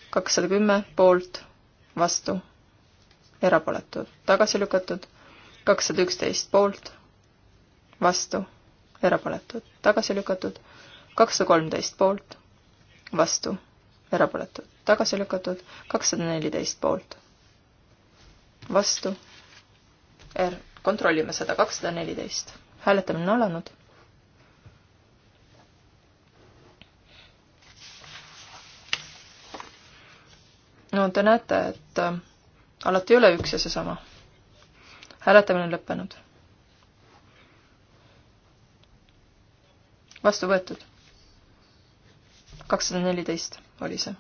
kakssada kümme poolt, vastu, erapooletud, tagasi lükatud, kakssada üksteist poolt, vastu, erapooletud, tagasi lükatud, kakssada kolmteist poolt, vastu, erapooletud, tagasi lükatud, kakssada neliteist poolt, vastu, er-, kontrollime seda, kakssada neliteist. hääletamine on alanud no te näete, et äh, alati ei ole üks ja seesama. hääletamine on lõppenud. vastu võetud. kakssada neliteist oli see.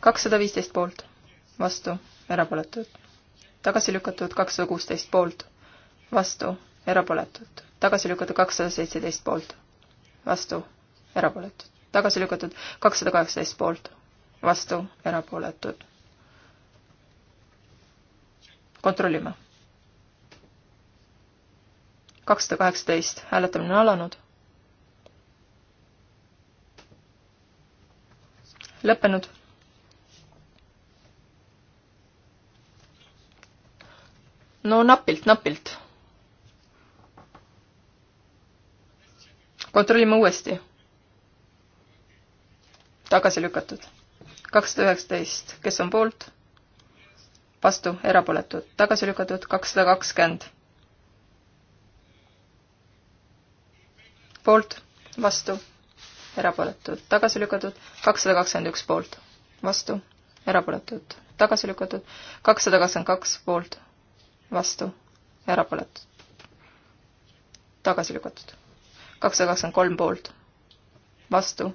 kakssada viisteist poolt, vastu, erapooletud. tagasi lükatud kakssada kuusteist poolt vastu, erapooletud, tagasi lükatud kakssada seitseteist poolt, vastu, erapooletud, tagasi lükatud kakssada kaheksateist poolt, vastu, erapooletud. kontrollime. kakssada kaheksateist, hääletamine on alanud. lõppenud no napilt, napilt. kontrollime uuesti. tagasi lükatud. kakssada üheksateist, kes on poolt? vastu, erapooletud, tagasi lükatud, kakssada kakskümmend. poolt, vastu, erapooletud, tagasi lükatud, kakssada kakskümmend üks poolt, vastu, erapooletud, tagasi lükatud, kakssada kakskümmend kaks poolt, vastu, erapooletud, tagasi lükatud kakssada kakskümmend kolm poolt, vastu,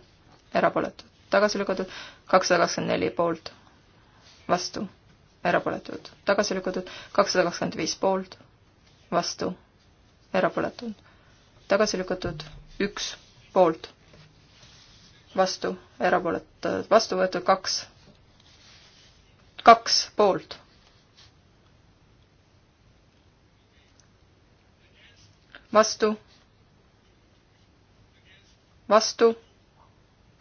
erapooletud, tagasi lükatud, kakssada kakskümmend neli poolt, vastu, erapooletud, tagasi lükatud, kakssada kakskümmend viis poolt, vastu, erapooletud, tagasi lükatud, üks poolt, vastu, erapooletud, vastu võetud kaks, kaks poolt vastu, vastu.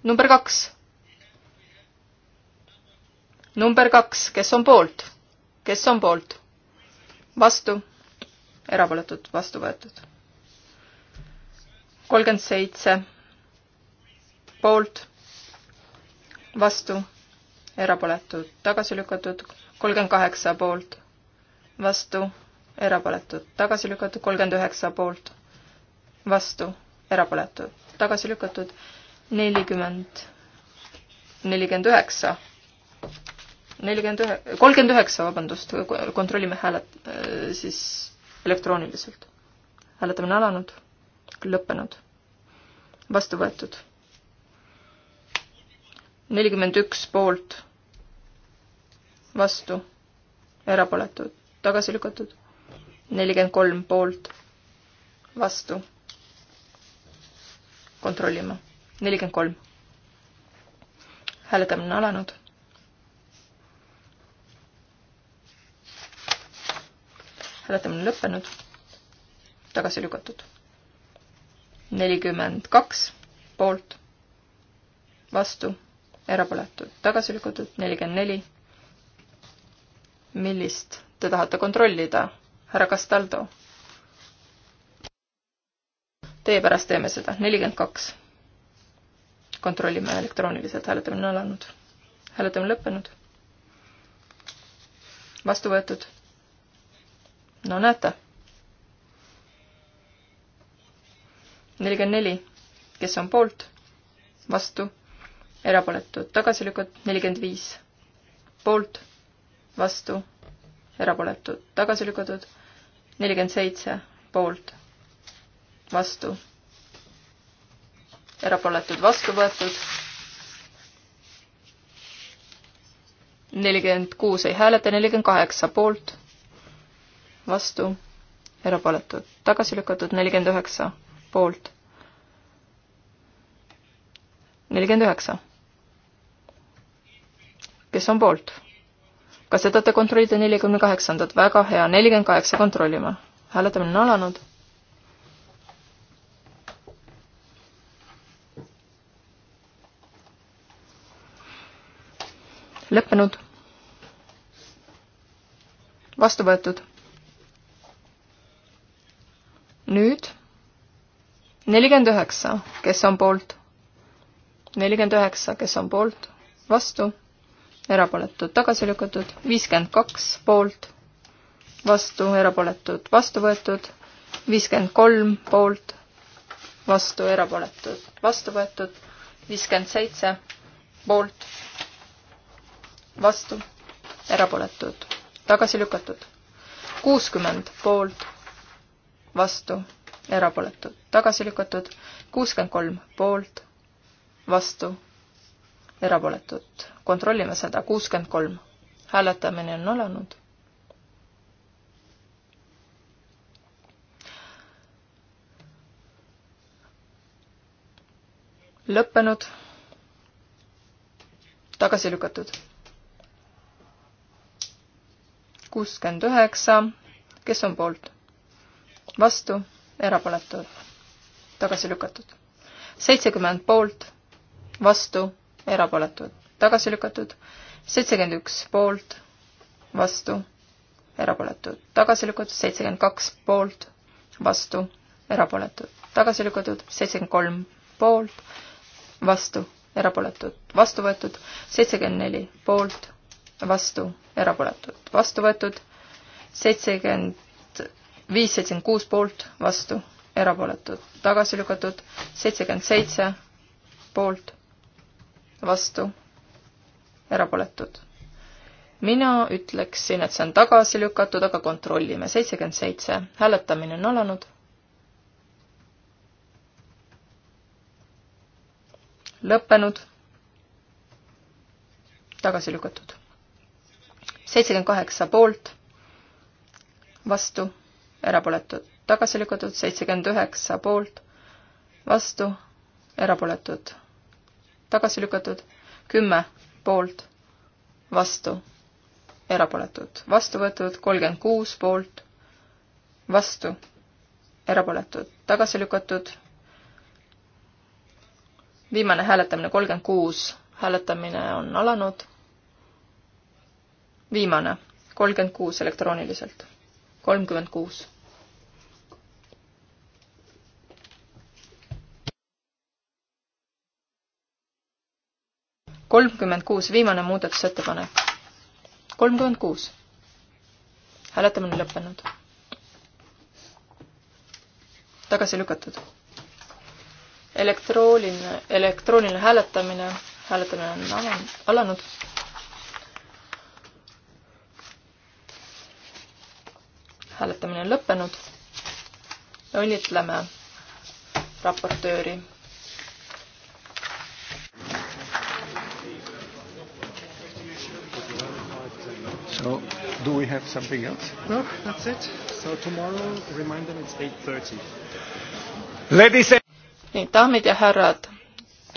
number kaks. number kaks, kes on poolt? kes on poolt? vastu. erapooletud, vastu võetud. kolmkümmend seitse. poolt. vastu. erapooletud, tagasi lükatud. kolmkümmend kaheksa poolt. vastu. erapooletud, tagasi lükatud. kolmkümmend üheksa poolt. vastu. erapooletud tagasi lükatud, nelikümmend, nelikümmend üheksa, nelikümmend ühe-, kolmkümmend üheksa, vabandust, kontrollime häälet-, äh, siis elektrooniliselt. hääletamine alanud, lõppenud, vastu võetud. nelikümmend üks poolt, vastu, erapooletud, tagasi lükatud, nelikümmend kolm poolt, vastu kontrollima. nelikümmend kolm. hääletamine on alanud. hääletamine on lõppenud. tagasi lükatud. nelikümmend kaks poolt, vastu, erapooletud, tagasi lükatud, nelikümmend neli. millist te tahate kontrollida, härra Castaldo? Teie pärast teeme seda. nelikümmend kaks. kontrollime elektrooniliselt, hääletamine on alanud. hääletamine lõppenud. vastu võetud. no näete. nelikümmend neli, kes on poolt, vastu, erapooletud, tagasi lükatud, nelikümmend viis, poolt, vastu, erapooletud, tagasi lükatud, nelikümmend seitse, poolt vastu, erapooletud vastu võetud. nelikümmend kuus ei hääleta, nelikümmend kaheksa poolt, vastu, erapooletud, tagasi lükatud, nelikümmend üheksa poolt, nelikümmend üheksa. kes on poolt? kas te tahate kontrollida neljakümne kaheksandat? väga hea, nelikümmend kaheksa kontrollime. hääletamine on alanud lõppenud. vastu võetud. nüüd nelikümmend üheksa, kes on poolt? nelikümmend üheksa, kes on poolt? vastu? erapooletud, tagasi lükatud, viiskümmend kaks poolt, vastu, erapooletud, vastu võetud, viiskümmend kolm poolt, vastu, erapooletud, vastu võetud, viiskümmend seitse poolt, vastu, erapooletud, tagasi lükatud. kuuskümmend poolt, vastu, erapooletud, tagasi lükatud. kuuskümmend kolm poolt, vastu, erapooletud. kontrollime seda, kuuskümmend kolm. hääletamine on alanud. lõppenud, tagasi lükatud kuuskümmend üheksa, kes on poolt? vastu, erapooletud, tagasi lükatud. seitsekümmend poolt, vastu, erapooletud, tagasi lükatud. seitsekümmend üks poolt, vastu, erapooletud, tagasi lükatud. seitsekümmend kaks poolt, vastu, erapooletud, tagasi lükatud. seitsekümmend kolm poolt, vastu, erapooletud, vastu võetud. seitsekümmend neli poolt vastu, erapooletud, vastu võetud, seitsekümmend viis, seitsekümmend kuus poolt, vastu, erapooletud, tagasi lükatud, seitsekümmend seitse poolt, vastu, erapooletud. mina ütleksin, et see on tagasi lükatud, aga kontrollime, seitsekümmend seitse, hääletamine on alanud. lõppenud tagasi lükatud seitsekümmend kaheksa poolt, vastu, erapooletud, tagasi lükatud, seitsekümmend üheksa poolt, vastu, erapooletud, tagasi lükatud, kümme poolt, vastu, erapooletud, vastu võetud, kolmkümmend kuus poolt, vastu, erapooletud, tagasi lükatud, viimane hääletamine, kolmkümmend kuus, hääletamine on alanud viimane, kolmkümmend kuus elektrooniliselt, kolmkümmend kuus. kolmkümmend kuus, viimane muudatusettepanek. kolmkümmend kuus. hääletamine lõppenud. tagasi lükatud. elektrooniline, elektrooniline hääletamine, hääletamine on alanud hääletamine on lõppenud. õnnitleme raportööri. So do we have something else? No, that's it. So tomorrow, remind them it's 8.30. Ladies and... nii, daamid ja härrad,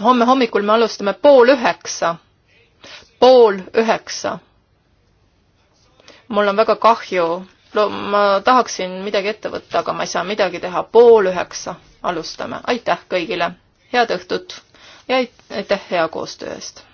homme hommikul me alustame pool üheksa. pool üheksa. mul on väga kahju, ma tahaksin midagi ette võtta, aga ma ei saa midagi teha. pool üheksa alustame. aitäh kõigile, head õhtut ja aitäh hea koostöö eest!